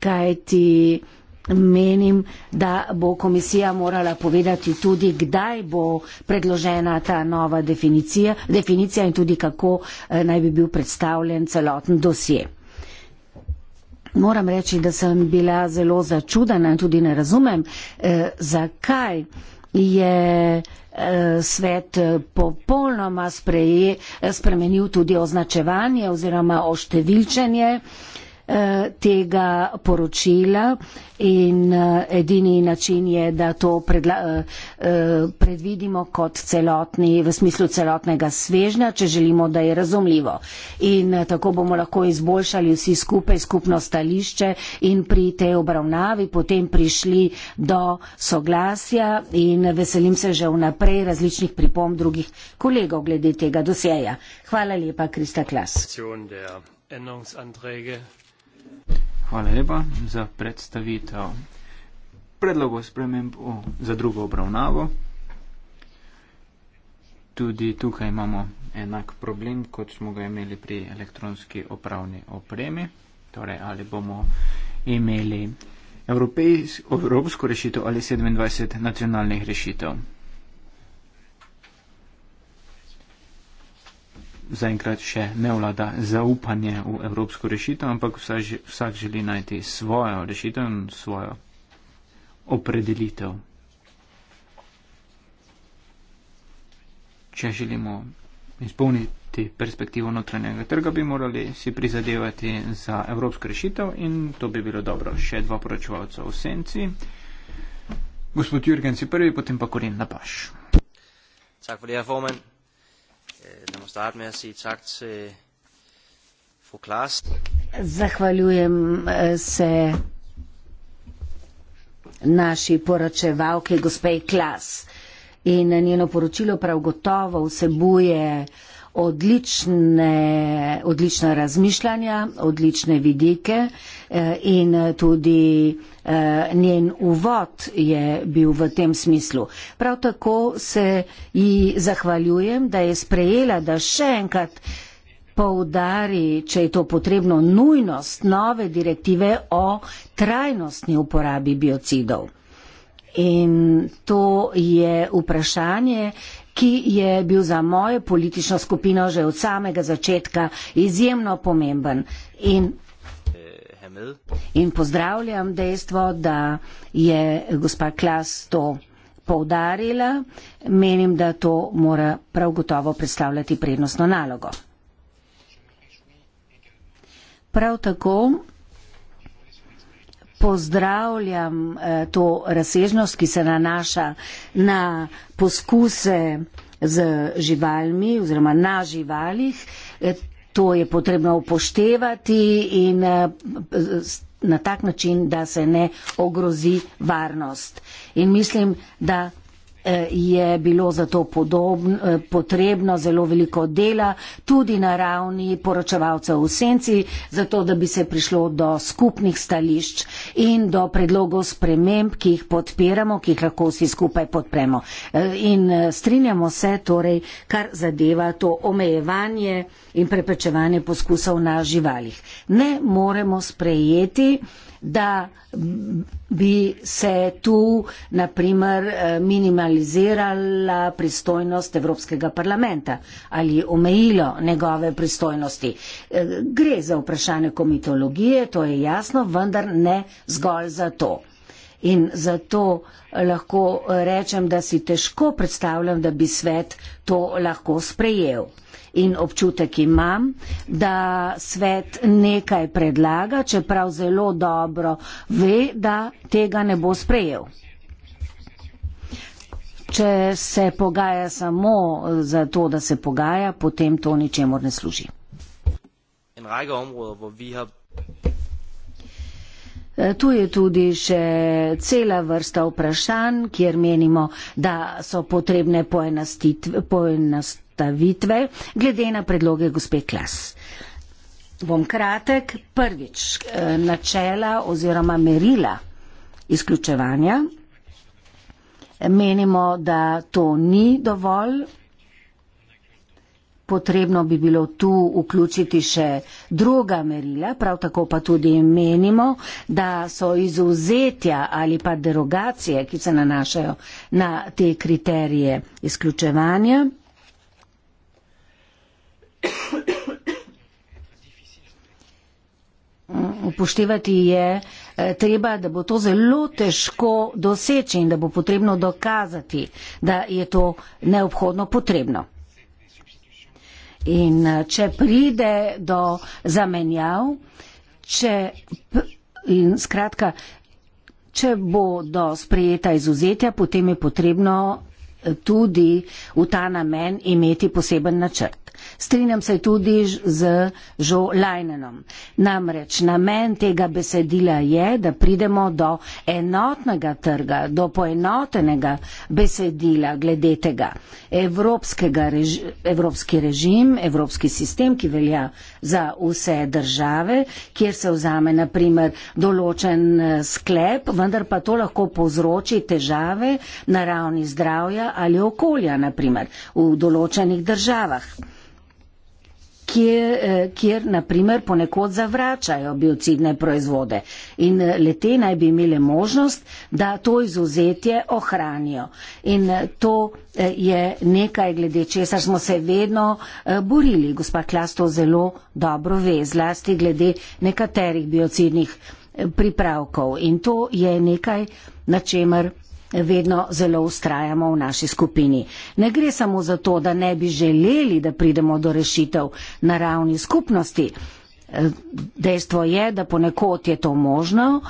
kajti menim, da bo komisija morala povedati tudi, kdaj bo predložena ta nova definicija, definicija in tudi kako eh, naj bi bil predstavljen celoten dosje. Moram reči, da sem bila zelo začudena in tudi ne razumem, eh, zakaj je eh, svet eh, popolnoma spremenil tudi označevanje oziroma oštevilčenje eh, Eh, tega poročila in eh, edini način je, da to eh, predvidimo kot celotni, v smislu celotnega svežnja, če želimo, da je razumljivo. In tako bomo lahko izboljšali vsi skupaj skupno stališče in pri tej obravnavi potem prišli do soglasja in veselim se že vnaprej različnih pripomb drugih kolegov glede tega dosjeja. Hvala lepa, Krista Klas. Hvala lepa za predstavitev predlogov sprememb za drugo obravnavo. Tudi tukaj imamo enak problem, kot smo ga imeli pri elektronski opravni opremi. Torej, ali bomo imeli evropejsko, evropsko rešitev ali 27 nacionalnih rešitev. zaenkrat še ne vlada zaupanje v evropsko rešitev, ampak vsak, vsak želi najti svojo rešitev in svojo opredelitev. Če želimo izpolniti perspektivo notranjega trga, bi morali si prizadevati za evropsko rešitev in to bi bilo dobro. Še dva poročevalca v senci. Gospod Jurgen si prvi, potem pa Korin Napaš. Tak for det her formand. Øh, lad mig starte med at sige tak til fru Klaas. Zahvaljujem eh, se naši poročevalki, gospej Klaas. In eh, njeno poročilo prav gotovo vsebuje uh, odlične, odlična razmišljanja, odlične vidike eh, in tudi eh, njen uvod je bil v tem smislu. Prav tako se ji zahvaljujem, da je sprejela, da še enkrat poudari, če je to potrebno, nujnost nove direktive o trajnostni uporabi biocidov. In to je vprašanje, ki je bil za mojo politično skupino že od samega začetka izjemno pomemben. In In pozdravljam dejstvo, da je gospa Klas to poudarila. Menim, da to mora prav gotovo predstavljati prednostno nalogo. Prav tako pozdravljam eh, to razsežnost, ki se nanaša na poskuse z živalmi oziroma na živalih. Eh, to je potrebno upoštevati in eh, na tak način, da se ne ogrozi varnost. In mislim, da je bilo za to podobno, eh, potrebno zelo veliko dela, tudi na ravni poročevalcev v senci, zato da bi se prišlo do skupnih stališč in do predlogov sprememb, ki jih podpiramo, ki jih lahko vsi skupaj podpremo. Eh, in eh, strinjamo se, torej, kar zadeva to omejevanje in preprečevanje poskusov na živalih. Ne moremo sprejeti, da bi se tu naprimer eh, minimalizirala pristojnost Evropskega parlamenta ali omejilo njegove pristojnosti. Eh, gre za vprašanje komitologije, to je jasno, vendar ne zgolj za to. In zato lahko rečem, da si težko predstavljam, da bi svet to lahko sprejel in občutek imam, da svet nekaj predlaga, čeprav zelo dobro ve, da tega ne bo sprejel. Če se pogaja samo za to, da se pogaja, potem to ničemor ne služi. E, tu je tudi še cela vrsta vprašanj, kjer menimo, da so potrebne poenostitve. Poenost ustavitve glede na predloge gospe Klas. Bom kratek. Prvič, eh, načela oziroma merila izključevanja. Menimo, da to ni dovolj. Potrebno bi bilo tu vključiti še druga merila, prav tako pa tudi menimo, da so izuzetja ali pa derogacije, ki se nanašajo na te kriterije izključevanja. Upoštevati je eh, treba, da bo to zelo težko doseči in da bo potrebno dokazati, da je to neobhodno potrebno. In eh, če pride do zamenjav, če, in skratka, če bo do sprejeta izuzetja, potem je potrebno tudi v ta namen imeti poseben načrt. Strinjam se tudi z Jo Leinenom. Namreč namen tega besedila je, da pridemo do enotnega trga, do poenotenega besedila glede tega. Evropski režim, evropski sistem, ki velja za vse države, kjer se vzame naprimer določen eh, sklep, vendar pa to lahko povzroči težave na ravni zdravja ali okolja, naprimer v določenih državah kjer, eh, kjer naprimer ponekod zavračajo biocidne proizvode in eh, lete naj bi imele možnost, da to izuzetje ohranijo. In eh, to je nekaj, glede česar smo se vedno borili. Gospa Klas to zelo dobro ve, zlasti glede nekaterih biocidnih pripravkov. In to je nekaj, na čemer vedno zelo ustrajamo v naši skupini. Ne gre samo za to, da ne bi želeli, da pridemo do rešitev na ravni skupnosti. Dejstvo je, da ponekod je to možno,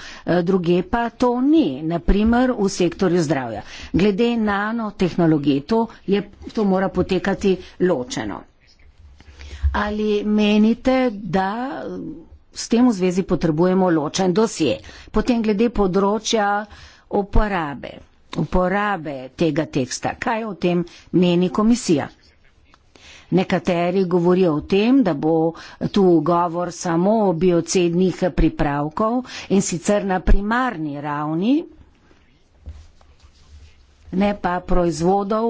druge pa to ni, naprimer v sektorju zdravja. Glede nanotehnologije to, je, to mora potekati ločeno. Ali menite, da s tem v zvezi potrebujemo ločen dosje? Potem glede področja uporabe uporabe tega teksta. Kaj o tem meni komisija? Nekateri govorijo o tem, da bo tu govor samo o biocednih pripravkov in sicer na primarni ravni, ne pa proizvodov,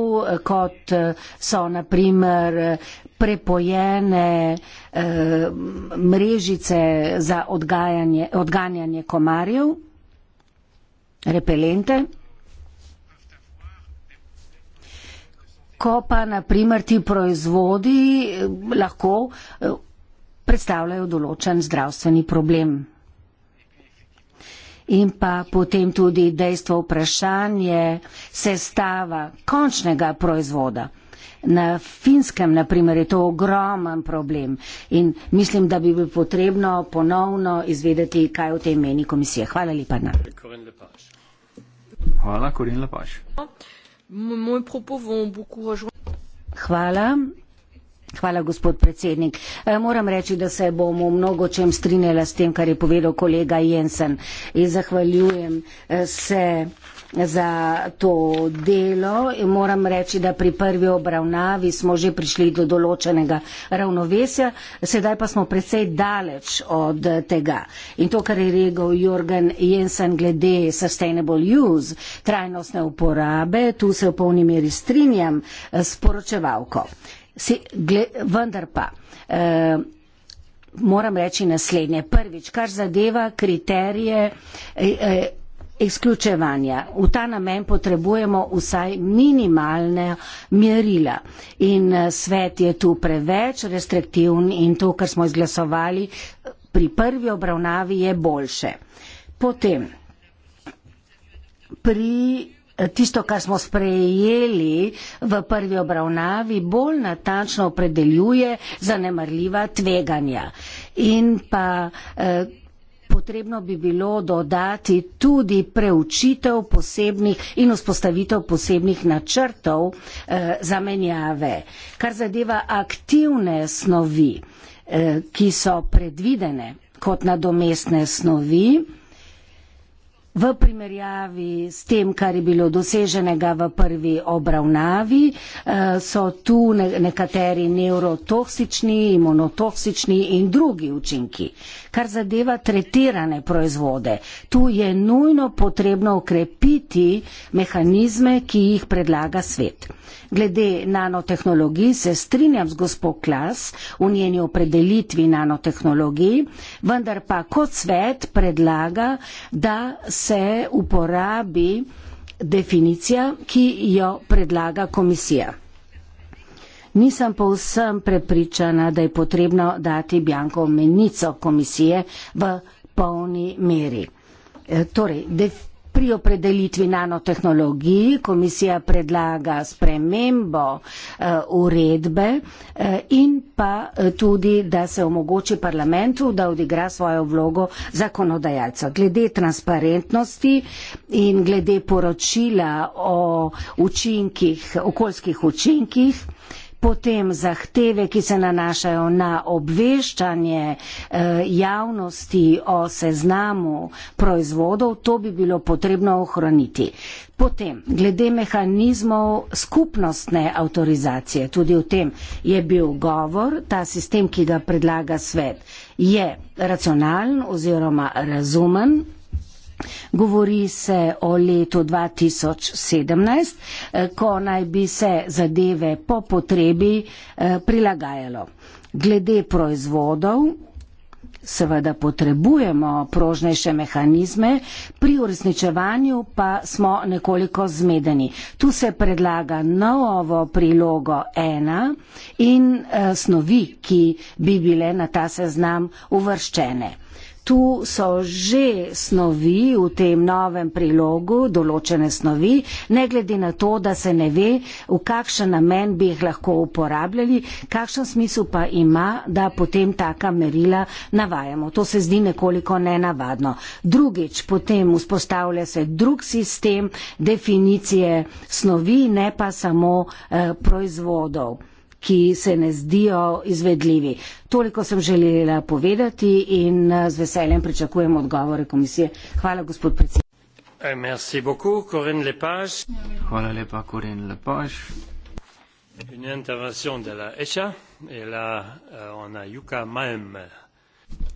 kot so naprimer prepojene eh, mrežice za odganjanje komarjev, repelente. ko pa naprimer ti proizvodi eh, lahko eh, predstavljajo določen zdravstveni problem. In pa potem tudi dejstvo vprašanje sestava končnega proizvoda. Na finskem, naprimer, je to ogromen problem in mislim, da bi bilo potrebno ponovno izvedeti, kaj o tem meni komisija. Hvala lepa. Hvala, Korin Lepaš. Hvala. Hvala, gospod predsednik. E, moram reči, da se bom v mnogo čem strinjala s tem, kar je povedal kolega Jensen. In zahvaljujem e, se za to delo. In moram reči, da pri prvi obravnavi smo že prišli do določenega ravnovesja, sedaj pa smo precej daleč od tega. In to, kar je rekel Jorgen Jensen glede sustainable use, trajnostne uporabe, tu se v polni meri strinjam e, s poročevalko. Si, gle, vendar pa e, moram reči naslednje. Prvič, kar zadeva kriterije e, izključevanja. V ta namen potrebujemo vsaj minimalne merila. In svet je tu preveč restriktivn in to, kar smo izglasovali pri prvi obravnavi, je boljše. Potem, pri Eh, tisto, kar smo sprejeli v prvi obravnavi, bolj natančno opredeljuje zanemarljiva tveganja. In pa eh, potrebno bi bilo dodati tudi preučitev posebnih in vzpostavitev posebnih načrtov eh, zamenjave, kar zadeva aktivne snovi, eh, ki so predvidene kot nadomestne snovi v primerjavi s tem, kar je bilo doseženega v prvi obravnavi, eh, so tu nekateri neurotoksični, imunotoksični in drugi učinki. Kar zadeva tretirane proizvode, tu je nujno potrebno ukrepiti mehanizme, ki jih predlaga svet. Glede nanotehnologij se strinjam z gospod Klas v njeni opredelitvi nanotehnologij, vendar pa kot svet predlaga, da se uporabi definicija, ki jo predlaga komisija. Nisem pa vsem prepričana, da je potrebno dati bjanko menico komisije v polni meri. E, torej, Pri opredelitvi nanotehnologiji komisija predlaga spremembo uh, uredbe uh, in pa uh, tudi, da se omogoči parlamentu, da odigra svojo vlogo zakonodajalca. Glede transparentnosti in glede poročila o učinkih, okoljskih učinkih, uh, potem zahteve, ki se nanašajo na obveščanje eh, javnosti o seznamu proizvodov, to bi bilo potrebno ohraniti. Potem, glede mehanizmov skupnostne avtorizacije, tudi o tem je bil govor, ta sistem, ki ga predlaga svet, je racionalen oziroma razumen. Govori se o letu 2017, eh, ko naj bi se zadeve po potrebi eh, prilagajalo. Glede proizvodov, seveda potrebujemo prožnejše mehanizme, pri uresničevanju pa smo nekoliko zmedeni. Tu se predlaga novo prilogo ena in eh, snovi, ki bi bile na ta seznam uvrščene tu so že snovi v tem novem prilogu, določene snovi, ne glede na to, da se ne ve, v kakšen namen bi jih lahko uporabljali, kakšen smisel pa ima, da potem taka merila navajamo. To se zdi nekoliko nenavadno. Drugič, potem vzpostavlja se drug sistem definicije snovi, ne pa samo eh, proizvodov ki se ne zdijo izvedljivi. Toliko sem želela povedati in eh, z veseljem pričakujem odgovore komisije. Hvala, gospod predsednik. Eh, Hvala lepa, Korin Lepaš. Une intervention de la ECHA et là euh, on a Yuka Malm.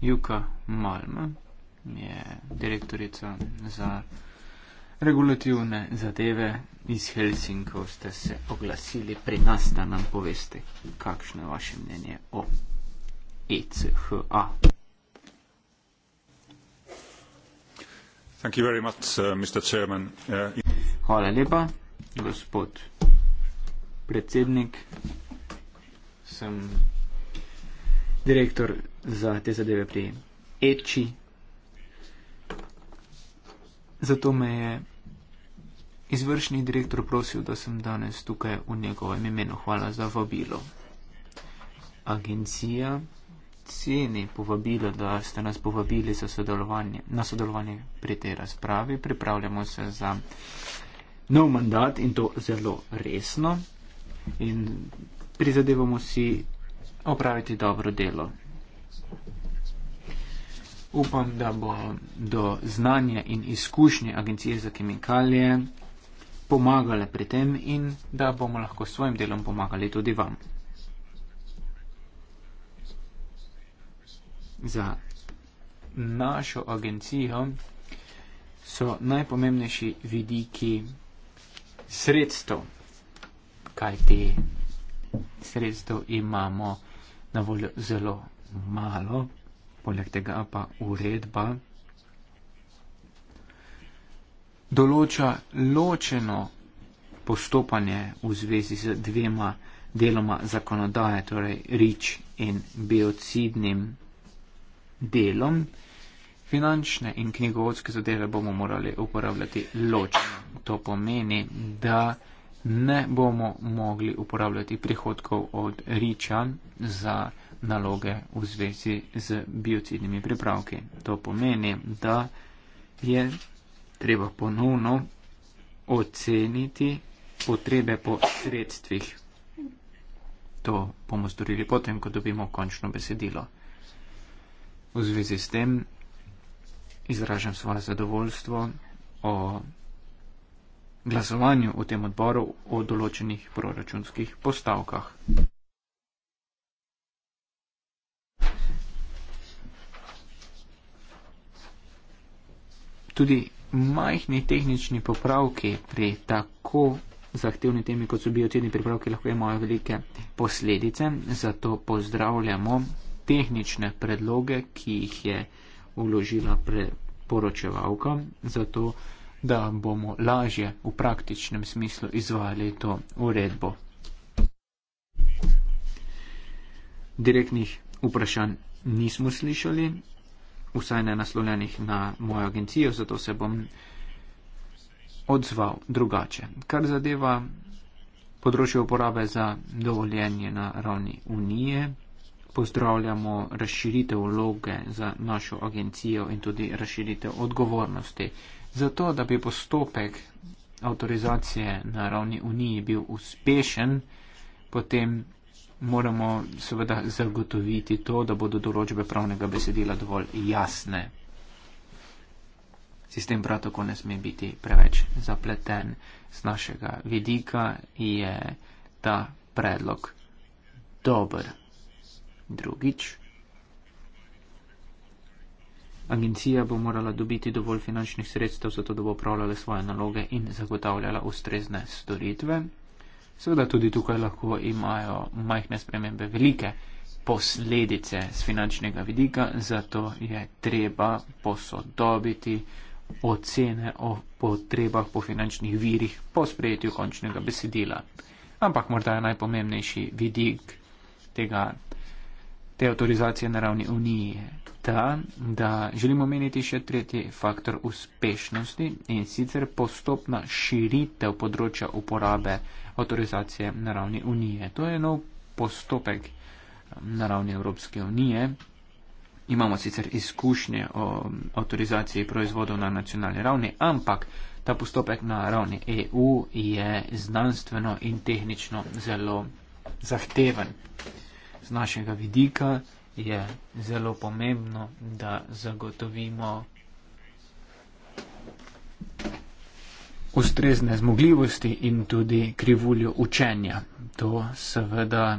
Yuka Malm est directrice de régulation des iz Helsinkov ste se oglasili pri nas, da nam poveste, kakšno je vaše mnenje o ECHA. Thank you very much, uh, Mr. Chairman. Uh, Hvala lepa, gospod predsednik. Sem direktor za te zadeve pri ECHI. Zato me je izvršni direktor prosil, da sem danes tukaj v njegovem imenu. Hvala za vabilo. Agencija ceni povabilo, da ste nas povabili sodelovanje, na sodelovanje pri tej razpravi. Pripravljamo se za nov mandat in to zelo resno. In prizadevamo si opraviti dobro delo. Upam, da bo do znanja in izkušnje Agencije za kemikalije pomagale pri tem in da bomo lahko s svojim delom pomagali tudi vam. Za našo agencijo so najpomembnejši vidiki sredstev, kaj ti sredstev imamo na voljo zelo malo, poleg tega pa uredba določa ločeno postopanje v zvezi z dvema deloma zakonodaje, torej rič in biocidnim delom. Finančne in knjigovodske zadeve bomo morali uporabljati ločeno. To pomeni, da ne bomo mogli uporabljati prihodkov od riča za naloge v zvezi z biocidnimi pripravki. To pomeni, da je treba ponovno oceniti potrebe po sredstvih. To bomo storili potem, ko dobimo končno besedilo. V zvezi s tem izražam svoje zadovoljstvo o glasovanju v tem odboru o določenih proračunskih postavkah. Tudi majhni tehnični popravki pri tako zahtevni temi, kot so biocidni pripravki, lahko imajo velike posledice. Zato pozdravljamo tehnične predloge, ki jih je uložila poročevalka, zato da bomo lažje v praktičnem smislu izvajali to uredbo. Direktnih vprašanj nismo slišali, vsaj ne naslovljenih na mojo agencijo, zato se bom odzval drugače. Kar zadeva področje uporabe za dovoljenje na ravni unije, pozdravljamo razširitev vloge za našo agencijo in tudi razširitev odgovornosti. Zato, da bi postopek avtorizacije na ravni unije bil uspešen, potem moramo seveda zagotoviti to, da bodo določbe pravnega besedila dovolj jasne. Sistem prav tako ne sme biti preveč zapleten. Z našega vidika je ta predlog dober. Drugič. Agencija bo morala dobiti dovolj finančnih sredstev, zato da bo upravljala svoje naloge in zagotavljala ustrezne storitve. Seveda tudi tukaj lahko imajo majhne spremembe velike posledice z finančnega vidika, zato je treba posodobiti ocene o potrebah po finančnih virih po sprejetju končnega besedila. Ampak morda je najpomembnejši vidik tega, te avtorizacije na ravni unije ta, da želimo omeniti še tretji faktor uspešnosti in sicer postopna širitev področja uporabe avtorizacije na ravni unije. To je nov postopek um, na ravni Evropske unije. Imamo sicer izkušnje o um, avtorizaciji proizvodov na nacionalni ravni, ampak ta postopek na ravni EU je znanstveno in tehnično zelo zahteven. Z našega vidika je zelo pomembno, da zagotovimo ustrezne zmogljivosti in tudi krivuljo učenja. To seveda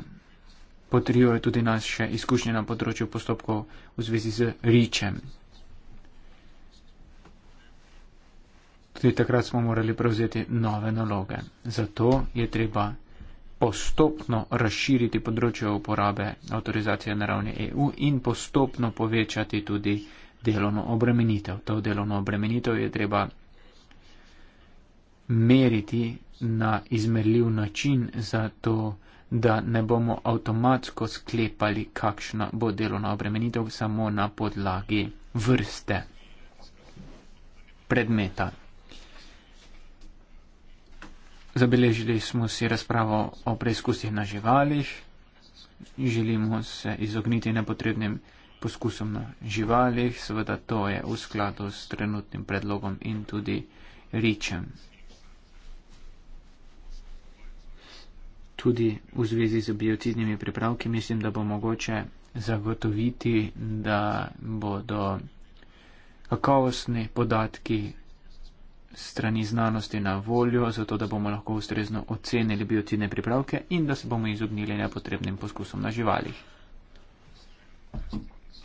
potrjuje tudi naše izkušnje na področju postopkov v zvezi z ričem. Tudi takrat smo morali prevzeti nove naloge. Zato je treba postopno razširiti področje uporabe avtorizacije na ravni EU in postopno povečati tudi delovno obremenitev. To delovno obremenitev je treba meriti na izmerljiv način, zato da ne bomo avtomatsko sklepali, kakšna bo delovna obremenitev samo na podlagi vrste predmeta Zabeležili smo si razpravo o preizkusih na živalih. Želimo se izogniti nepotrebnim poskusom na živalih. Seveda to je v skladu s trenutnim predlogom in tudi ričem. Tudi v zvezi z biocidnimi pripravki mislim, da bo mogoče zagotoviti, da bodo kakovostni podatki strani znanosti na voljo, zato da bomo lahko ustrezno ocenili biotine pripravke in da se bomo izognili nepotrebnim poskusom na živalih.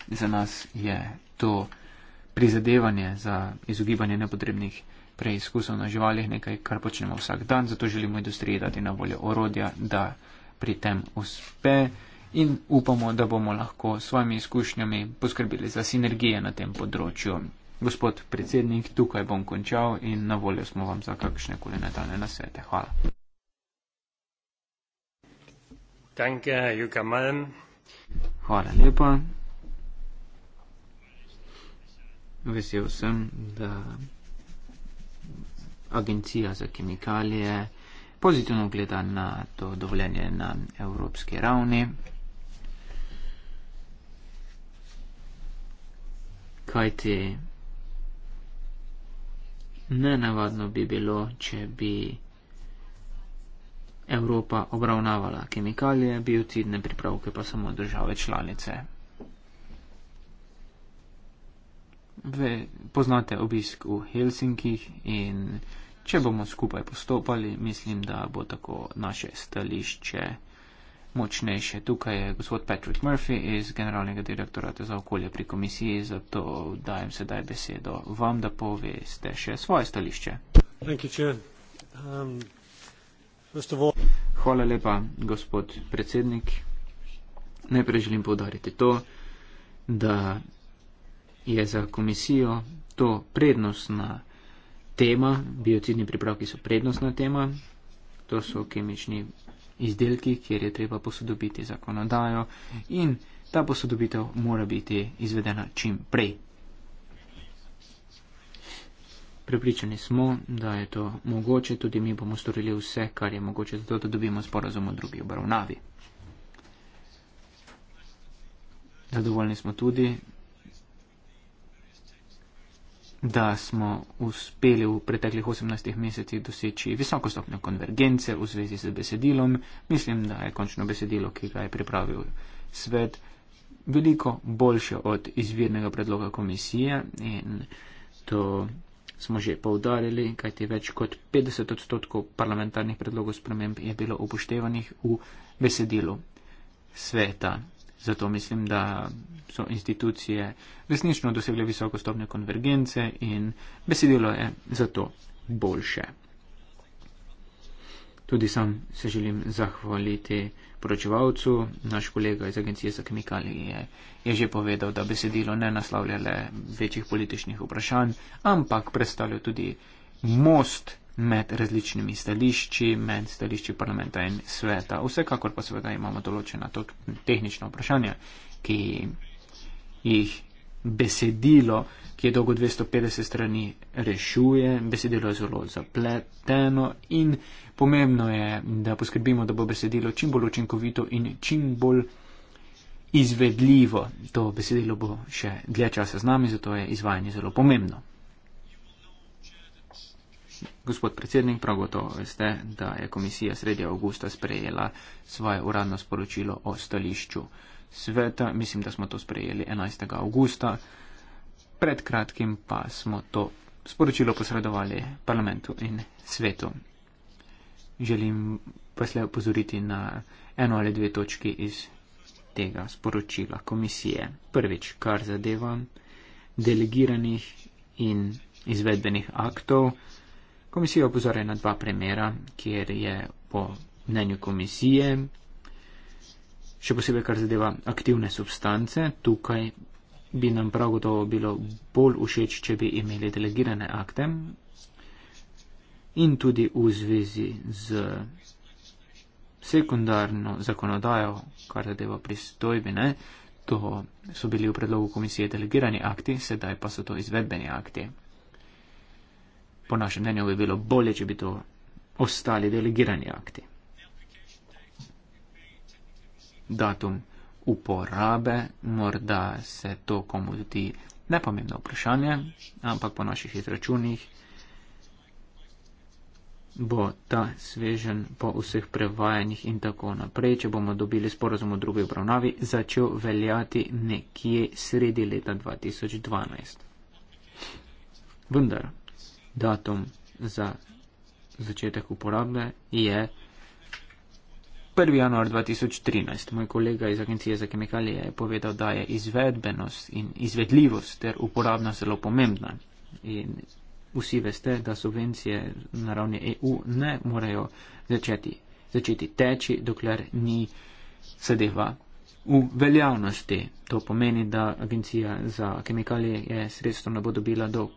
Za nas je to prizadevanje za izogibanje nepotrebnih preizkusov na živalih nekaj, kar počnemo vsak dan, zato želimo industriji dati na voljo orodja, da pri tem uspe in upamo, da bomo lahko s svojimi izkušnjami poskrbeli za sinergije na tem področju. Gospod predsednik, tukaj bom končal in na voljo smo vam za kakšne koli nadaljne nasvete. Hvala. Danke, Juka Malm. Hvala lepa. Vesel sem, da Agencija za kemikalije pozitivno gleda na to dovoljenje na evropski ravni. Kaj ti? nenavadno bi bilo, če bi Evropa obravnavala kemikalije, biocidne pripravke pa samo države članice. Ve, poznate obisk v Helsinkih in če bomo skupaj postopali, mislim, da bo tako naše stališče močnejše. Tukaj je gospod Patrick Murphy iz Generalnega direktorata za okolje pri komisiji, zato dajem sedaj besedo vam, da poveste še svoje stališče. Um, Hvala lepa, gospod predsednik. Najprej želim povdariti to, da je za komisijo to prednostna tema, biocidni pripravki so prednostna tema, to so kemični izdelki, kjer je treba posodobiti zakonodajo in ta posodobitev mora biti izvedena čim prej. Prepričani smo, da je to mogoče, tudi mi bomo storili vse, kar je mogoče, zato da dobimo sporazum o drugi obravnavi. Zadovoljni smo tudi, da smo uspeli v preteklih 18 mesecih doseči visoko stopnjo konvergence v zvezi z besedilom. Mislim, da je končno besedilo, ki ga je pripravil svet, veliko boljše od izvirnega predloga komisije in to smo že povdarili, kajti več kot 50 odstotkov parlamentarnih predlogov sprememb je bilo upoštevanih v besedilu sveta. Zato mislim, da so institucije resnično dosegle visoko stopnjo konvergence in besedilo je zato boljše. Tudi sam se želim zahvaliti poročevalcu, naš kolega iz Agencije za kemikalije je, je že povedal, da besedilo ne naslavlja le večjih političnih vprašanj, ampak predstavlja tudi most med različnimi stališči, med stališči parlamenta in sveta. Vsekakor pa seveda imamo določena to tehnična vprašanja, ki jih besedilo, ki je dolgo 250 strani, rešuje. Besedilo je zelo zapleteno in pomembno je, da poskrbimo, da bo besedilo čim bolj učinkovito in čim bolj izvedljivo. To besedilo bo še dlje časa z nami, zato je izvajanje zelo pomembno. Gospod predsednik, prav gotovo veste, da je komisija sredi avgusta sprejela svoje uradno sporočilo o stališču sveta. Mislim, da smo to sprejeli 11. avgusta. Pred kratkim pa smo to sporočilo posredovali parlamentu in svetu. Želim pa se upozoriti na eno ali dve točki iz tega sporočila komisije. Prvič, kar zadeva delegiranih in izvedbenih aktov. Komisija opozorja na dva primera, kjer je po mnenju komisije, še posebej kar zadeva aktivne substance, tukaj bi nam prav gotovo bilo bolj všeč, če bi imeli delegirane akte in tudi v zvezi z sekundarno zakonodajo, kar zadeva pristojbine, to so bili v predlogu komisije delegirani akti, sedaj pa so to izvedbeni akti. Po našem mnenju bi bilo bolje, če bi to ostali delegirani akti. Datum uporabe, morda se to komu zdi nepomembno vprašanje, ampak po naših izračunih bo ta svežen po vseh prevajanjih in tako naprej, če bomo dobili sporozum o drugi obravnavi, začel veljati nekje sredi leta 2012. Vendar datum za začetek uporabe je 1. januar 2013. Moj kolega iz Agencije za kemikalije je povedal, da je izvedbenost in izvedljivost ter uporabna zelo pomembna. In vsi veste, da subvencije na ravni EU ne morejo začeti, začeti teči, dokler ni sedeva v veljavnosti. To pomeni, da Agencija za kemikalije sredstvo ne bo dobila do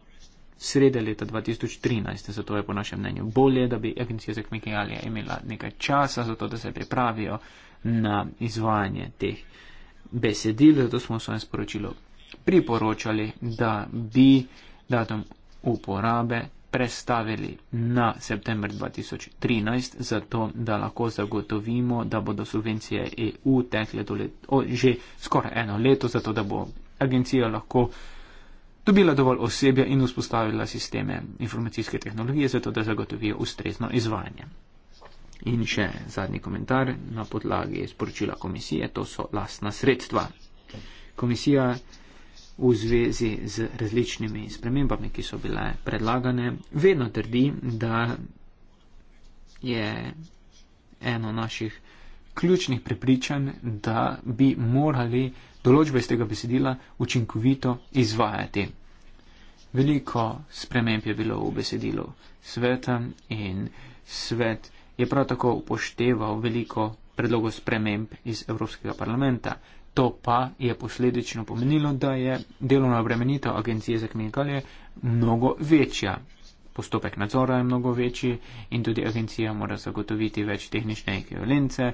sredi leta 2013, zato je po našem mnenju bolje, da bi agencija za kmetijalje imela nekaj časa za to, da se pripravijo na izvajanje teh besedil, zato smo v svojem sporočilu priporočali, da bi datum uporabe prestavili na september 2013, zato da lahko zagotovimo, da bodo subvencije EU tekle let, o, že skoraj eno leto, zato da bo agencija lahko dobila dovolj osebja in vzpostavila sisteme informacijske tehnologije, zato da zagotovijo ustrezno izvajanje. In še zadnji komentar na podlagi sporočila komisije, to so lastna sredstva. Komisija v zvezi z različnimi spremembami, ki so bile predlagane, vedno trdi, da je eno naših ključnih prepričanj, da bi morali določbe iz tega besedila učinkovito izvajati. Veliko sprememb je bilo v besedilu sveta in svet je prav tako upošteval veliko predlogov sprememb iz Evropskega parlamenta. To pa je posledično pomenilo, da je delovna obremenitev agencije za kmetijstvo mnogo večja postopek nadzora je mnogo večji in tudi agencija mora zagotoviti več tehnične ekvivalence,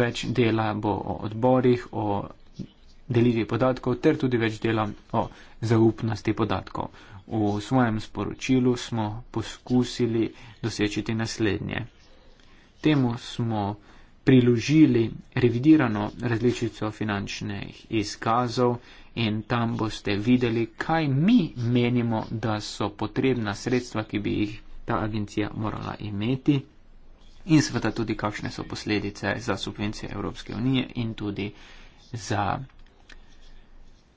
več dela bo o odborih, o delitvi podatkov ter tudi več dela o zaupnosti podatkov. V svojem sporočilu smo poskusili dosečiti naslednje. Temu smo priložili revidirano različico finančnih izkazov, in tam boste videli, kaj mi menimo, da so potrebna sredstva, ki bi jih ta agencija morala imeti in seveda tudi, kakšne so posledice za subvencije Evropske unije in tudi za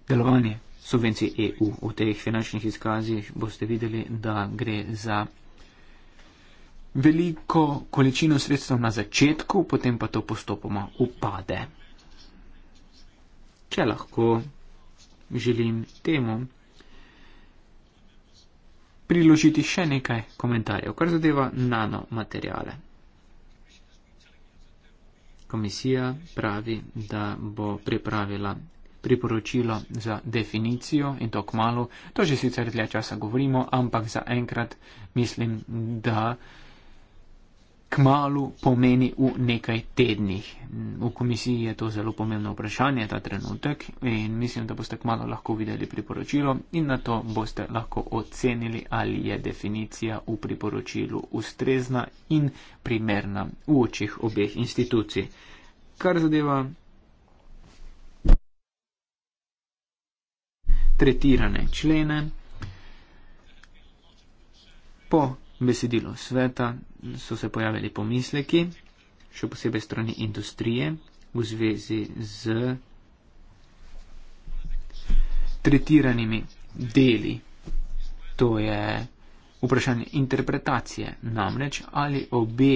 delovanje subvencij EU. V teh finančnih izkazih boste videli, da gre za. Veliko količino sredstev na začetku, potem pa to postopoma upade. Če lahko želim temu priložiti še nekaj komentarjev, kar zadeva nanomateriale. Komisija pravi, da bo pripravila priporočilo za definicijo in to kmalo. To že sicer dlje časa govorimo, ampak zaenkrat mislim, da kmalu pomeni v nekaj tednih. V komisiji je to zelo pomembno vprašanje ta trenutek in mislim, da boste kmalo lahko videli priporočilo in na to boste lahko ocenili, ali je definicija v priporočilu ustrezna in primerna v očih obeh institucij. Kar zadeva tretirane člene. Po besedilo sveta, so se pojavili pomisleki, še posebej strani industrije v zvezi z tretiranimi deli. To je vprašanje interpretacije, namreč ali obe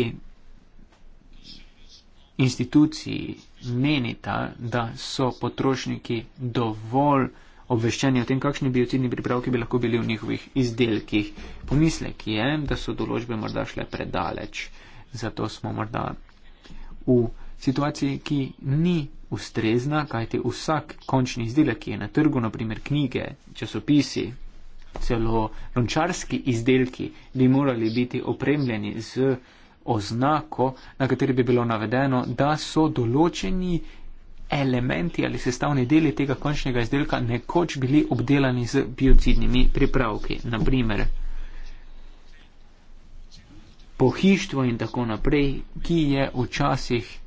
instituciji menita, da so potrošniki dovolj, obveščeni o tem, kakšni biocidni pripravki bi lahko bili v njihovih izdelkih. Pomislek je, da so določbe morda šle predaleč, zato smo morda v situaciji, ki ni ustrezna, kajti vsak končni izdelek, ki je na trgu, naprimer knjige, časopisi, celo lončarski izdelki, bi morali biti opremljeni z oznako, na kateri bi bilo navedeno, da so določeni elementi ali sestavni deli tega končnega izdelka nekoč bili obdelani z biocidnimi pripravki. Naprimer, pohištvo in tako naprej, ki je včasih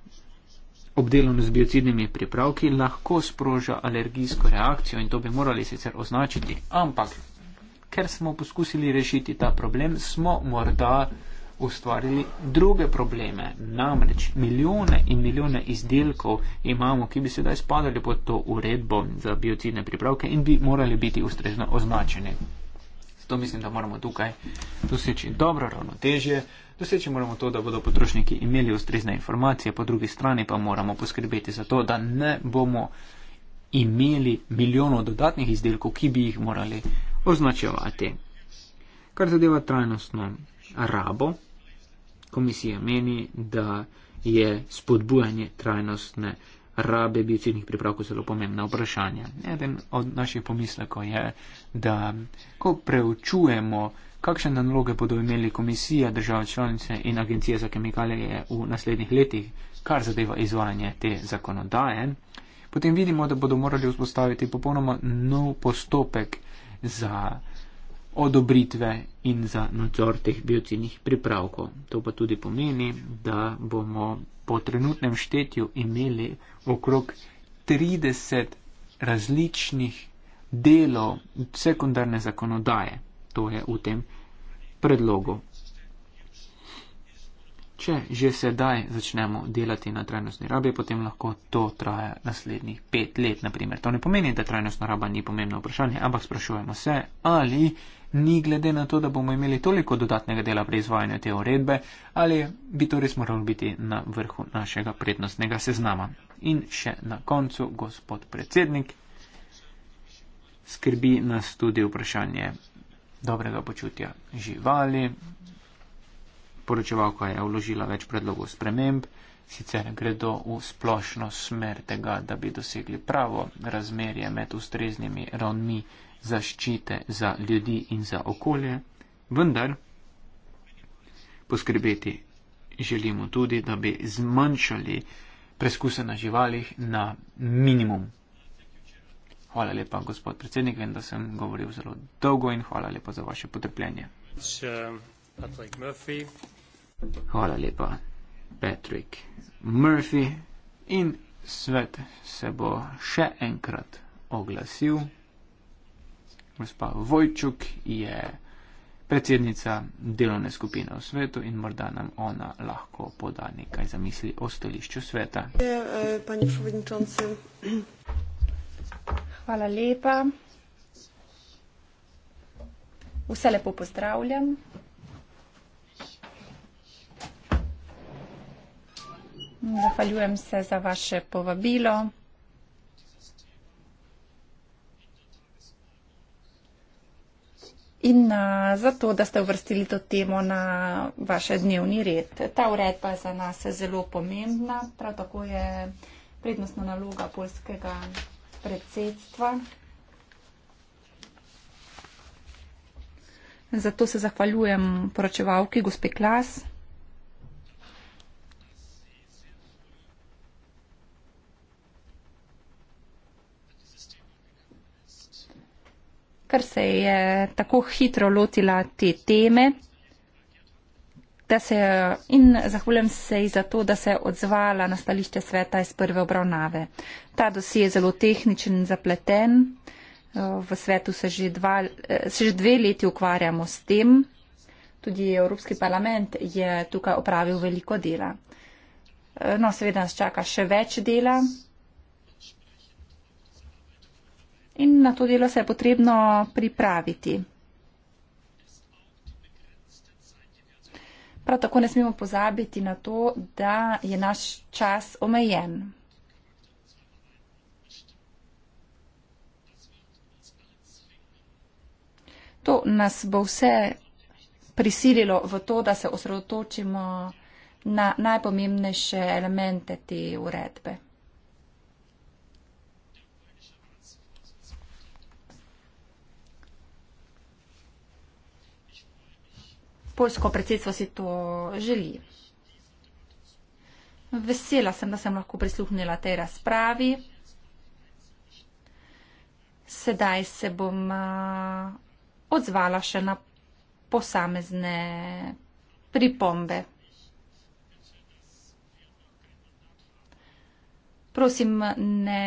obdelano z biocidnimi pripravki, lahko sproža alergijsko reakcijo in to bi morali sicer označiti. Ampak, ker smo poskusili rešiti ta problem, smo morda ustvarili druge probleme. Namreč milijone in milijone izdelkov imamo, ki bi sedaj spadali pod to uredbo za biocidne pripravke in bi morali biti ustrezno označeni. Zato mislim, da moramo tukaj doseči dobro ravnotežje, doseči moramo to, da bodo potrošniki imeli ustrezne informacije, po drugi strani pa moramo poskrbeti za to, da ne bomo imeli milijonov dodatnih izdelkov, ki bi jih morali označevati. Kar zadeva trajnostno rabo, komisija meni, da je spodbujanje trajnostne rabe biocidnih pripravkov zelo pomembna vprašanja. Eden od naših pomislekov je, da ko preučujemo, kakšne naloge bodo imeli komisija, država članice in agencija za kemikalije v naslednjih letih, kar zadeva izvajanje te zakonodaje, potem vidimo, da bodo morali vzpostaviti popolnoma nov postopek za odobritve in za nadzor teh biocidnih pripravkov. To pa tudi pomeni, da bomo po trenutnem štetju imeli okrog 30 različnih delov sekundarne zakonodaje. To je v tem predlogu. Če že sedaj začnemo delati na trajnostni rabi, potem lahko to traja naslednjih pet let, naprimer. To ne pomeni, da trajnostna raba ni pomembno vprašanje, ampak sprašujemo se, ali ni glede na to, da bomo imeli toliko dodatnega dela pri izvajanju te uredbe, ali bi torej moralo biti na vrhu našega prednostnega seznama. In še na koncu, gospod predsednik, skrbi nas tudi vprašanje dobrega počutja živali. Poročevalka je vložila več predlogov sprememb sicer gredo v splošno smer tega, da bi dosegli pravo razmerje med ustreznimi ravnmi zaščite za ljudi in za okolje, vendar poskrbeti želimo tudi, da bi zmanjšali preskuse na živalih na minimum. Hvala lepa, gospod predsednik, vem, da sem govoril zelo dolgo in hvala lepa za vaše potrpljenje. Uh, hvala lepa. Patrick Murphy in svet se bo še enkrat oglasil. Gospa Vojčuk je predsednica delovne skupine v svetu in morda nam ona lahko poda nekaj zamisli o stališču sveta. Hvala lepa. Vse lepo pozdravljam. Zahvaljujem se za vaše povabilo. In na, za to, da ste uvrstili to temo na vaše dnevni red. Ta uredba je za nas zelo pomembna, prav tako je prednostna naloga polskega predsedstva. Zato se zahvaljujem poročevalki gospe Klas. ker se je tako hitro lotila te teme. Se, in zahvaljujem se ji za to, da se je odzvala na stališče sveta iz prve obravnave. Ta dosije je zelo tehničen in zapleten. V svetu se že, dva, se že dve leti ukvarjamo s tem. Tudi Evropski parlament je tukaj opravil veliko dela. No, seveda nas čaka še več dela. in na to delo se je potrebno pripraviti. Prav tako ne smemo pozabiti na to, da je naš čas omejen. To nas bo vse prisililo v to, da se osredotočimo na najpomembnejše elemente te uredbe. polsko predsedstvo si to želi. Vesela sem, da sem lahko prisluhnila tej razpravi. Sedaj se bom odzvala še na posamezne pripombe. Prosim, ne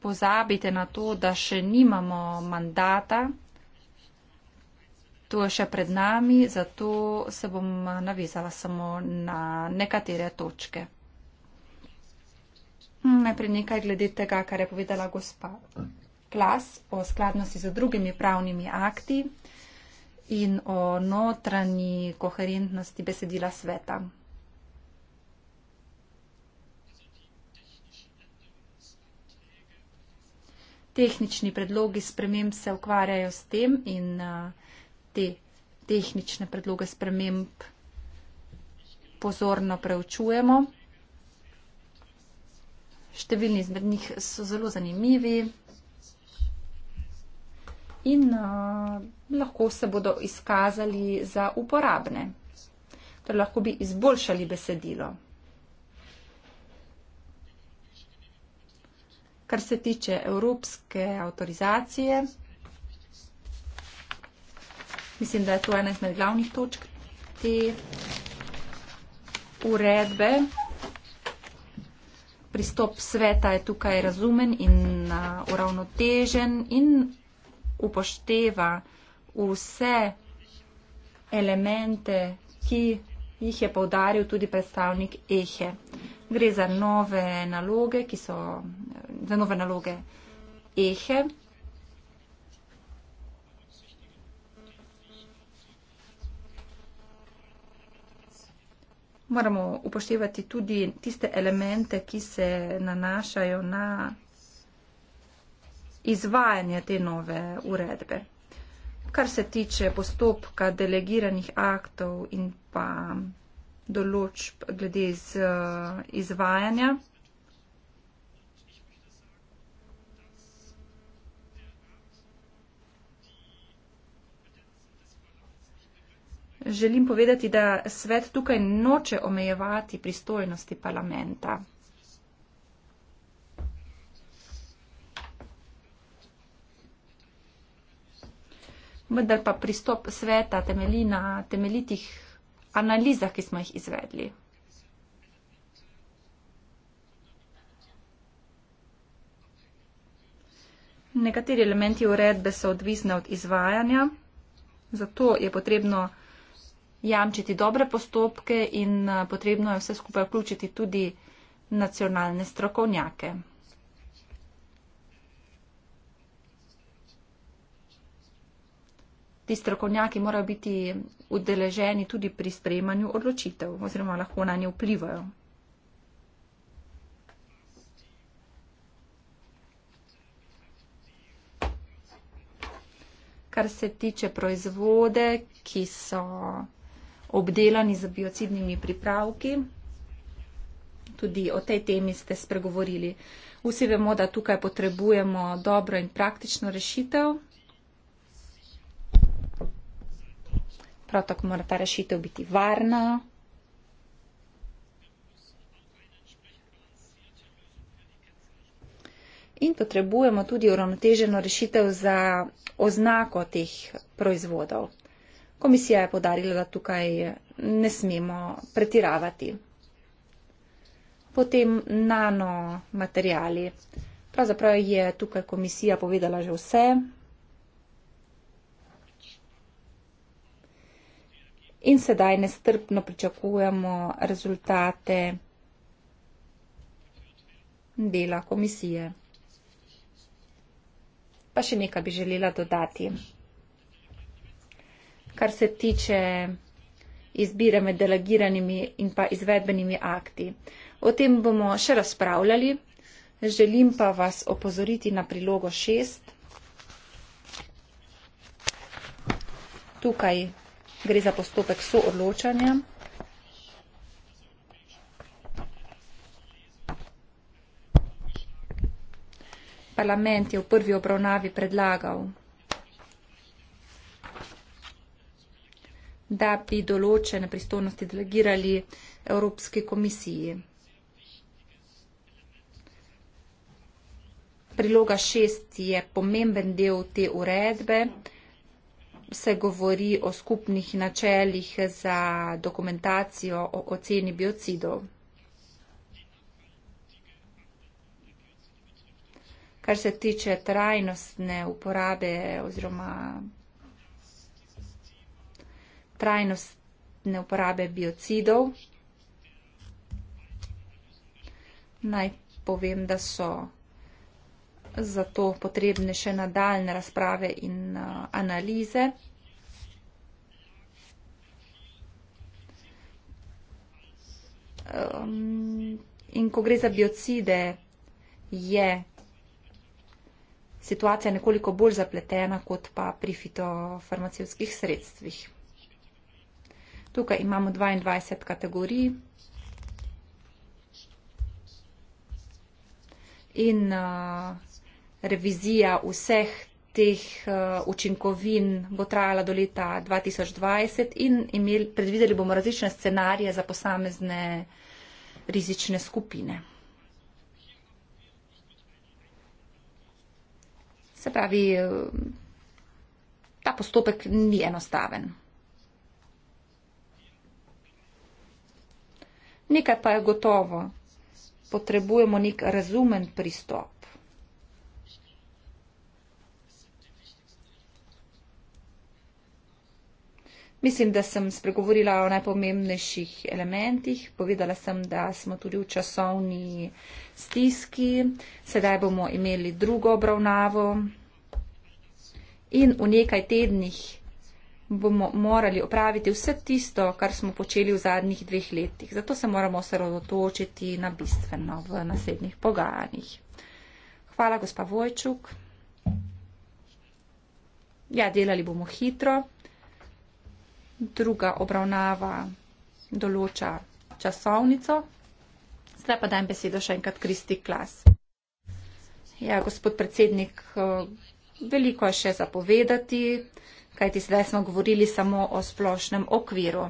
pozabite na to, da še nimamo mandata. To je še pred nami, zato se bom navezala samo na nekatere točke. Najprej nekaj glede tega, kar je povedala gospa Klas o skladnosti z drugimi pravnimi akti in o notranji koherentnosti besedila sveta. Tehnični predlogi sprememb se ukvarjajo s tem in uh, te tehnične predloge sprememb pozorno preučujemo. Številni izmed njih so zelo zanimivi in uh, lahko se bodo izkazali za uporabne, ker torej, lahko bi izboljšali besedilo. Kar se tiče evropske avtorizacije, Mislim, da je to ena izmed glavnih točk te uredbe. Pristop sveta je tukaj razumen in uravnotežen in upošteva vse elemente, ki jih je povdaril tudi predstavnik Ehe. Gre za nove naloge, ki so za nove naloge Ehe. moramo upoštevati tudi tiste elemente, ki se nanašajo na izvajanje te nove uredbe. Kar se tiče postopka delegiranih aktov in pa določb glede iz, eh, izvajanja. želim povedati, da svet tukaj noče omejevati pristojnosti parlamenta. Vendar pa pristop sveta temelji na temeljitih analizah, ki smo jih izvedli. Nekateri elementi uredbe so odvisne od izvajanja, zato je potrebno jamčiti dobre postopke in eh, potrebno je vse skupaj vključiti tudi nacionalne strokovnjake. Ti strokovnjaki morajo biti udeleženi tudi pri sprejemanju odločitev oziroma lahko na nje vplivajo. Kar se tiče proizvode, ki so obdelani z biocidnimi pripravki. Tudi o tej temi ste spregovorili. Vsi vemo, da tukaj potrebujemo dobro in praktično rešitev. Prav tako mora ta rešitev biti varna. In potrebujemo tudi uravnoteženo rešitev za oznako teh proizvodov. Komisija je podarila, da tukaj ne smemo pretiravati. Potem nanomaterjali. Pravzaprav je tukaj komisija povedala že vse. In sedaj nestrpno pričakujemo rezultate dela komisije. Pa še nekaj bi želela dodati kar se tiče izbire med delegiranimi in pa izvedbenimi akti. O tem bomo še razpravljali, želim pa vas opozoriti na prilogo 6. Tukaj gre za postopek soodločanja. Parlament je v prvi obravnavi predlagal da bi določene pristojnosti delegirali Evropski komisiji. Priloga šest je pomemben del te uredbe. Se govori o skupnih načeljih za dokumentacijo o oceni biocidov. Kar se tiče trajnostne uporabe oziroma trajnostne uporabe biocidov. Naj povem, da so zato potrebne še nadaljne razprave in analize. Um, in ko gre za biocide, je situacija nekoliko bolj zapletena kot pa pri fitofarmacijskih sredstvih. Tukaj imamo 22 kategorij. In uh, revizija vseh teh uh, učinkovin bo trajala do leta 2020 in imeli, predvideli bomo različne scenarije za posamezne rizične skupine. Se pravi, uh, ta postopek ni enostaven. Nekaj pa je gotovo. Potrebujemo nek razumen pristop. Mislim, da sem spregovorila o najpomembnejših elementih. Povedala sem, da smo tudi v časovni stiski. Sedaj bomo imeli drugo obravnavo. In v nekaj tednih bomo morali opraviti vse tisto, kar smo počeli v zadnjih dveh letih. Zato se moramo osredotočiti na bistveno v naslednjih pogajanjih. Hvala, gospa Vojčuk. Ja, delali bomo hitro. Druga obravnava določa časovnico. Zdaj pa dajem besedo še enkrat Kristi Klas. Ja, gospod predsednik, veliko je še zapovedati kajti zdaj smo govorili samo o splošnem okviru.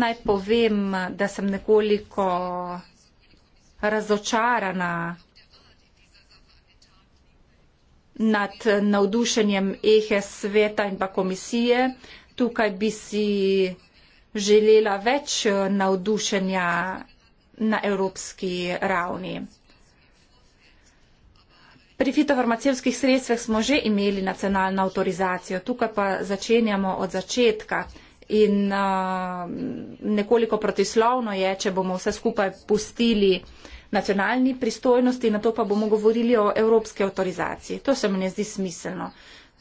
Naj povem, da sem nekoliko razočarana nad navdušenjem Ehe sveta in pa komisije. Tukaj bi si želela več navdušenja na evropski ravni. Pri fitofarmacevskih sredstvih smo že imeli nacionalno avtorizacijo, tukaj pa začenjamo od začetka. In uh, nekoliko protislovno je, če bomo vse skupaj pustili nacionalni pristojnosti, na to pa bomo govorili o evropski avtorizaciji. To se mi ne zdi smiselno.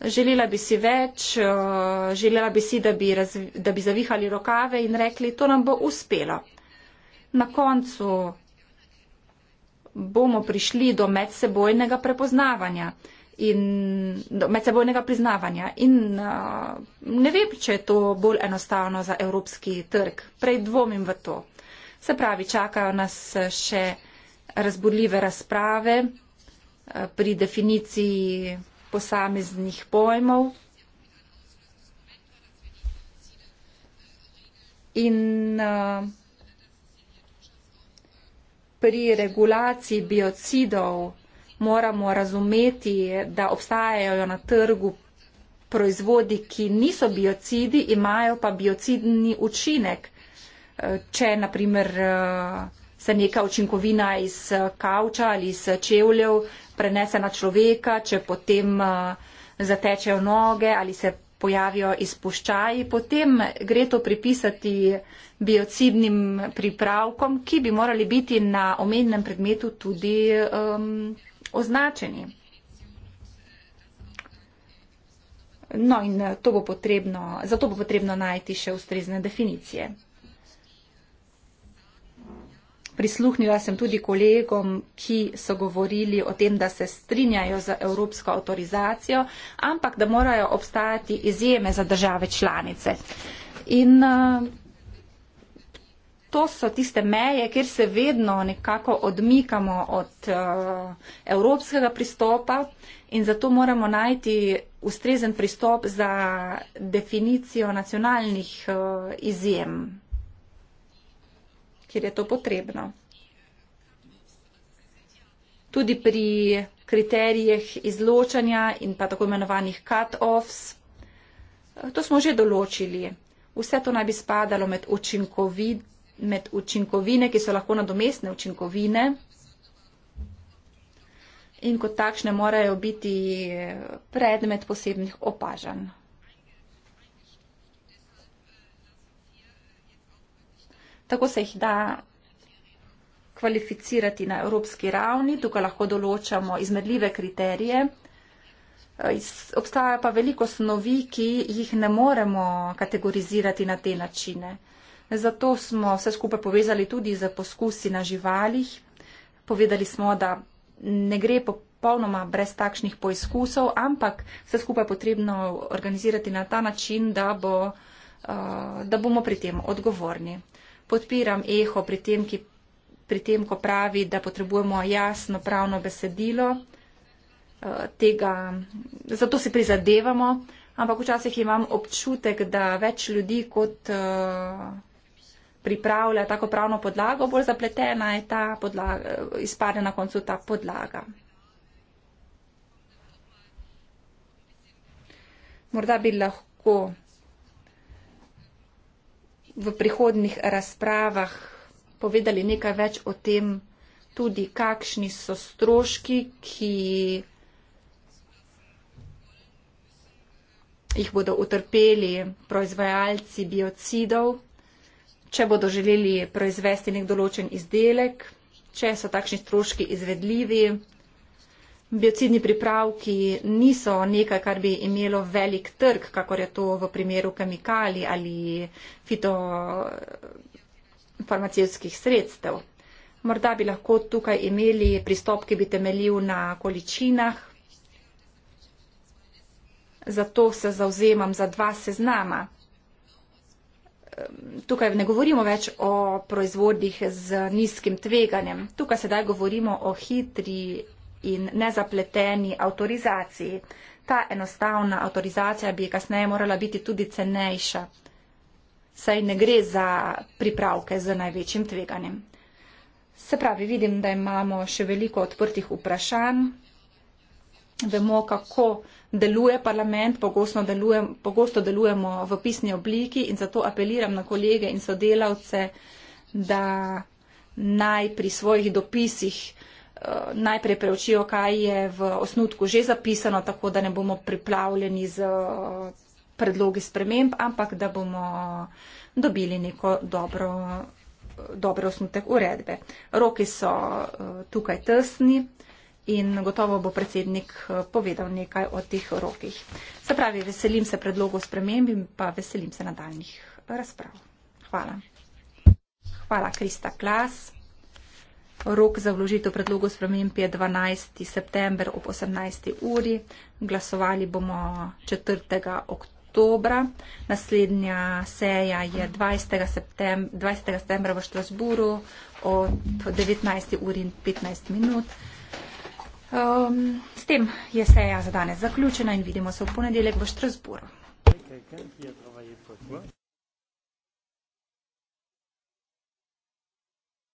Želela bi si več, uh, želela bi si, da bi, razvi, da bi zavihali rokave in rekli, to nam bo uspelo. Na koncu bomo prišli do medsebojnega prepoznavanja in do medsebojnega priznavanja. In uh, ne vem, če je to bolj enostavno za evropski trg. Prej dvomim v to. Se pravi, čakajo nas uh, še razburljive razprave uh, pri definiciji posameznih pojmov. In uh, pri regulaciji biocidov moramo razumeti, da obstajajo na trgu proizvodi, ki niso biocidi, imajo pa biocidni učinek. Če naprimer se neka učinkovina iz kavča ali iz čevljev prenese na človeka, če potem zatečejo noge ali se pojavijo izpuščaji, potem gre to pripisati biocidnim pripravkom, ki bi morali biti na omenjenem predmetu tudi um, označeni. No in to bo potrebno, zato bo potrebno najti še ustrezne definicije. Prisluhnila sem tudi kolegom, ki so govorili o tem, da se strinjajo z evropsko autorizacijo, ampak da morajo obstajati izjeme za države članice. In uh, to so tiste meje, kjer se vedno nekako odmikamo od uh, evropskega pristopa in zato moramo najti ustrezen pristop za definicijo nacionalnih uh, izjem kjer je to potrebno. Tudi pri kriterijih izločanja in pa tako imenovanih cut-offs, to smo že določili. Vse to naj bi spadalo med, učinkovi, med učinkovine, ki so lahko nadomestne učinkovine. In kot takšne morajo biti predmet posebnih opažanj. Tako se jih da kvalificirati na evropski ravni, tukaj lahko določamo izmedljive kriterije. E, obstaja pa veliko snovi, ki jih ne moremo kategorizirati na te načine. Zato smo vse skupaj povezali tudi z poskusi na živalih. Povedali smo, da ne gre popolnoma brez takšnih poizkusov, ampak vse skupaj je potrebno organizirati na ta način, da, bo, e, da bomo pri tem odgovorni podpiram Eho pri tem, ki, pri tem, ko pravi, da potrebujemo jasno pravno besedilo eh, tega, zato si prizadevamo, ampak včasih imam občutek, da več ljudi kot eh, pripravlja tako pravno podlago, bolj zapletena je ta podlaga, izpade na koncu ta podlaga. Morda bi lahko v prihodnih razpravah povedali nekaj več o tem, tudi kakšni so stroški, ki jih bodo utrpeli proizvajalci biocidov, če bodo želeli proizvesti nek določen izdelek, če so takšni stroški izvedljivi, Biocidni pripravki niso nekaj, kar bi imelo velik trg, kakor je to v primeru kemikali ali fitofarmacijskih sredstev. Morda bi lahko tukaj imeli pristop, ki bi temeljil na količinah. Zato se zauzemam za dva seznama. Tukaj ne govorimo več o proizvodih z nizkim tveganjem. Tukaj sedaj govorimo o hitri in nezapleteni avtorizaciji. Ta enostavna avtorizacija bi kasneje morala biti tudi cenejša, saj ne gre za pripravke z največjim tveganjem. Se pravi, vidim, da imamo še veliko odprtih vprašanj. Vemo, kako deluje parlament, pogosto, delujem, pogosto delujemo v pisni obliki in zato apeliram na kolege in sodelavce, da naj pri svojih dopisih uh, najprej preučijo, kaj je v osnutku že zapisano, tako da ne bomo pripravljeni z eh, predlogi sprememb, ampak da bomo dobili neko dobro, dobro osnutek uredbe. Roki so eh, tukaj tesni in gotovo bo predsednik eh, povedal nekaj o teh rokih. Se pravi, veselim se predlogov sprememb in pa veselim se nadaljnih razprav. Hvala. Hvala, Krista Klas. Rok za vložitev predlogov sprememb je 12. september ob 18. uri. Glasovali bomo 4. oktober. Dobra. Naslednja seja je 20. Septembr, 20. septembra v Štrasburu od 19. uri in 15 minut. Um, s tem je seja za danes zaključena in vidimo se v ponedeljek v Štrasburu.